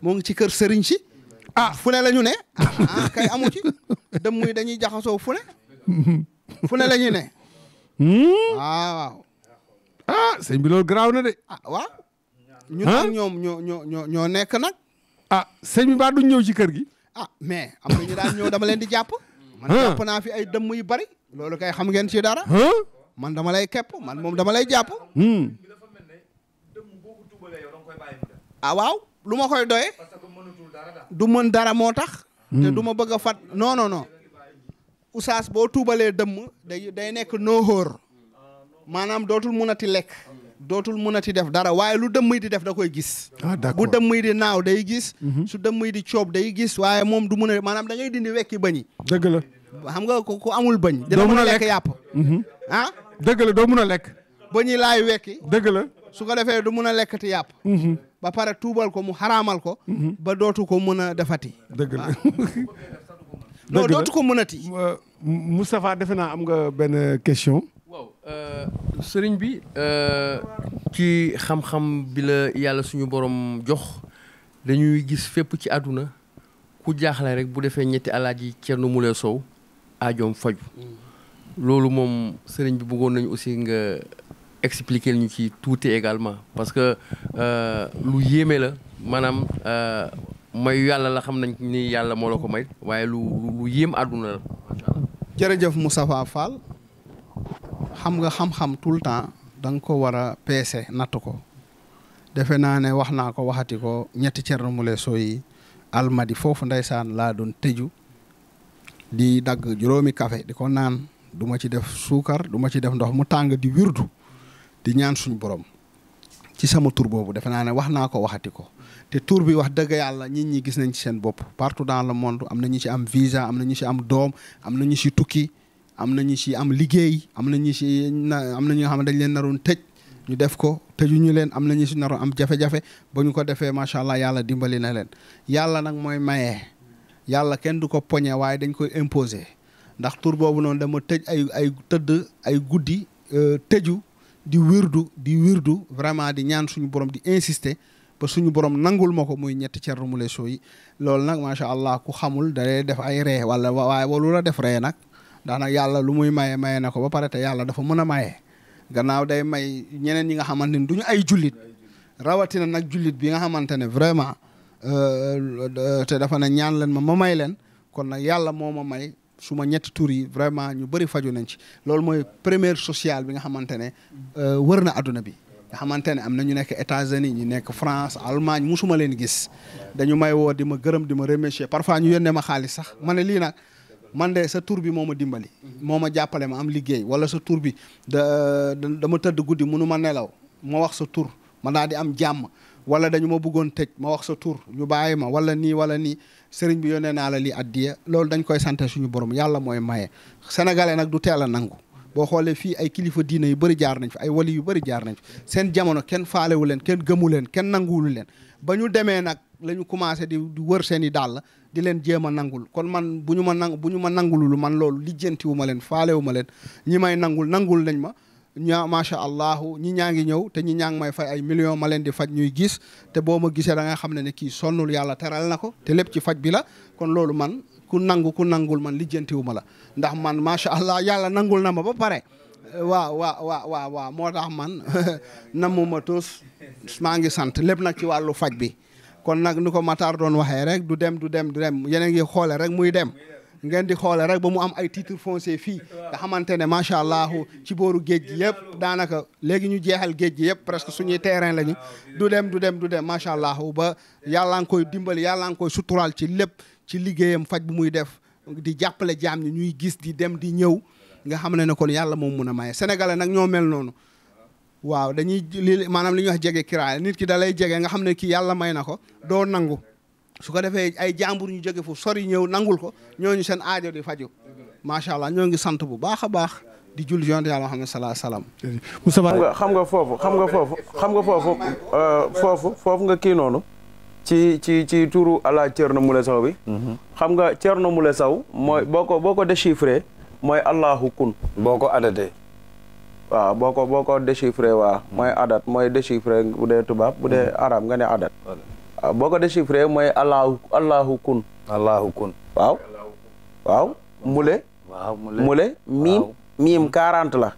C: moo ngi ci kër sëriñ si ah fu ne la ñu ne ah, ah kay amu ci dëmm yi dañuy jaxasoo fu ne fu ne la ñu ne hmm? waaw waaw ah sëñ bi loolu garaaw na de ah waaw ñun ak ñoom ñoo ñoo ñoo ñoo nekk nag
B: a ah, sëñ bi baa duñ ñëw ci kër gi.
C: ah mais am na ñu daan ñëw dama leen di jàpp.
B: <laughs> man jàpp naa
C: fi ay dëmm yu bari. loolu kay xam ngeen ci dara. man dama lay kepp man moom dama lay jàpp. ah waaw lu ma koy doyee. du mën dara moo tax. te du ma bëgg a fat non non non. usaas boo tuubalee dëmm day day nekk noohóor maanaam dootul munati lekk. dootul mën a mënati def dara waaye lu dëmm yi di def da koy gis. ah d'accord bu dëmm yi di naaw day gis. Mhm. su dëmm yi di coob day gis waaye moom du mën a maanaam da ngay dindi wekki bañ dëgg la xam nga ko amul bañ. doo mën a lekk yàpp mhm. ah. la doo mën a lekk. bañ yi laay wekki. dëgg la su ko defee du mën a lekkati yàpp. Mhm. ba pare tuubal ko mu xaraamal ko.
B: ba dootu ko mën a defati. dëgg la ah. <laughs> non dootu ko ti euh, mustafaa defe naa am nga benn question.
D: waaw euh, sëriñ bi euh, ci xam-xam bi la yàlla suñu borom jox dañuy gis fépp ci àdduna ku jaaxle rek bu defee ñetti alaaji Thierno Moule Sow aajoom faju mm. loolu moom sëriñ bi buggoon nañu aussi nga expliquer ñu ci tuuti également parce que euh, lu yéeme la maanaam may yàlla la xam nañ ni yàlla moo la ko may waaye lu lu yéem àdduna la.
C: jërëjëf Moustapha Fall. xam nga xam-xam tout le temps da nga ko war a peese natt ko defe naa ne wax naa ko waxati ko ñetti Thierno Moule Sow yi almadi foofu ndeysaan laa doon tëju di dagg juróomi kafe di ko naan du ma ci def suukar du ma ci def ndox mu tàng di wirdu di ñaan suñu borom ci sama tur boobu defe naa ne wax naa ko waxati ko te tur bi wax dëgg yàlla nit ñi gis nañ ci seen bopp partout dans le monde am na ñu ci am visa am na ñu ci am doom am na ñu ci tukki. am na ñu si am liggéey am na ñu ci na am na ñi xam ne dañ leen naroon tëj ñu def ko tëju ñu leen am na ñu si naroon am jafe-jafe ba ñu ko defee macha allah yàlla dimbali na leen yàlla nag mooy maye yàlla kenn du ko poñe waaye dañ koy imposer ndax tur boobu noonu dama tëj ay ay tëdd ay guddi euh, tëju di wirdu di wirdu vraiment di ñaan suñu borom di insister ba suñu borom nangul ma ko muy ñetti Thierno Moule Sow yi loolu nag macha allah ku xamul dara def ay ree wala waaye lu def ree nag. ndax yàlla lu muy maye maye na ko ba pare te yàlla dafa mën a maye gannaaw day may ñeneen ñi nga xamante ni du ñu ay jullit rawatina nag jullit bi nga xamante ne vraiment euh, te dafa ne ñaan leen ma ma may leen kon nag yàlla moo ma may suma ñetti tur yi vraiment ñu bëri faju nañ ci loolu mooy première social bi nga xamante ne euh, wër na adduna bi nga xamante ne am na ñu nekk États-Unis ñu nekk France Allemagne musuma leen gis dañu may woo di ma gërëm di ma remercier parfois ñu yónnee ma xaalis sax ma ne lii nag man de sa tur bi moo ma dimbali. moo ma jàppale ma am liggéey wala sa tur bi da dama tëdd guddi mënu ma nelaw ma wax sa tur ma daal di am jàmm wala dañu ma bëggoon tëj ma wax sa tur ñu bàyyi ma wala nii wala nii sëriñ bi yónnee naa la lii addiya loolu dañ koy sante suñu borom yàlla mooy maye. sénégalais nag du teel a nangu. boo xoolee fii ay kilifa diine yu bëri jaar nañ fi ay wali yu bari jaar nañ fi seen jamono kenn faalewu leen kenn gëmu leen kenn nanguwulu leen ba ñu demee nag la commencé di wër seen i dàll di leen jéem a nangul kon man bu ñu ma nang bu ñu ma nangulul man loolu lijjantiwu ma leen faalewu ma leen ñi may nangul nangul nañ ma ñaa macha allah ñi ñaa ngi ñëw te ñi ñaa ngi may fay ay millions ma leen di faj ñuy gis te boo ma gisee da nga xam ne ne kii sonnul yàlla teral na ko te lépp ci faj bi la kon loolu man ku nangu ku nangul man lijjantiwu ma la ndax man macha allah yàlla nangul na ma ba pare waa waa waa waa waaw moo tax man <laughs> namuma tos maa ngi sant lépp nag ci wàllu faj bi kon nag ni ko mataar doon waxee rek du dem du dem du dem yeneen ngi xoole rek muy dem ngeen di xoole rek ba mu am ay titre foncier fii nga xamante ne macha allah ci booru géej gi yëpp daanaka léegi ñu jeexal géej gi yëpp presque suñuy terrain lañu du dem du dem du dem macha allah ba yàllaa ngi koy dimbali yàllaa ngi koy suturaal ci lépp ci liggéeyam faj bu muy def di jàppale jaam ñi ñuy gis di dem di ñëw nga xam ne ne kon yàlla moom mun a maye sénégale nag ñoo mel noonu waaw dañuy li maanaam li ñuy wax jege kiraaya nit ki da jege nga xam ne kii yàlla may na ko doo nangu su ko defee ay jàmbur ñu jóge fu sori ñëw nangul ko ñu seen aajo di faju macha allah ñoo ngi sant bu baax a baax di jul yonent yàlla Muhammad salaa salaam. nga xam nga foofu
E: xam nga foofu xam nga foofu euh, foofu foofu nga kii noonu. ci ci ci turu ala Thierno Moule Sow bi. Mhm. xam nga Thierno Moule Sow mooy boo ko boo ko déchiffré mooy Allahu kun. boo ko adatee. waaw boo ko boo ko déchiffré waa mooy adat mooy déchiffré bu dee tubaab bu dee hmm. arab nga ne adat waaw ah, boo ko déchiffré mooy allahu allahu kun allahu kun waaw waaw mule waaw mule miim miim quarante la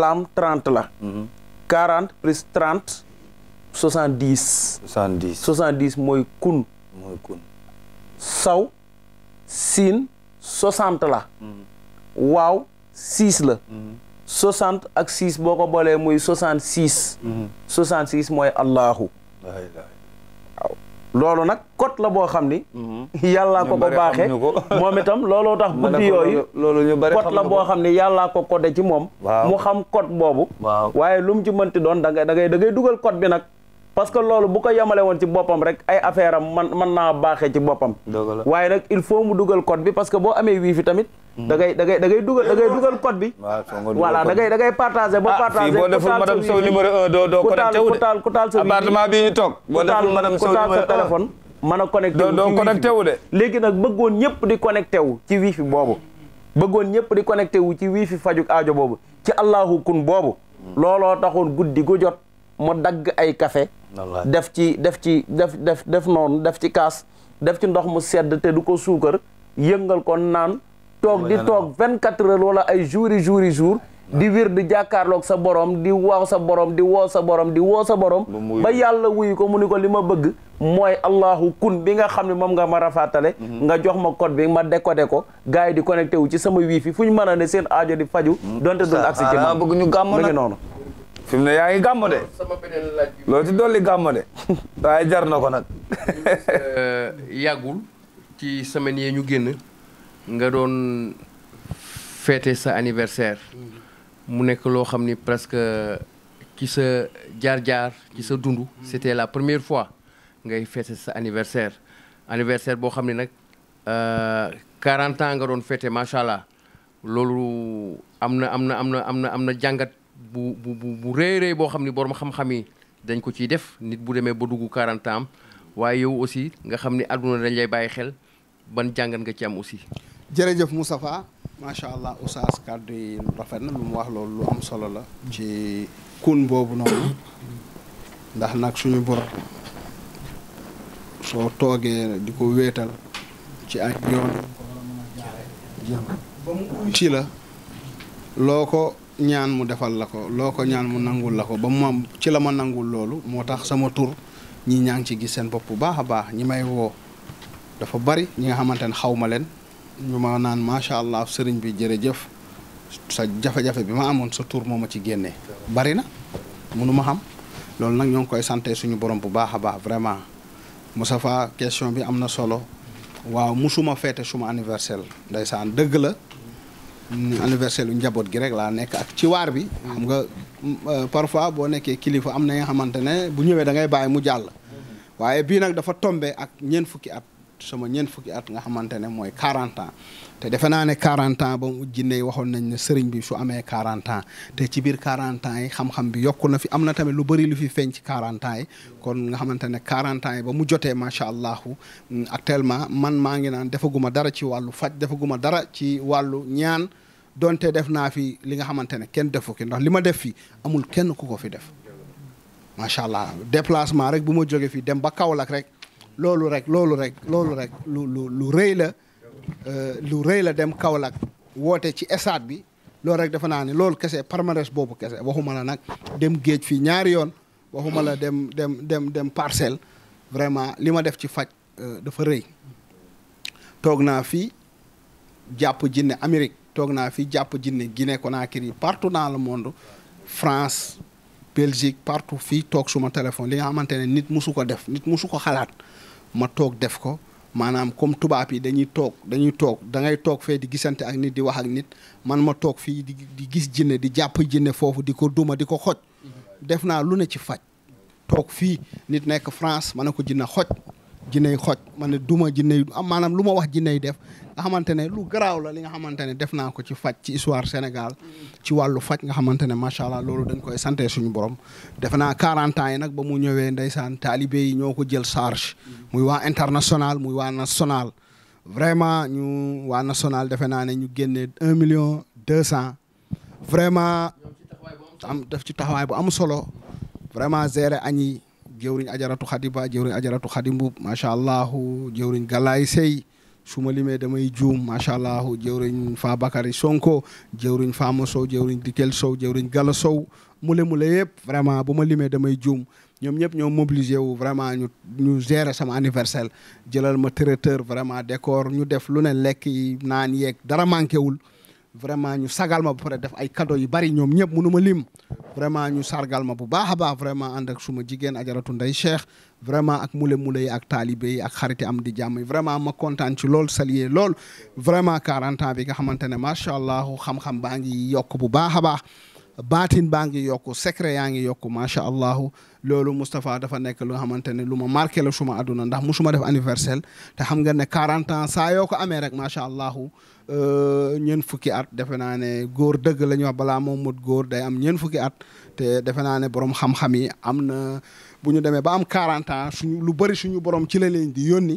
E: lam trente la hmm. quarante plus trente soixante dix soixante dix soixante mooy kun mooy kun saw siin soixante la hmm. waaw six la soixante ak six boo ko boolee muy soixante six. Mhm. soixante six mooy Allahu. waaw loolu nag code la boo xam ni. Mhm. yàllaa ko ko baaxee <laughs> moom itam looloo tax. <laughs> guddi yooyu loolu ñu bari code la boo xam ni yàllaa ko codé ci moom. mu xam code boobu. waaye lu mu ci mënti doon da ngay dangay dugal code bi nag. parce que loolu bu ko yemale woon ci boppam rek ay affaire man mën baaxe baaxee ci boppam waaye nag il faut mu dugal code bi parce que boo amee wifi tamit hmm. da ngay da ngay da ngay dugal da ngay dugal code bi voilà da ngay da ngay partagé ah, boo partagé boo deful madame Sow numéro un doo doo connecté ku taal sa appartement bi ñu toog boo a connecté de léegi nag bëggoon ñëpp di connecté wu ci wifi boobu bëggoon ñëpp di connecté wu ci wifi fajuk aajo boobu ci allahu kun boobu hmm. looloo taxoon guddi gu jot mu dagg ay café def ci def ci def def def noonu def ci kaas def ci ndox mu sedd te du ko suukar yëngal ko naan toog di toog vingt quatre heures wala ay jours yi jours di wiir di jàkkaarloog sa borom di waaw sa borom di woo sa borom di woo sa borom ba yàlla wuyu ko mu ni ko li ma bëgg mooy allahu kun bi nga xam ne moom nga ma rafaatale mhm. nga jox ma code bi ma décodé ko gars yi di connecté wu ci sama fi fu ñu mën a ne seen aajo di faju mm. donte dun agsi ci ma bëgg ñu gàmm nag noonu
A: fi ne yaa ngi gàmm de. loo ci dolli gàmm de <laughs> jar na ko
D: euh, yàggul ci semaine yee ñu génn nga doon fêter sa anniversaire mm-hmm. mu nekk loo xam ni presque ci sa jaar-jaar ci sa dund. Mm-hmm. c'était la première fois ngay fêter sa anniversaire anniversaire boo xam ne nag 40 euh, ans nga doon fêter macha allah loolu am na am na am na am na am na jàngat. bu bu bu rëy rëy boo xam ni borom xam-xam yi dañ ko ciy def nit bu demee ba dugg 40 ans waaye yow aussi nga xam ni àdduna dañ lay bàyyi xel ban jàngat nga ci am aussi.
C: jërëjëf Moustapha macha allah Oustaz kàddu yi rafet na lu mu wax loolu lu am solo la. ci kun boobu noonu. ndax nag suñu borom soo toogee di ko wéetal ci ay yoon. ba la loo ko. ñaan mu defal la ko loo ko ñaan mu nangul la ko ba mu moom ci la ma nangul loolu moo tax sama tur ñi ñaa ngi ci gis seen bopp bu baax a baax ñi may woo dafa bari ñi nga xamante ne xaw ma leen ñu ma naan macha allah sëriñ bi jërëjëf sa jafe-jafe bi ma amoon sa tur moo ma ci génnee bari na mënu ma xam loolu nag ñoo ngi koy sante suñu borom bu baax a baax vraiment Moustapha question bi am na solo waaw musuma feete suma anniversaire ndeysaan dëgg la anniversaire lu njaboot gi rek laa nekk ak ci waar bi xam nga euh, parfois boo nekkee kilifa am na nga xamante ne bu ñëwee da ngay bàyyi mu jàll waaye bii nag dafa tombe ak ñeent fukki at sama ñeent fukki at nga xamante ne mooy 40 ans te defe naa ne 40 ans ba mu jinne waxoon nañ ne sëriñ bi su amee 40 ans te ci biir 40 ans yi xam-xam bi yokku na fi am na tamit lu bëri lu fi feeñ ci 40 ans yi kon nga xamante ne 40 yi ba mu jotee macha allah actuellement man maa ngi naan defaguma dara ci wàllu faj defaguma dara ci wàllu ñaan donte def naa fi li nga xamante ne kenn defu ki ndax li ma def fi amul kenn ku ko fi def macha allah déplacement rek bu ma jógee fii dem ba Kaolack rek loolu rek loolu rek loolu rek lu lu rëy la. Euh, lu rëy la dem Kaolack woote ci esaat bi loolu rek dafa naa ne loolu kese palmarès boobu kese waxuma la nag dem géej fii ñaari yoon waxuma la dem dem dem dem parcelle vraiment li ma def ci faj euh, dafa rëy toog naa fii jàpp jinne Amérique toog naa fii jàpp jinne Guinée Conakry partout dans le monde France Belgique partout fii toog suma téléphone li nga xamante ne nit musu ko def nit musu ko xalaat ma toog def ko maanaam comme tubaab yi dañuy toog dañuy toog dangay toog fee di gisante ak nit di wax ak nit man ma toog fii di di gis jinne di jàpp jinne foofu di ko duma di ko xoj def naa lu ne ci faj toog fii nit nekk France ma ne ko jinne xoj jinne xoj ma ne duma jinne maanaam lu ma wax jinne def nga xamante ne lu garaaw la li nga xamante ne def naa ko ci faj ci histoire Sénégal ci wàllu faj nga xamante ne macha allah loolu dañ koy sante suñu borom defe naa 40 ans yi nag ba mu ñëwee ndeysaan taalibe yi ñoo ko jël charge muy waa international muy waa national vraiment ñu waa national defe naa ne ñu génnee un million deux cent vraiment am def ci taxawaay bu am solo vraiment gérer añi jëwriñ ajaratu xadiba jëwriñ ajaratu xadimbuub macha allah jëwriñ galaay sey su ma limee damay juum macha allah jëwriñ Fa Bakary Sonko jëwriñ Fama Sow jëwriñ Dikel Sow jëwriñ Gala Sow mule mule yëpp vraiment bu ma limee damay juum ñoom ñëpp ñoo mobilisé wu vraiment ñu ñu gérer sama anniversaire jëlal ma traiteur vraiment décor ñu def lu ne lekk yi naan yeeg dara manqué wul. vraiment ñu sagal ma bu pare def ay cadeau yu bari ñoom ñëpp mënu ma lim vraiment ñu sargal ma bu baax a baax vraiment ànd ak suma jigéen ajaratu nday Cheikh vraiment ak mule mule yi ak taalibe yi ak xariti am di jàmm yi vraiment ma kontaan ci lool salier lool vraiment 40 ans bi nga xamante ne macha allah xam-xam baa ngi yokk bu baax a baax baatin baa ngi yokk secret yaa ngi yokk macha allah loolu Moustapha dafa nekk lu xamante ne lu ma marqué suma àdduna ndax musuma def anniversaire te xam nga ne 40 ans yoo ko amee rek macha allah. Euh, ñeent fukki at defe naa ne góor dëgg la wax balaa moom mut góor day am ñeent fukki at te defe naa ne borom xam-xam yi am na bu ñu demee ba am 40 ans suñu lu bëri suñu borom ci la leen di yónni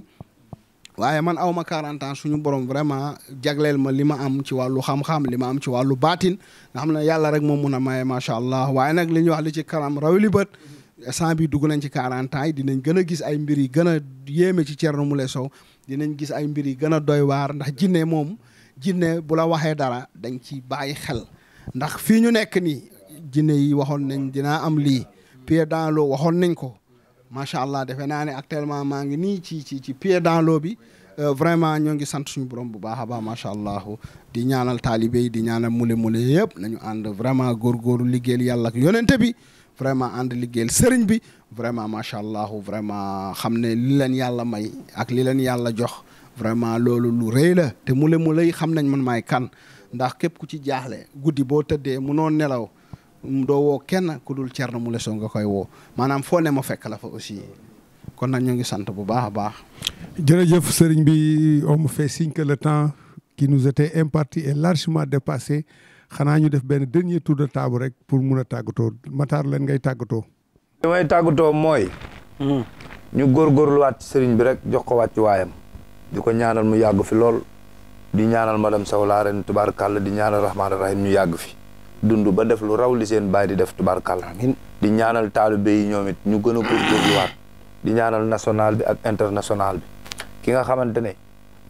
C: waaye man awma 40 ans suñu borom vraiment jagleel ma li ma am ci wàllu xam-xam li ma am ci wàllu baatin nga xam na yàlla rek moom mun a maye macha allah waaye nag li ñuy wax li ci kanam raw li bët sant bi dugg nañ ci 40 dinañ gën a gis ay mbir yi gën a yéeme ci Thierno Moule Sow dinañ gis ay mbir yi gën a doy waar ndax jinne moom jinne bu la waxee dara dañ ci bàyyi xel ndax fii ñu nekk nii jinne yi waxoon nañ dinaa am lii pied dans l'eau waxoon nañ ko macha allah defe naa ne actuellement maa ngi nii ci ci ci pied dans l'eau bi euh, vraiment ñoo ngi sant suñu borom bu baax a baax macha allah di ñaanal taalibe yi di ñaanal mule mule yëpp nañu ànd vraiment góorgóorlu liggéeyal yàlla ak yonente bi vraiment ànd liggéeyal sëriñ bi vraiment macha allah vraiment xam ne li leen yàlla may ak li leen yàlla jox. vraiment loolu lu rëy la te mu le mu lay xam nañ man maay kan ndax képp ku ci jaaxle guddi boo tëddee munoo nelaw doo woo kenn ku dul Thierno Moule Sow nga koy woo maanaam foo ne ma fekk la fa aussi kon nag ñu ngi sant bu baax a baax.
B: jërëjëf sëriñ bi on me fait signe le temps qui nous était imparti est largement dépassé xanaa ñu def benn dernier tour de taabu rek pour mun a tàggatoo Matar leen ngay tàggatoo.
A: li may tàggatoo mooy. Hmm. ñu góorgóorluwaat sëriñ bi rek jox ko wàccuwaayam. di ko ñaanal mu yàgg fi lool di ñaanal madame Sow laa ren tubaarkàlla di ñaanal rahmaani rahim ñu yàgg fi dund ba def lu raw li seen baay di def tubaarkàlla di ñaanal taalu yi ñoomit ñu gën a góorgóorluwaat di ñaanal national bi ak international bi ki nga xamante ne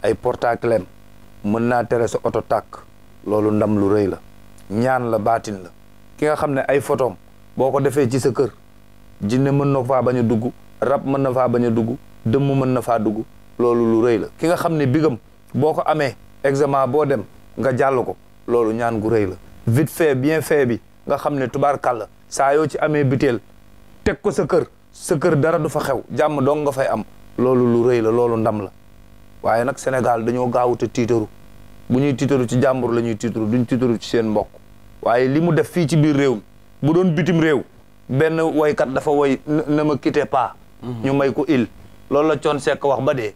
A: ay porte-clés mën naa tere sa oto tàkk loolu ndam lu rëy la ñaan la baatin la ki nga xam ne ay photom boo ko defee ci sa kër jinne mën na faa bañ a dugg rab mën na faa bañ a dugg dëmm mën na faa dugg loolu lu rëy la ki nga xam ne bigam boo ko amee examen boo dem nga jàll ko loolu ñaan gu rëy la vite fait bien fait bi nga xam ne tubaarkàlla saa yoo ci amee biteel teg ko sa kër sa kër dara du fa xew jàmm dong nga fay am loolu lu rëy la loolu ndam la waaye nag Sénégal dañoo gaawute tiitaru bu ñuy tiitaru ci jàmbur la ñuy tiitaru duñ tiitaru ci seen mbokk waaye li mu def fii ci biir réew mi bu doon bitim réew benn woykat dafa woy na ma quitté pas mm-hmm. ñu may ko il loolu la coon sekk wax ba dee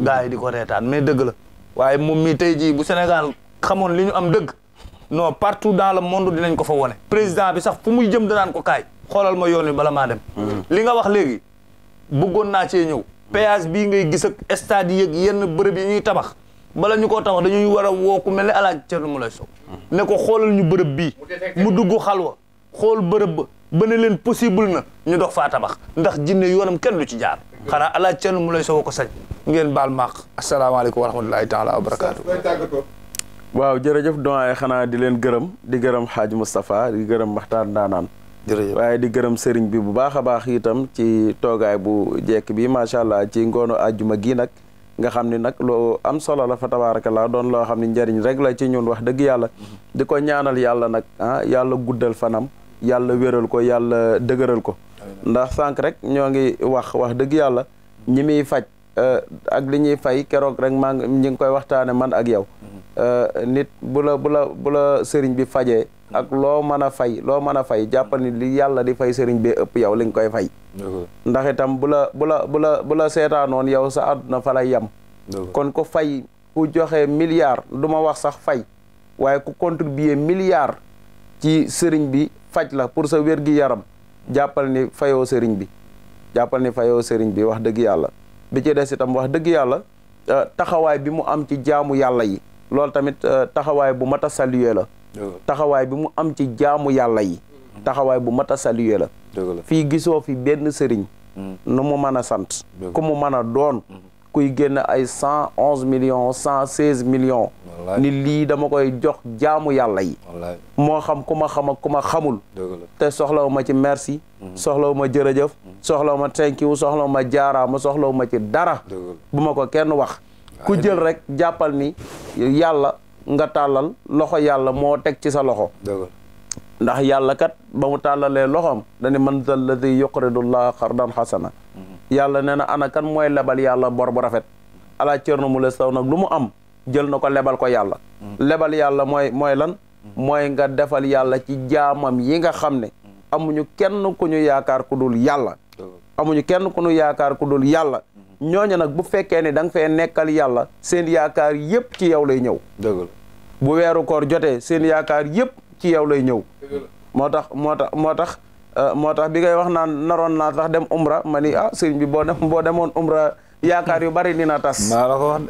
A: gars yi di ko reetaan mais dëgg la waaye moom mii tey jii bu Sénégal xamoon li ñu am dëgg no partout dans le monde dinañ ko fa wone président bi sax fu muy jëm danaan ko kaay xoolal ma yoon yi bala maa dem hmm. li nga wax léegi buggoon naa cee ñëw péage bii ngay gis ak stade yi yenn bërëb yi ñuy tabax bala ñu ko tabax dañuy war a woo ku mel ne alaaj Thierno Moulay Sow hmm. ne ko xoolal ñu bërëb bii mu dugg xalwa xool bërëb ba leen possible na ñu dox faa tabax ndax jinne yoonam kenn lu ci jaar xanaa alaa cenn mu lay soo ko sañ ngeen baal maaq
E: asalaamaaleykum wa rahmatullahi taala wa barakaatu waaw jërëjëf doyen xanaa di leen gërëm di gërëm xaaj Moustapha di gërëm Maxtaar Ndaanaan jërëjëf waaye di gërëm sëriñ bi bu baax a baax itam ci toogaay bu jekk bi macha allah ci ngoonu àjjuma gii nag nga xam ni nag loo am solo la fa tabaarakallaa doon loo xam ne njëriñ rek la ci ñun wax dëgg yàlla di ko ñaanal yàlla nag ah yàlla guddal fanam yàlla wéral ko yàlla dëgëral ko ndax sànq rek ñoo ngi wax wax dëgg yàlla ñi muy faj eh, ak li ñuy fay keroog rek maa ngi ñi ngi koy waxtaane man ak yow eh, nit bula la bu la sëriñ bi faje ak loo mën a fay loo mën a fay jàppal ni li yàlla di fay sëriñ bi ëpp yow li nga koy fay ndax itam bu la bu la bu la bu la seetaanoon yow sa àdduna fa lay yem kon ko fay ku joxe milliard du ma wax sax fay waaye ku contribuer milliard ci sëriñ bi faj la pour sa wér gi yaram jàppal ni fayoo sëriñ bi jàppal ni fayoo sëriñ bi wax dëgg yàlla bi ci des itam wax dëgg yàlla euh, taxawaay bi mu am ci jaamu yàlla yi loolu tamit euh, taxawaay bu mat a saluer la taxawaay bi mu am ci jaamu yàlla yi mm-hmm. taxawaay bu mat a saluer la fii gisoo fi benn sëriñ mm-hmm. nu mu mën a sant ku mu mën a doon mm-hmm. kuy génn ay cent onze millions cent seize million ni lii dama koy jox jaamu yàlla yi moo xam ku ma xam ak ku ma xamul te soxlawu ma ci merci mhm. soxlawu ma jërëjëf mhm. soxlawu ma thank you soxlawu ma jaaraama soxlawu ma ci dara bu ma ko kenn wax ku jël rek jàppal ni yàlla nga tàllal loxo yàlla moo teg ci sa loxo ndax yàlla kat ba mu tàllalee loxoom dani man zal ladi yuqridu llaha xasana yàlla nee na ana kan mooy lebal yàlla bor bu rafet alaa Thierno Moule Sow nag lu mu am jël na ko lebal ko yàlla mm. lebal yàlla mooy mooy lan mm. mooy nga defal yàlla ci jaamam yi nga xam ne mm. amuñu kenn ku ñu yaakaar ku dul yàlla amuñu kenn ku ñu yaakaar ku dul yàlla ñooñu nag bu fekkee ne da nga fee nekkal yàlla seen yaakaar yépp ci yow lay ñëw bu weeru koor jotee seen yaakaar yépp ci yow lay ñëw moo tax moo tax Euh, moo tax bi ngay wax naan naroon na tax dem umra ma ni ah sëriñ bi bo dem boo demoon umra yaakaar yu bari dina tas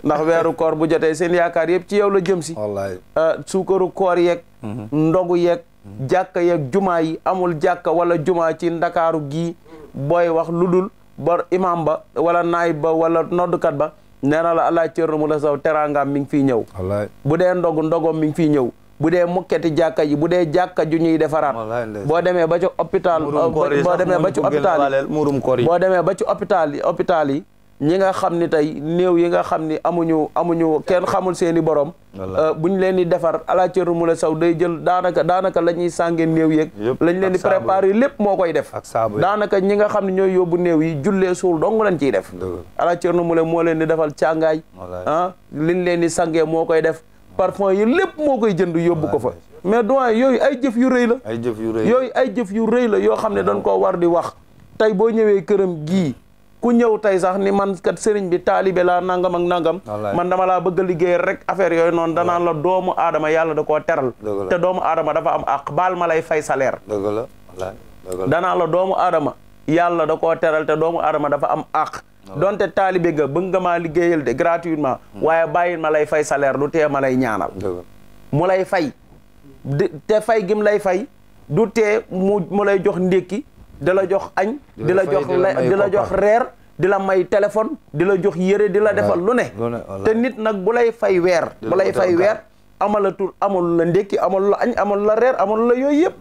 E: ndax weeru koor bu jotee seen yaakaar yëpp ci yow la jëm si euh, suukaru koor yeeg mhm. ndogu yeeg jàkka yeeg jumaa yi amul jàkka wala jumaa ci ndakaaru gii booy wax lu dul ba ba wala naayib ba wala noddukat ba nee na la allah cërno mu la saw teraangaam mi ngi fiy ñëw bu dee ndogu ndogom mi ngi fiy ñëw bu dee mokketi jàkka ji bu dee jàkka ju ñuy defaraat boo demee ba ci hôpital boo demee ba ci hôpital muurum koor yi boo demee ba ci hôpital yi yi ñi nga xam ni tey néew yi nga xam ni amuñu amuñu kenn xamul seeni i borom euh, buñ leen di defar ala cëru mu la saw day jël daanaka daanaka la ñuy sànge néew yeeg lañ leen di préparer lépp moo koy def daanaka ñi nga xam ne ñooy yóbbu néew yi jullee suul dong lañ ciy def ala nu mu la moo leen di defal càngaay ah liñ leen di sàngee moo koy def parfum yi lépp moo koy jënd yóbbu ko fa mais doyen yooyu ay jëf yu rëy la ay jëf yu rëy yooyu ay jëf yu rëy la yoo xam ne dañ koo war di wax tey boo ñëwee këram gii ku ñëw tey sax ni man kat sëriñ bi taalibe laa nangam ak nangam man dama laa bëgg a liggéey rek affaire yooyu noonu danaan la doomu aadama yàlla da koo teral te doomu aadama dafa am ak baal ma lay fay salaire danaa la doomu aadama yàlla da koo teral doomu aadama dafa am ak donte taalibe nga bëgg nga maa liggéeyal de gratuitement hmm. waaye bàyyil ma lay fay salaire lu tee ma lay ñaanal mu lay fay te fay gim lay fay du tee mu lay jox ndékki di la jox añ di la jox di la jox reer di la may téléphone di la jox yére di la defal lu ne te nit nag bu lay fay weer bu lay fay weer amalatul amalu la ndékki amalu la añ amalu la reer amalu la yooyu yëpp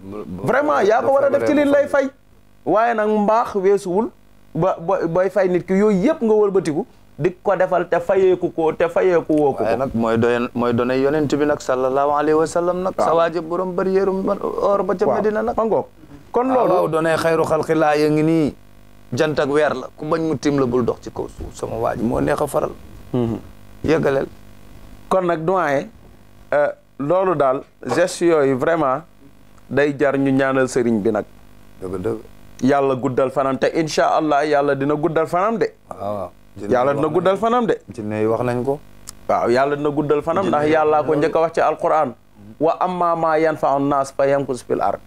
A: vraiment yaa ko war a ci li
E: lay fay waaye nag mbaax weesuwul ba booy fay nit ki yooyu yëpp nga wëlbatiku di ko defal te fayeeku ko te fayeeku woo ko nag mooy doy mooy doone yonent bi nag sallallahu alayhi
A: wa sallam nag sa waajib borom bari yéerum or ba ca Medina nag ma ngoog kon loolu waaw doone xayru ngi nii jant ak weer la ku mu tim bul dox ci kaw suuf sama waaj moo neex
E: a faral mhm. yëgaleel kon nag doyen euh, loolu daal gestes yooyu vraiment day jar ñu ñaanal sëriñ bi nag yàlla guddal fanam te incha allah yàlla dina guddal fanam de. waaw ah, dina guddal fanam de. jinne wax nañ ko. waaw yàlla dina guddal fanam ndax yàllaa ko njëkk a wax ci alquran. Mm-hmm. wa amma ma yanfa'u naas fa yamkus fil ard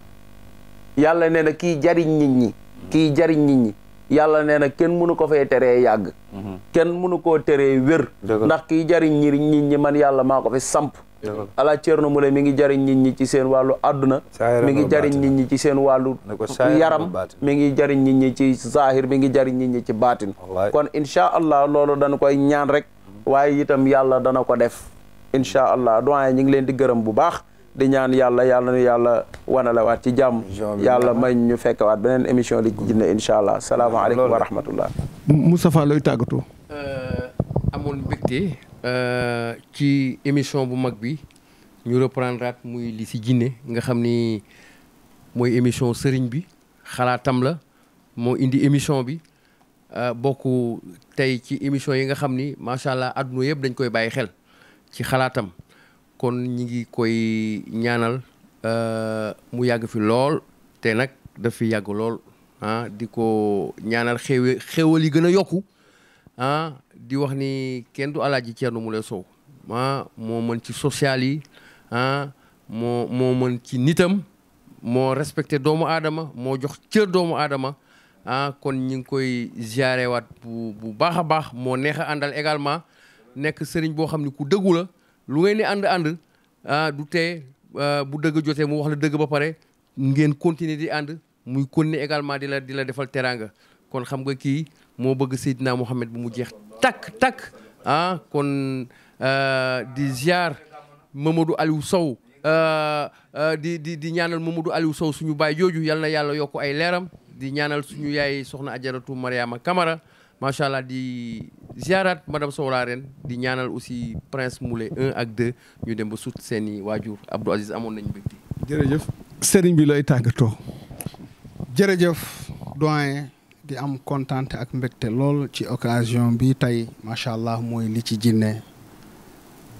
E: yàlla nee na kii jariñ nit ñi. kii jariñ nit ñi. yàlla nee na kenn mënu ko fay tere yàgg. Mm-hmm. kenn mënu ko tere wér. ndax kii jariñ nit ñi man yàlla maa ko samp. ala Thierno Moule mi ngi jariñ nit ñi ci seen wàllu àdduna mi ngi jariñ nit ñi ci seen wàllu yaram mi ngi jariñ nit ñi ci zahir mi ngi jariñ nit ñi ci baatin kon incha allah loolu dañu koy ñaan rek waaye itam yàlla dana ko def incha allah doyen ñu ngi leen di gërëm bu baax di ñaan yàlla yàlla nu yàlla wana wanalewaat ci jàmm yàlla may ñu fekkewaat beneen émission li ci jinne incha allah salaamaaleykum wa rahmatullah
B: Moustapha looy tàggatoo
D: euh, Euh, ci émission bu mag
E: bi ñu
D: reprendre muy li si jinne nga xam ni mooy émission sëriñ bi xalaatam la moo indi émission bi euh, bokk tey ci émission yi nga xam ni macha allah àdduna yëpp dañ koy bàyyi xel ci xalaatam kon ñi ngi koy ñaanal euh, mu yàgg fi lool te nag daf fi yàgg lool ah di ko ñaanal xéw xéwal yi gën a yokku ah di wax ni kenn du alaaji Thierno Moule Sow ah moo mën ci social yi ah moo moo ci nitam moo respecté doomu aadama moo jox cër doomu aadama ah kon ñu ngi koy ziarewaat bu bu baax a baax moo neex àndal également nekk sëriñ boo xam ne ku dëggu la lu ngeen di ànd ànd ah du tee ah, bu dëgg jotee mu wax la dëgg ba pare ngeen continuer di ànd muy kon continuer également di la di la defal teraanga kon xam nga kii moo bëgg Seydina Mohamed bu mu jeex takk takk ah kon euh, di ziar Mamadou Aliou Sow euh, euh, di di di ñaanal Mamadou Aliou Sow suñu baay jooju yal na yàlla yokk ay leeram di ñaanal suñu yaay soxna Ajaratu Mariama Kamara macha allah di ziarat madame Sow ren di ñaanal aussi Prince Moulé 1 ak 2 ñu dem ba sut seen i waajur Abdou Aziz amoon nañu mbégte.
B: jërëjëf sëriñ bi looy tàggatoo. jërëjëf
C: di am kontante ak mbégte lool ci occasion bi tey macha allah mooy li ci jinne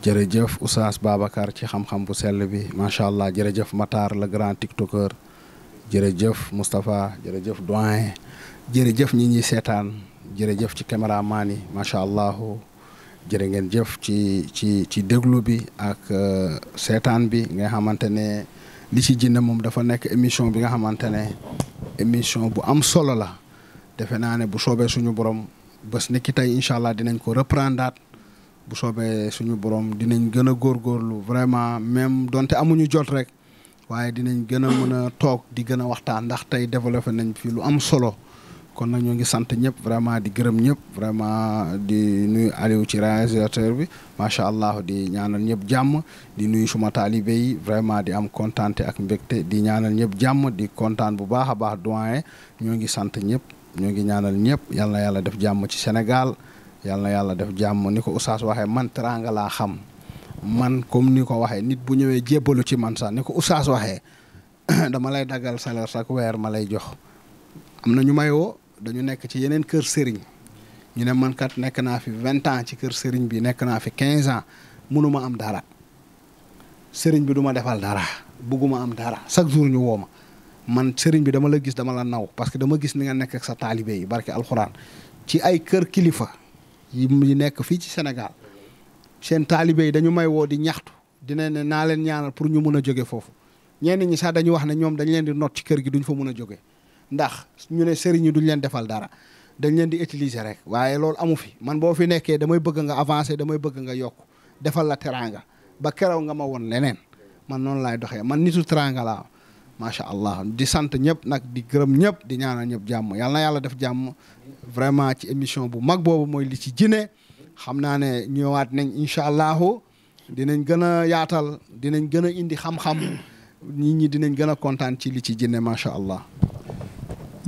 C: jërëjëf Oustaz Babacar ci xam-xam bu sell bi macha allah jërëjëf Matar le grand tiktoker jërëjëf Moustapha jërëjëf doyen jërëjëf ñi ñuy seetaan jërëjëf ci caméraman yi macha allah jërë ngeen jëf ci ci ci déglu bi ak euh, seetaan bi nga xamante ne li ci jënne moom dafa nekk émission bi nga xamante ne émission bu am solo la. defe naa ne bu soobee suñu borom bés ni ki tey incha allah dinañ ko reprendre bu soobee suñu borom dinañ gën a góorlu vraiment même donte amuñu jot rek waaye dinañ gën a mën a toog di gën a waxtaan ndax tey développé nañ fi lu am solo kon nag ñoo ngi sant ñëpp vraiment di gërëm ñëpp vraiment di nuyu Aliou ci réalisateur bi macha allah di ñaanal ñëpp jàmm di nuyu suma taalibe yi vraiment di am kontaan ak mbégte di ñaanal ñëpp jàmm di kontaan bu baax a baax doyen ñoo ngi sant ñëpp. ñu ngi ñaanal ñëpp yal na yàlla def jàmm ci senegal yal na yàlla def jàmm ni ko Oustaz waxee man teraanga laa xam man comme ni ko waxee nit bu ñëwee jébbalu ci man sax ni ko Oustaz waxee <coughs> dama lay daggal salaire chaque weer ma lay jox. am na ñu may woo dañu nekk ci yeneen kër sëriñ ñu ne man kat nekk naa fi vingt ans ci kër sëriñ bi nekk naa fi quinze ans mënuma am dara sëriñ bi duma defal dara bugguma am dara chaque jour ñu woo ma man sëriñ bi dama la gis dama la naw parce que dama gis ni nga nekk ak sa taalibe yi barke alxuraan ci ay kër kilifa yi nekk fii ci senegal seen taalibe yi dañu may woo di ñaxtu dina ne naa leen ñaanal pour ñu mun a jóge foofu ñenn ñi sax dañu wax ne ñoom dañu leen di noot ci kër gi duñ fa mën a jóge ndax ñu ne sëriñ yi duñ leen defal dara dañ leen di utiliser rek waaye loolu amu fi man boo fi nekkee damay bëgg nga avancer damay bëgg nga yokk defal la teraanga ba keroog nga ma woon leneen man noonu laay doxee man nitu teraanga macha allah di sant ñëpp nag di gërëm ñëpp di ñaanal ñëpp jàmm yal na yàlla def jàmm vraiment ci émission bu mag boobu mooy li ci jinne xam naa ne ñëwaat nañ incha allahu dinañ gën a yaatal dinañ gën a indi xam-xam nit ñi dinañ gën a kontaan ci li ci jinne macha allah.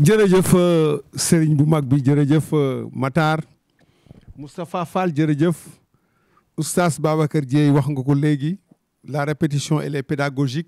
B: jërëjëf euh, sëriñ bu mag bi jërëjëf euh, Matar Moustapha Fall jërëjëf oustaz Babacar Dieye wax nga ko léegi la répétition et est pédagogique.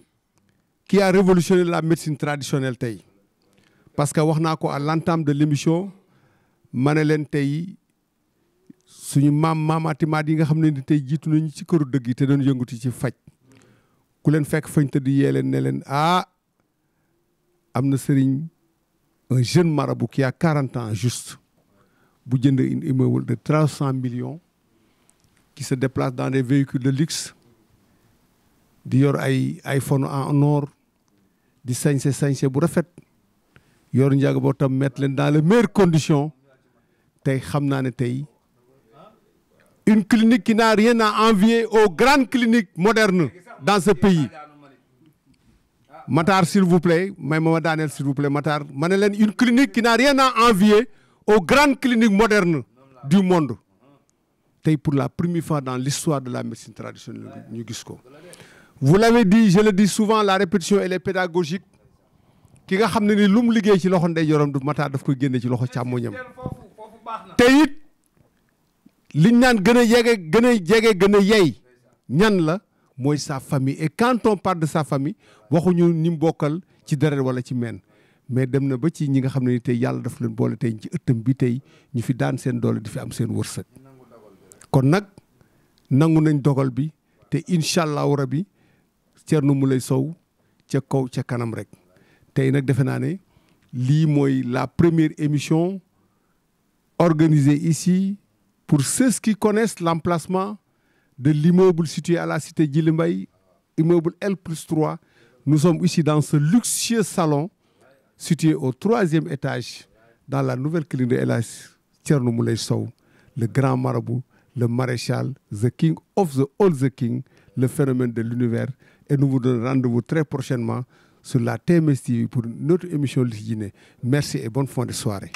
B: qui a révolutionné la médecine traditionnelle tey parce que wax naa ko à l'entame de l'émission ma ne leen tey suñu maam maamaati maat yi nga xam ne ni tey jiitu nañu ci këru dëgg yi te doon yëngatu ci faj ku leen fekk fañ tëdd yee leen ne leen ah am na sëriñ un jeune marabout qui a quarante ans juste bu jënd une immeuble de trois cent millions ki se déplace dans des véhicules de luxe di yor ay iPhone en or di sañse sañse bu rafet yor njaga boo tam mettre leen dans les meilleures conditions tey xam naa ne tey une clinique qui n'a rien à envier aux grandes cliniques modernes dans ce pays Matar s'il vous plaît may ma ma daaneel s'il vous plaît Matar ne leen une clinique qui n'a rien à envier aux grandes cliniques modernes du monde tey pour la première fois dans l'histoire de la médecine traditionnelle ñu gis ko vous di dit je souvent la répétition elle est pédagogique ki nga xam ne ni lu mu liggéey ci loxo ndeyjooram du mataa daf koy génne ci loxo càmmoñam te it liñ naan gën a yege gën a jege gën a yey ñan la mooy sa famille et quand on de sa famille waxuñu ni mu bokkal ci deret wala ci meen mais dem na ba ci ñi nga xam ne ni tey yàlla daf leen boole tey ci ëttam bi tey ñu fi daan seen doole di fi am seen wërsëg kon nag nangu nañ dogal bi te incha allahu rabi Thierno Moulay Sow ca kaw ca kanam rek tey nag defe naa ne lii mooy la première émission organisée ici pour ceux qui connaissent l'emplacement de l'immeuble situé à la cité Djilimbay immeuble L plus 3 nous sommes ici dans ce luxueux salon situé au troisième étage dans la nouvelle clinique de El Hadji Thierno Moulay Sow le grand marabout le maréchal the king of the all the king le phénomène de l'univers et nous vous donnons rendez-vous très prochainement sur la TMS TV pour notre émission Liss Djiné merci et bonne fin de soirée